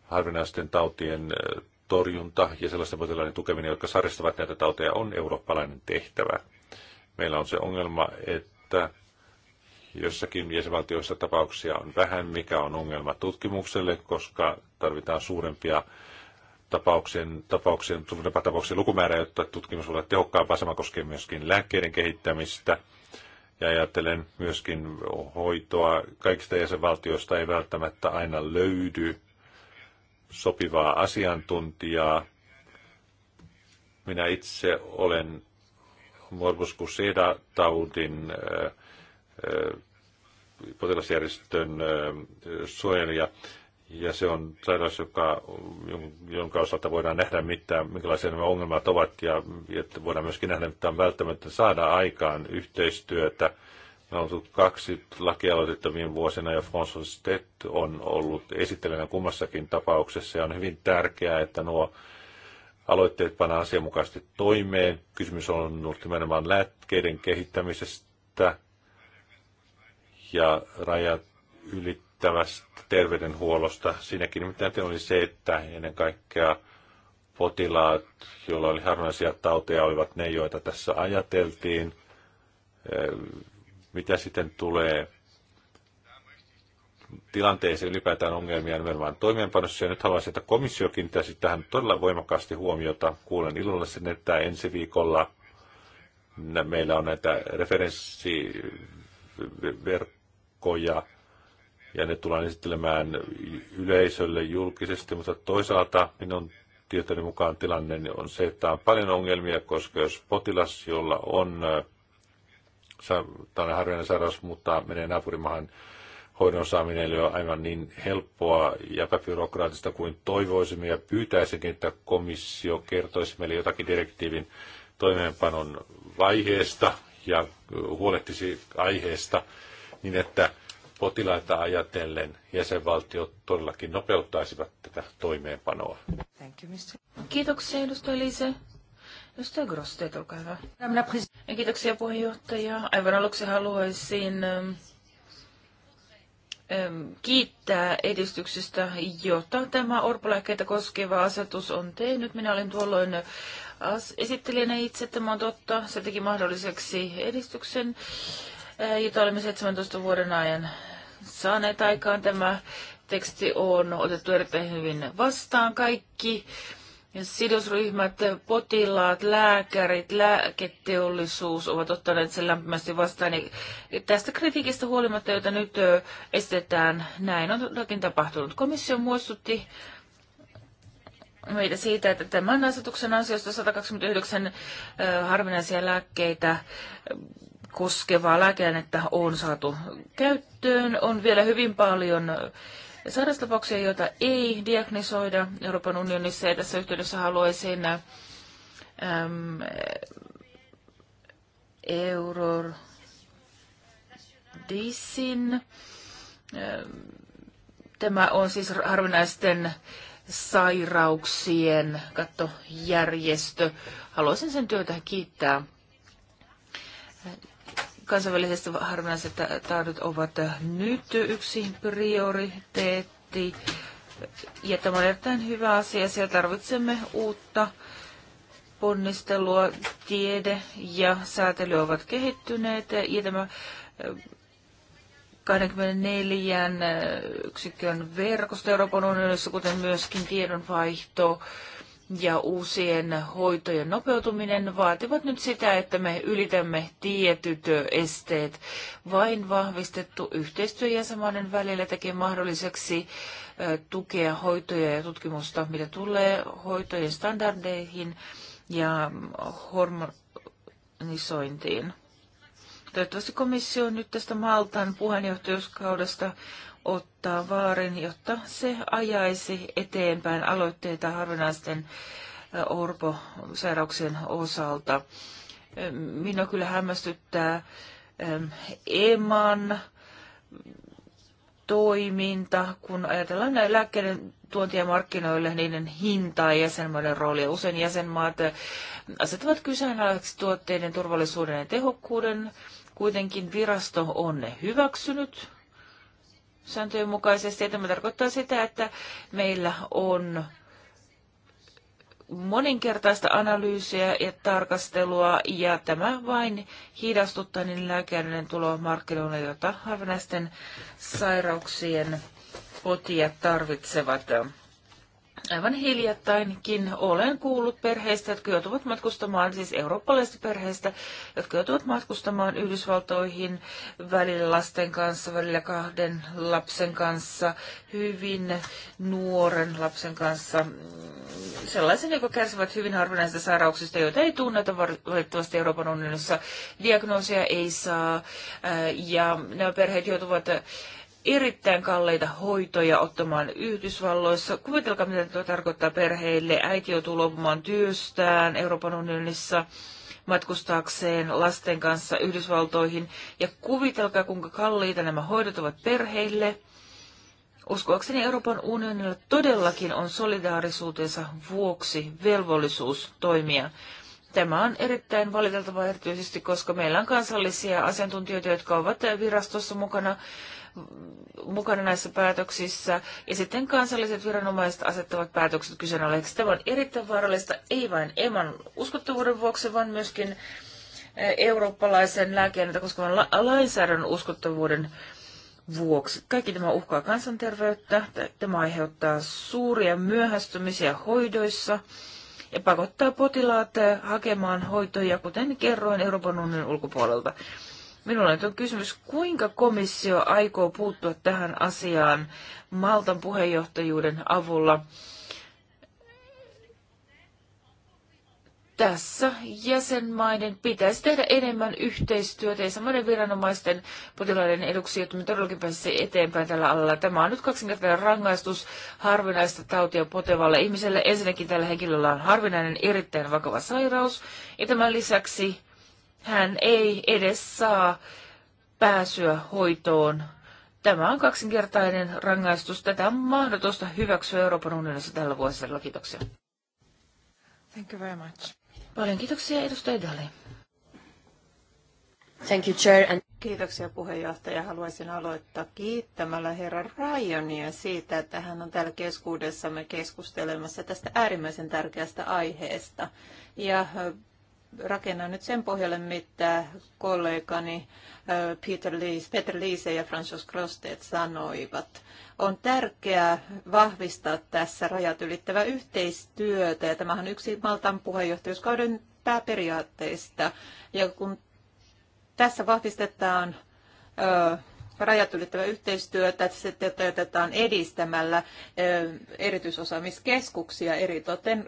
harvinaisten tautien eh, torjunta ja sellaisten potilaiden tukeminen, jotka sairastavat näitä tauteja, on eurooppalainen tehtävä. Meillä on se ongelma, että jossakin jäsenvaltioissa tapauksia on vähän, mikä on ongelma tutkimukselle, koska tarvitaan suurempia tapauksien, tapauksien, tapauksien lukumäärä, jotta tutkimus voi olla tehokkaampaa. Sama koskee myöskin lääkkeiden kehittämistä. Ja ajattelen myöskin hoitoa. Kaikista jäsenvaltioista ei välttämättä aina löydy sopivaa asiantuntijaa. Minä itse olen Morbus Cuseda-taudin äh, äh, potilasjärjestön äh, suojelija, ja se on sairaus, joka, jonka osalta voidaan nähdä, mitä, minkälaisia nämä ongelmat ovat, ja että voidaan myöskin nähdä, että on välttämättä saada aikaan yhteistyötä on ollut kaksi lakialoitetta viime vuosina ja François Stett on ollut esittelijänä kummassakin tapauksessa ja on hyvin tärkeää, että nuo aloitteet pannaan asianmukaisesti toimeen. Kysymys on ollut nimenomaan lätkeiden kehittämisestä ja rajat ylittävästä terveydenhuollosta. Siinäkin nimittäin oli se, että ennen kaikkea potilaat, joilla oli harvinaisia tauteja, olivat ne, joita tässä ajateltiin mitä sitten tulee tilanteeseen ylipäätään ongelmia nimenomaan toimeenpanossa. Ja nyt haluaisin, että komissio kiinnittäisi tähän todella voimakkaasti huomiota. Kuulen ilolla sen, että ensi viikolla meillä on näitä referenssiverkkoja, ja ne tullaan esittelemään yleisölle julkisesti, mutta toisaalta minun tietoni mukaan tilanne on se, että on paljon ongelmia, koska jos potilas, jolla on on harvinainen sairaus, mutta menee naapurimahan hoidon saaminen ei ole aivan niin helppoa ja epäbyrokraattista kuin toivoisimme ja pyytäisinkin, että komissio kertoisi meille jotakin direktiivin toimeenpanon vaiheesta ja huolehtisi aiheesta niin, että potilaita ajatellen jäsenvaltiot todellakin nopeuttaisivat tätä toimeenpanoa. Kiitoksia edustaja Liise. Edustaja Grosteet, olkaa hyvä. Kiitoksia puheenjohtaja. Aivan aluksi haluaisin ähm, ähm, kiittää edistyksestä, jota tämä orpolääkkeitä koskeva asetus on tehnyt. Minä olin tuolloin äh, esittelijänä itse, tämä on totta. Se teki mahdolliseksi edistyksen, äh, jota olemme 17 vuoden ajan saaneet aikaan. Tämä teksti on otettu erittäin hyvin vastaan. Kaikki Sidosryhmät, potilaat, lääkärit, lääketeollisuus ovat ottaneet sen lämpimästi vastaan. Ja tästä kritiikistä huolimatta, jota nyt estetään, näin on todellakin tapahtunut. Komissio muistutti meitä siitä, että tämän asetuksen ansiosta 129 harvinaisia lääkkeitä koskevaa lääkeainetta on saatu käyttöön. On vielä hyvin paljon sairaustapauksia, joita ei diagnisoida Euroopan unionissa. Ja tässä yhteydessä haluaisin äm, Eurodisin. Ähm, tämä on siis harvinaisten sairauksien kattojärjestö. Haluaisin sen työtä kiittää kansainvälisesti harvinaiset taudit ovat nyt yksi prioriteetti. Ja tämä on erittäin hyvä asia. Siellä tarvitsemme uutta ponnistelua. Tiede ja säätely ovat kehittyneet. Ja tämä 24 äh, äh, yksikön verkosto Euroopan unionissa, kuten myöskin tiedonvaihto, ja uusien hoitojen nopeutuminen vaativat nyt sitä, että me ylitämme tietyt esteet. Vain vahvistettu yhteistyö jäsenmaiden välillä tekee mahdolliseksi tukea hoitoja ja tutkimusta, mitä tulee hoitojen standardeihin ja hormonisointiin. Toivottavasti komissio nyt tästä Maltan puheenjohtajuuskaudesta ottaa vaarin, jotta se ajaisi eteenpäin aloitteita harvinaisten orposairauksien osalta. Minua kyllä hämmästyttää EMAN toiminta, kun ajatellaan näitä lääkkeiden tuontia markkinoille, niiden hintaa ja jäsenmaiden roolia. Usein jäsenmaat asettavat kyseenalaiseksi tuotteiden turvallisuuden ja tehokkuuden. Kuitenkin virasto on ne hyväksynyt sääntöjen mukaisesti. Ja tämä tarkoittaa sitä, että meillä on moninkertaista analyysiä ja tarkastelua, ja tämä vain hidastuttaa niin lääkeäinen tulo markkinoille, jota harvinaisten sairauksien potijat tarvitsevat. Aivan hiljattainkin olen kuullut perheistä, jotka joutuvat matkustamaan, siis eurooppalaisista perheistä, jotka joutuvat matkustamaan Yhdysvaltoihin välillä lasten kanssa, välillä kahden lapsen kanssa, hyvin nuoren lapsen kanssa, mm, sellaisen, joka kärsivät hyvin harvinaisista sairauksista, joita ei tunneta valitettavasti Euroopan unionissa. Diagnoosia ei saa ja nämä perheet joutuvat erittäin kalleita hoitoja ottamaan Yhdysvalloissa. Kuvitelkaa, mitä tuo tarkoittaa perheille. Äiti joutuu luopumaan työstään Euroopan unionissa matkustaakseen lasten kanssa Yhdysvaltoihin. Ja kuvitelkaa, kuinka kalliita nämä hoidot ovat perheille. Uskoakseni Euroopan unionilla todellakin on solidaarisuutensa vuoksi velvollisuus toimia. Tämä on erittäin valiteltava erityisesti, koska meillä on kansallisia asiantuntijoita, jotka ovat virastossa mukana mukana näissä päätöksissä. Ja sitten kansalliset viranomaiset asettavat päätökset kyseenalaiseksi. Tämä on erittäin vaarallista, ei vain EMAn uskottavuuden vuoksi, vaan myöskin eh, eurooppalaisen lääkeaineita koskevan la- lainsäädännön uskottavuuden vuoksi. Kaikki tämä uhkaa kansanterveyttä, tämä aiheuttaa suuria myöhästymisiä hoidoissa ja pakottaa potilaat eh, hakemaan hoitoja, kuten kerroin Euroopan unionin ulkopuolelta. Minulla nyt on kysymys, kuinka komissio aikoo puuttua tähän asiaan Maltan puheenjohtajuuden avulla tässä jäsenmaiden pitäisi tehdä enemmän yhteistyötä ja samoin viranomaisten potilaiden eduksi, jotta me todellakin pääsisi eteenpäin tällä alalla. Tämä on nyt kaksinkertainen rangaistus harvinaista tautia potevalle ihmiselle. Ensinnäkin tällä henkilöllä on harvinainen erittäin vakava sairaus ja tämän lisäksi hän ei edes saa pääsyä hoitoon. Tämä on kaksinkertainen rangaistus. Tätä on mahdotonta hyväksyä Euroopan unionissa tällä vuosisadalla. Kiitoksia. Thank you very much. Paljon kiitoksia edustaja Dali. Thank you, Chair. And... Kiitoksia puheenjohtaja. Haluaisin aloittaa kiittämällä herra Rajonia siitä, että hän on täällä keskuudessamme keskustelemassa tästä äärimmäisen tärkeästä aiheesta. Ja rakennan nyt sen pohjalle, mitä kollegani Peter Lees, Peter Liise ja Francis Crosteet sanoivat. On tärkeää vahvistaa tässä rajat ylittävää yhteistyötä, ja tämähän on yksi Maltan puheenjohtajuuskauden pääperiaatteista. Ja kun tässä vahvistetaan ö, rajat ylittävää yhteistyötä, se toteutetaan edistämällä ö, erityisosaamiskeskuksia toten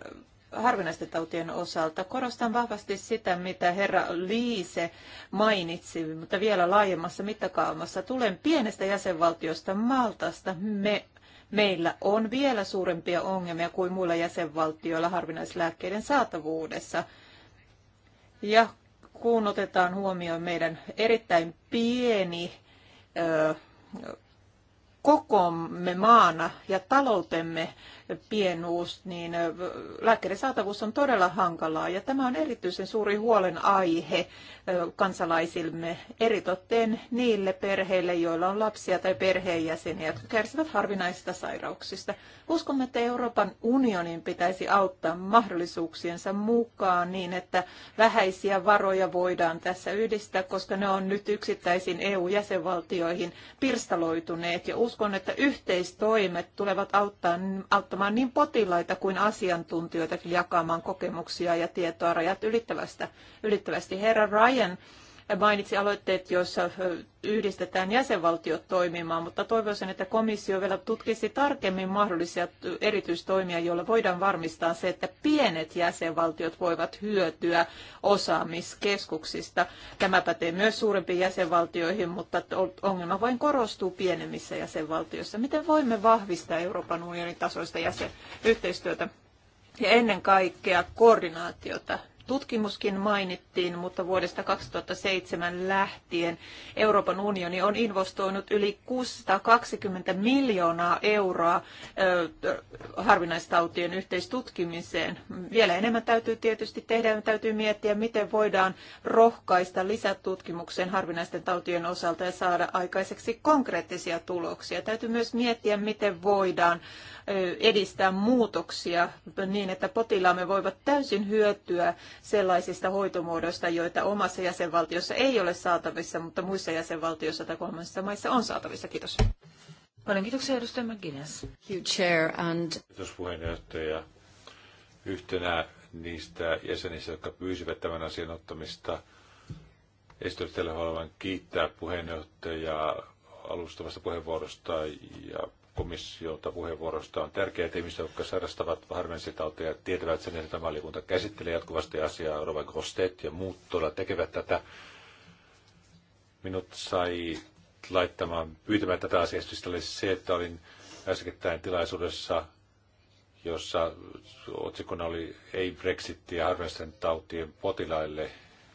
harvinaisten tautien osalta. Korostan vahvasti sitä, mitä herra Liise mainitsi, mutta vielä laajemmassa mittakaavassa. Tulen pienestä jäsenvaltiosta Maltasta. Me meillä on vielä suurempia ongelmia kuin muilla jäsenvaltioilla harvinaislääkkeiden saatavuudessa. Ja kun otetaan huomioon meidän erittäin pieni ö, kokomme maana ja taloutemme, pienuus, niin lääkkeiden saatavuus on todella hankalaa ja tämä on erityisen suuri huolenaihe kansalaisille, eritoten niille perheille, joilla on lapsia tai perheenjäseniä, jotka kärsivät harvinaisista sairauksista. Uskomme, että Euroopan unionin pitäisi auttaa mahdollisuuksiensa mukaan niin, että vähäisiä varoja voidaan tässä yhdistää, koska ne on nyt yksittäisiin EU-jäsenvaltioihin pirstaloituneet ja uskon, että yhteistoimet tulevat auttamaan auttamaan niin potilaita kuin asiantuntijoitakin jakamaan kokemuksia ja tietoa rajat ylittävästä. ylittävästi. Herra Ryan mainitsi aloitteet, joissa yhdistetään jäsenvaltiot toimimaan, mutta toivoisin, että komissio vielä tutkisi tarkemmin mahdollisia erityistoimia, joilla voidaan varmistaa se, että pienet jäsenvaltiot voivat hyötyä osaamiskeskuksista. Tämä pätee myös suurempiin jäsenvaltioihin, mutta ongelma vain korostuu pienemmissä jäsenvaltioissa. Miten voimme vahvistaa Euroopan unionin tasoista jäsenyhteistyötä yhteistyötä ja ennen kaikkea koordinaatiota tutkimuskin mainittiin, mutta vuodesta 2007 lähtien Euroopan unioni on investoinut yli 620 miljoonaa euroa harvinaistautien yhteistutkimiseen. Vielä enemmän täytyy tietysti tehdä, täytyy miettiä, miten voidaan rohkaista lisätutkimukseen harvinaisten tautien osalta ja saada aikaiseksi konkreettisia tuloksia. Täytyy myös miettiä, miten voidaan edistää muutoksia niin, että potilaamme voivat täysin hyötyä sellaisista hoitomuodoista, joita omassa jäsenvaltiossa ei ole saatavissa, mutta muissa jäsenvaltioissa tai kolmansissa maissa on saatavissa. Kiitos. Paljon kiitoksia edustaja McGuinness. Chair and... Kiitos puheenjohtaja. Yhtenä niistä jäsenistä, jotka pyysivät tämän asian ottamista esityksellä haluan kiittää puheenjohtajaa alustavasta puheenvuorosta ja Komissiota, puheenvuorosta. On tärkeää, että ihmiset, jotka sairastavat harvensi tauteja, tietävät sen, että tämä liikunta käsittelee jatkuvasti asiaa. Rova Grostet ja muut todella tekevät tätä. Minut sai laittamaan, pyytämään tätä asiaa, oli se, että olin äskettäin tilaisuudessa, jossa otsikona oli Ei Brexittiä harvensen tautien potilaille.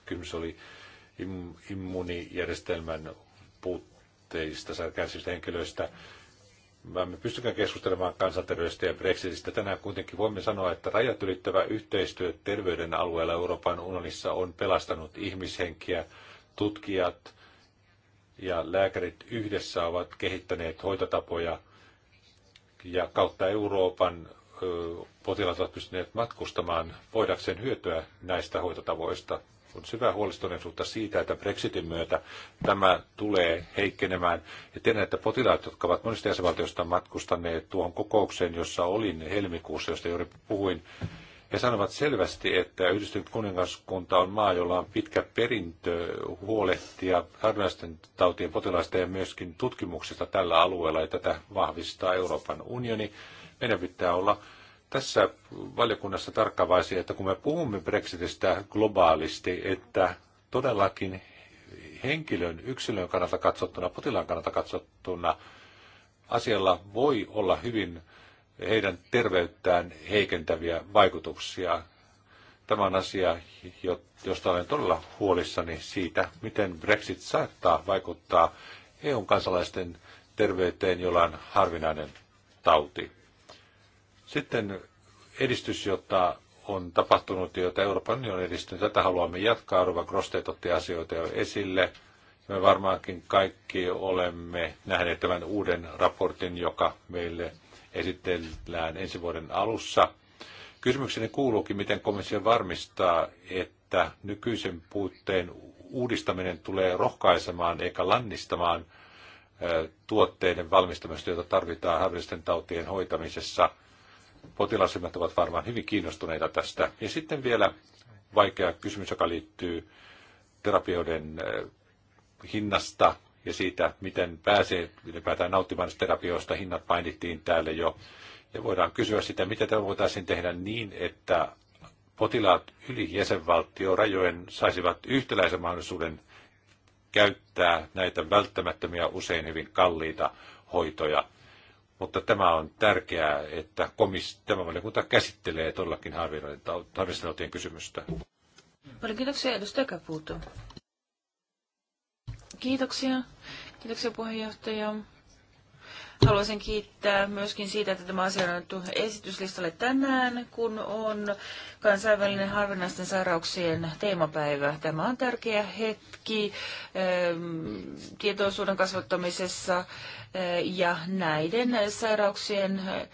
Kysymys oli immuunijärjestelmän puutteista, kärsivistä henkilöistä vaan me pystykään keskustelemaan kansanterveydestä ja Brexitistä. Tänään kuitenkin voimme sanoa, että rajat ylittävä yhteistyö terveyden alueella Euroopan unionissa on pelastanut ihmishenkiä. Tutkijat ja lääkärit yhdessä ovat kehittäneet hoitotapoja ja kautta Euroopan potilaat ovat pystyneet matkustamaan voidakseen hyötyä näistä hoitotavoista on syvä huolestuneisuutta siitä, että Brexitin myötä tämä tulee heikkenemään. Ja tiedän, että potilaat, jotka ovat monista jäsenvaltioista matkustaneet tuohon kokoukseen, jossa olin helmikuussa, josta juuri puhuin, he sanovat selvästi, että yhdistynyt kuningaskunta on maa, jolla on pitkä perintö huolehtia harvinaisten tautien potilaista ja myöskin tutkimuksista tällä alueella, ja tätä vahvistaa Euroopan unioni. Meidän pitää olla tässä valiokunnassa tarkkaavaisia, että kun me puhumme Brexitistä globaalisti, että todellakin henkilön, yksilön kannalta katsottuna, potilaan kannalta katsottuna, asialla voi olla hyvin heidän terveyttään heikentäviä vaikutuksia. Tämä on asia, josta olen todella huolissani siitä, miten Brexit saattaa vaikuttaa EUn kansalaisten terveyteen, jolla on harvinainen tauti. Sitten edistys, jota on tapahtunut, jota Euroopan unioni on edistynyt. Tätä haluamme jatkaa. Ruva Krosteet otti asioita jo esille. Me varmaankin kaikki olemme nähneet tämän uuden raportin, joka meille esitellään ensi vuoden alussa. Kysymykseni kuuluukin, miten komissio varmistaa, että nykyisen puutteen uudistaminen tulee rohkaisemaan eikä lannistamaan tuotteiden valmistamista, jota tarvitaan harvisten tautien hoitamisessa – potilasryhmät ovat varmaan hyvin kiinnostuneita tästä. Ja sitten vielä vaikea kysymys, joka liittyy terapioiden hinnasta ja siitä, miten pääsee ylipäätään nauttimaan terapioista. Hinnat mainittiin täällä jo. Ja voidaan kysyä sitä, mitä tämä voitaisiin tehdä niin, että potilaat yli jäsenvaltiorajojen saisivat yhtäläisen mahdollisuuden käyttää näitä välttämättömiä, usein hyvin kalliita hoitoja mutta tämä on tärkeää, että komis, tämä valiokunta käsittelee todellakin harvinaisen kysymystä. Paljon kiitoksia edustaja Kaputo. Kiitoksia. Kiitoksia puheenjohtaja. Haluaisin kiittää myöskin siitä, että tämä asia on annettu esityslistalle tänään, kun on kansainvälinen harvinaisten sairauksien teemapäivä. Tämä on tärkeä hetki ehm, tietoisuuden kasvattamisessa eh, ja näiden sairauksien eh,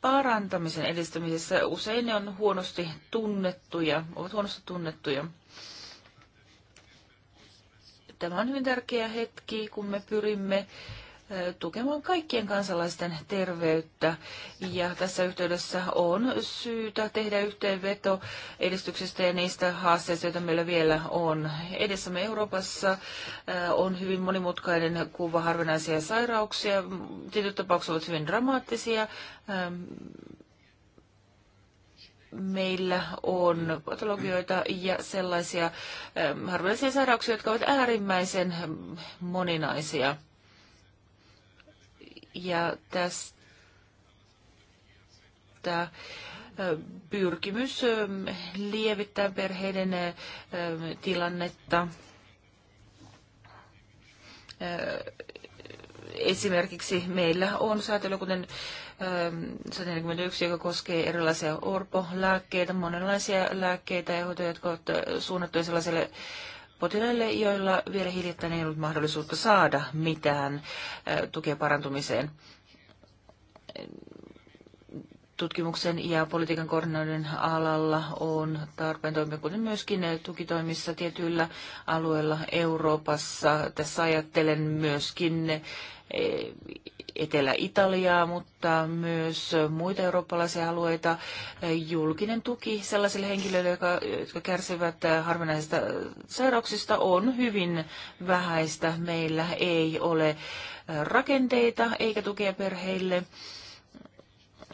parantamisen edistämisessä. Usein ne on huonosti tunnettuja, ovat huonosti tunnettuja tämä on hyvin tärkeä hetki, kun me pyrimme tukemaan kaikkien kansalaisten terveyttä. Ja tässä yhteydessä on syytä tehdä yhteenveto edistyksestä ja niistä haasteista, joita meillä vielä on. Edessämme Euroopassa on hyvin monimutkainen kuva harvinaisia sairauksia. Tietyt tapaukset ovat hyvin dramaattisia. Meillä on patologioita ja sellaisia harvinaisia sairauksia, jotka ovat äärimmäisen moninaisia. Ja tästä äh, pyrkimys äh, lievittää perheiden äh, tilannetta esimerkiksi meillä on säätely, kuten 141, ähm, joka koskee erilaisia orpolääkkeitä, monenlaisia lääkkeitä ja hoitoja, jotka ovat suunnattuja sellaiselle potilaille, joilla vielä hiljattain ei ollut mahdollisuutta saada mitään tukea parantumiseen. Tutkimuksen ja politiikan koordinoiden alalla on tarpeen toimia, kuten myöskin tukitoimissa tietyillä alueilla Euroopassa. Tässä ajattelen myöskin Etelä-Italiaa, mutta myös muita eurooppalaisia alueita. Julkinen tuki sellaisille henkilöille, jotka, jotka kärsivät harvinaisista sairauksista, on hyvin vähäistä. Meillä ei ole rakenteita eikä tukea perheille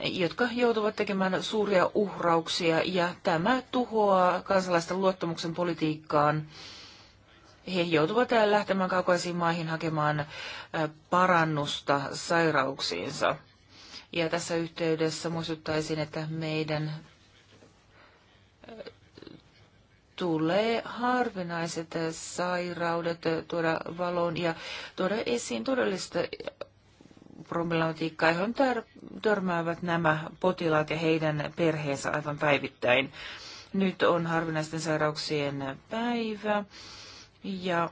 jotka joutuvat tekemään suuria uhrauksia, ja tämä tuhoaa kansalaisten luottamuksen politiikkaan he joutuvat äh, lähtemään kaukaisiin maihin hakemaan äh, parannusta sairauksiinsa. Ja tässä yhteydessä muistuttaisin, että meidän äh, tulee harvinaiset sairaudet tuoda valoon ja tuoda esiin todellista problematiikkaa, johon törmäävät nämä potilaat ja heidän perheensä aivan päivittäin. Nyt on harvinaisten sairauksien päivä ja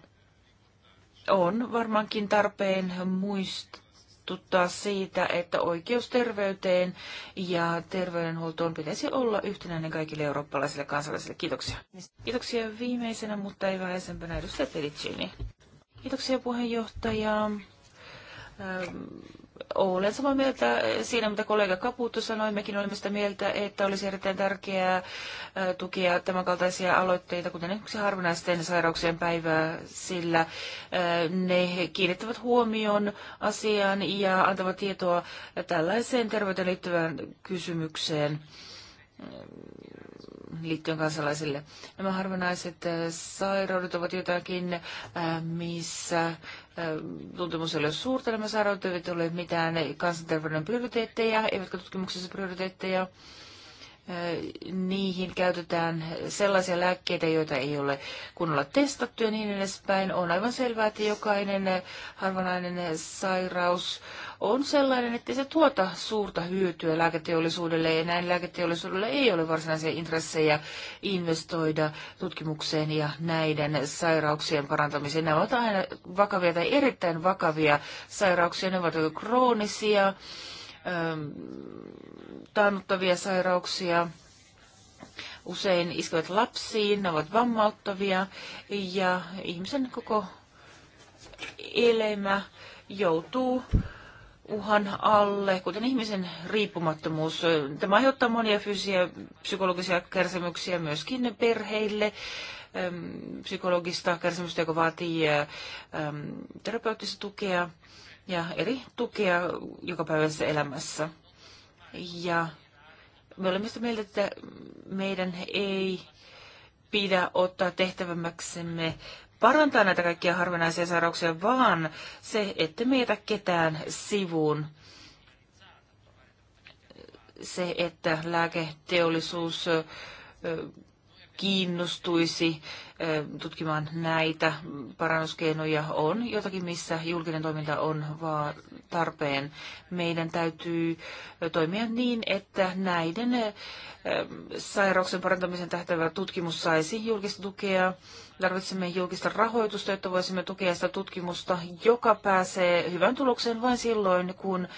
on varmaankin tarpeen muistuttaa siitä, että oikeus terveyteen ja terveydenhuoltoon pitäisi olla yhtenäinen kaikille eurooppalaisille kansalaisille. Kiitoksia. Kiitoksia viimeisenä, mutta ei vähäisempänä edustaja Pelicini. Kiitoksia puheenjohtaja olen samaa mieltä eh, siinä, mitä kollega Kaputtu sanoi. Mekin olemme sitä mieltä, että olisi erittäin tärkeää eh, tukea tämänkaltaisia aloitteita, kuten esimerkiksi harvinaisten sairauksien päivää, sillä eh, ne kiinnittävät huomion asiaan ja antavat tietoa tällaiseen terveyteen liittyvään kysymykseen liittyen kansalaisille. Nämä harvinaiset sairaudet ovat jotakin, missä tuntemus ei ole suurta. Nämä sairaudet eivät ole mitään kansanterveyden prioriteetteja, eivätkä tutkimuksessa prioriteetteja niihin käytetään sellaisia lääkkeitä, joita ei ole kunnolla testattu ja niin edespäin. On aivan selvää, että jokainen harvanainen sairaus on sellainen, että se tuota suurta hyötyä lääketeollisuudelle ja näin lääketeollisuudelle ei ole varsinaisia intressejä investoida tutkimukseen ja näiden sairauksien parantamiseen. Nämä ovat aina vakavia tai erittäin vakavia sairauksia. Ne ovat kroonisia taannuttavia sairauksia usein iskevät lapsiin, ne ovat vammauttavia ja ihmisen koko elämä joutuu uhan alle, kuten ihmisen riippumattomuus. Tämä aiheuttaa monia fyysisiä psykologisia kärsimyksiä myöskin perheille, psykologista kärsimystä, joka vaatii terapeuttista tukea ja eri tukea jokapäiväisessä elämässä. Ja me olemme sitä mieltä, että meidän ei pidä ottaa tehtävämmäksemme parantaa näitä kaikkia harvinaisia sairauksia, vaan se, että me jätä ketään sivuun. Se, että lääketeollisuus kiinnostuisi tutkimaan näitä parannuskeinoja on jotakin, missä julkinen toiminta on vaan tarpeen. Meidän täytyy toimia niin, että näiden sairauksen parantamisen tähtävä tutkimus saisi julkista tukea. Tarvitsemme julkista rahoitusta, jotta voisimme tukea sitä tutkimusta, joka pääsee hyvän tulokseen vain silloin, kun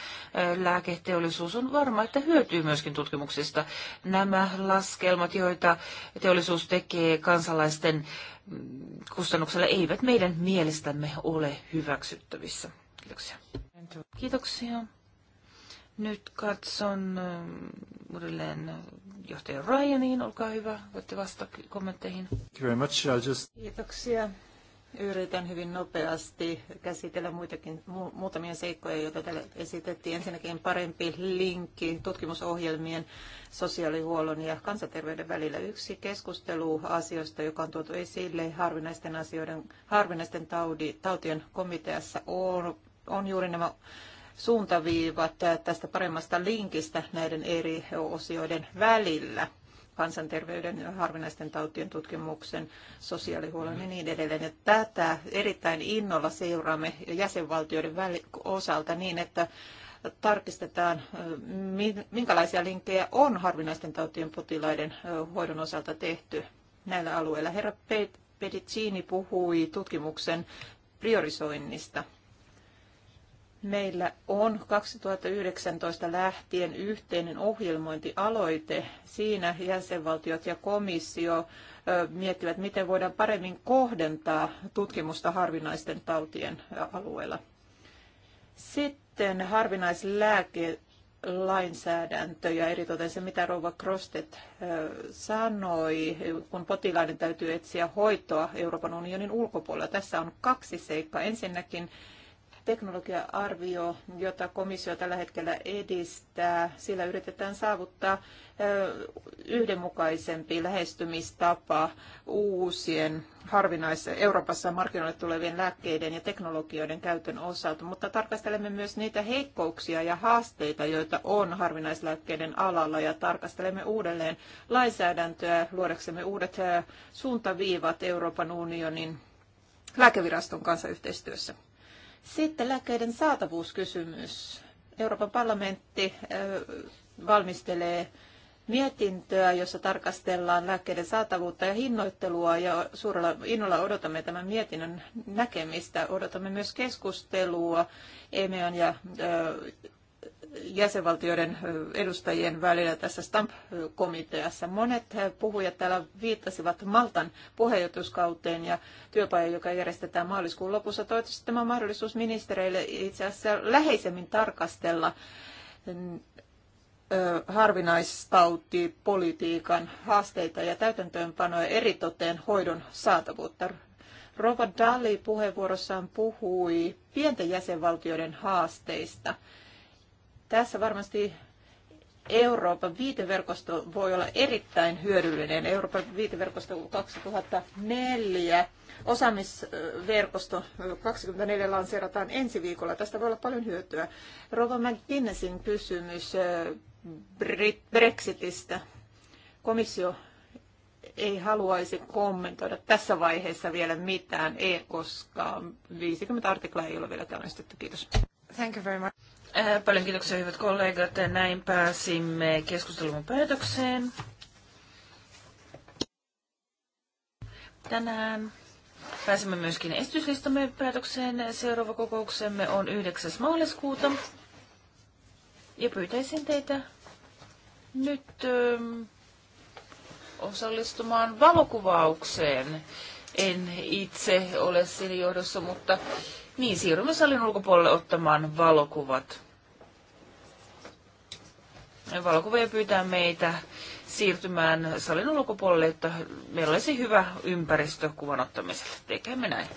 lääketeollisuus on varma, että hyötyy myöskin tutkimuksista. Nämä laskelmat, joita teollisuus tekee kansalaisten kustannuksella eivät meidän mielestämme ole hyväksyttävissä. Kiitoksia. Kiitoksia. Nyt katson ähm, uudelleen johtaja Ryaniin. Olkaa hyvä, voitte vastata kommentteihin. Thank you very much. I'll just... Kiitoksia. Yritän hyvin nopeasti käsitellä muitakin, mu- muutamia seikkoja, joita täällä esitettiin. Ensinnäkin parempi linkki tutkimusohjelmien, sosiaalihuollon ja kansanterveyden välillä. Yksi keskustelu asioista, joka on tuotu esille harvinaisten, asioiden, harvinaisten taudi, tautien komiteassa, on, on juuri nämä suuntaviivat tästä paremmasta linkistä näiden eri osioiden välillä kansanterveyden, harvinaisten tautien tutkimuksen, sosiaalihuollon ja niin edelleen. Ja tätä erittäin innolla seuraamme jäsenvaltioiden osalta niin, että tarkistetaan, minkälaisia linkkejä on harvinaisten tautien potilaiden hoidon osalta tehty näillä alueilla. Herra Pedicini puhui tutkimuksen priorisoinnista Meillä on 2019 lähtien yhteinen ohjelmointialoite. Siinä jäsenvaltiot ja komissio miettivät, miten voidaan paremmin kohdentaa tutkimusta harvinaisten tautien alueella. Sitten harvinaislääke ja eritoten se, mitä Rouva Krostet sanoi, kun potilaiden täytyy etsiä hoitoa Euroopan unionin ulkopuolella. Tässä on kaksi seikkaa. Ensinnäkin teknologia-arvio, jota komissio tällä hetkellä edistää. Sillä yritetään saavuttaa yhdenmukaisempi lähestymistapa uusien harvinais Euroopassa markkinoille tulevien lääkkeiden ja teknologioiden käytön osalta, mutta tarkastelemme myös niitä heikkouksia ja haasteita, joita on harvinaislääkkeiden alalla ja tarkastelemme uudelleen lainsäädäntöä luodaksemme uudet suuntaviivat Euroopan unionin lääkeviraston kanssa yhteistyössä. Sitten lääkkeiden saatavuuskysymys. Euroopan parlamentti valmistelee mietintöä, jossa tarkastellaan lääkkeiden saatavuutta ja hinnoittelua ja suurella innolla odotamme tämän mietinnön näkemistä. Odotamme myös keskustelua EMEAN ja jäsenvaltioiden edustajien välillä tässä Stamp-komiteassa. Monet puhujat täällä viittasivat Maltan puheenjohtajuuskauteen ja työpaja, joka järjestetään maaliskuun lopussa. Toivottavasti tämä on mahdollisuus ministereille itse asiassa läheisemmin tarkastella mm, harvinaistautipolitiikan haasteita ja täytäntöönpanoja eritoteen hoidon saatavuutta. Rova Dalli puheenvuorossaan puhui pienten jäsenvaltioiden haasteista – tässä varmasti Euroopan viiteverkosto voi olla erittäin hyödyllinen. Euroopan viiteverkosto 2004, osaamisverkosto 24 lanseerataan ensi viikolla. Tästä voi olla paljon hyötyä. Rova McGinnessin kysymys eh, Brexitistä. Komissio ei haluaisi kommentoida tässä vaiheessa vielä mitään, ei, eh, koska 50 artiklaa ei ole vielä käynnistetty. Kiitos. Thank you very much. Äh, paljon kiitoksia hyvät kollegat. Näin pääsimme keskustelun päätökseen. Tänään pääsimme myöskin esityslistamme päätökseen. Seuraava kokouksemme on 9. maaliskuuta. Ja pyytäisin teitä nyt ö, ähm, osallistumaan valokuvaukseen. En itse ole siinä johdossa, mutta niin, siirrymme salin ulkopuolelle ottamaan valokuvat. Valokuvia pyytää meitä siirtymään salin ulkopuolelle, että meillä olisi hyvä ympäristö kuvan ottamiselle. Tekemme näin.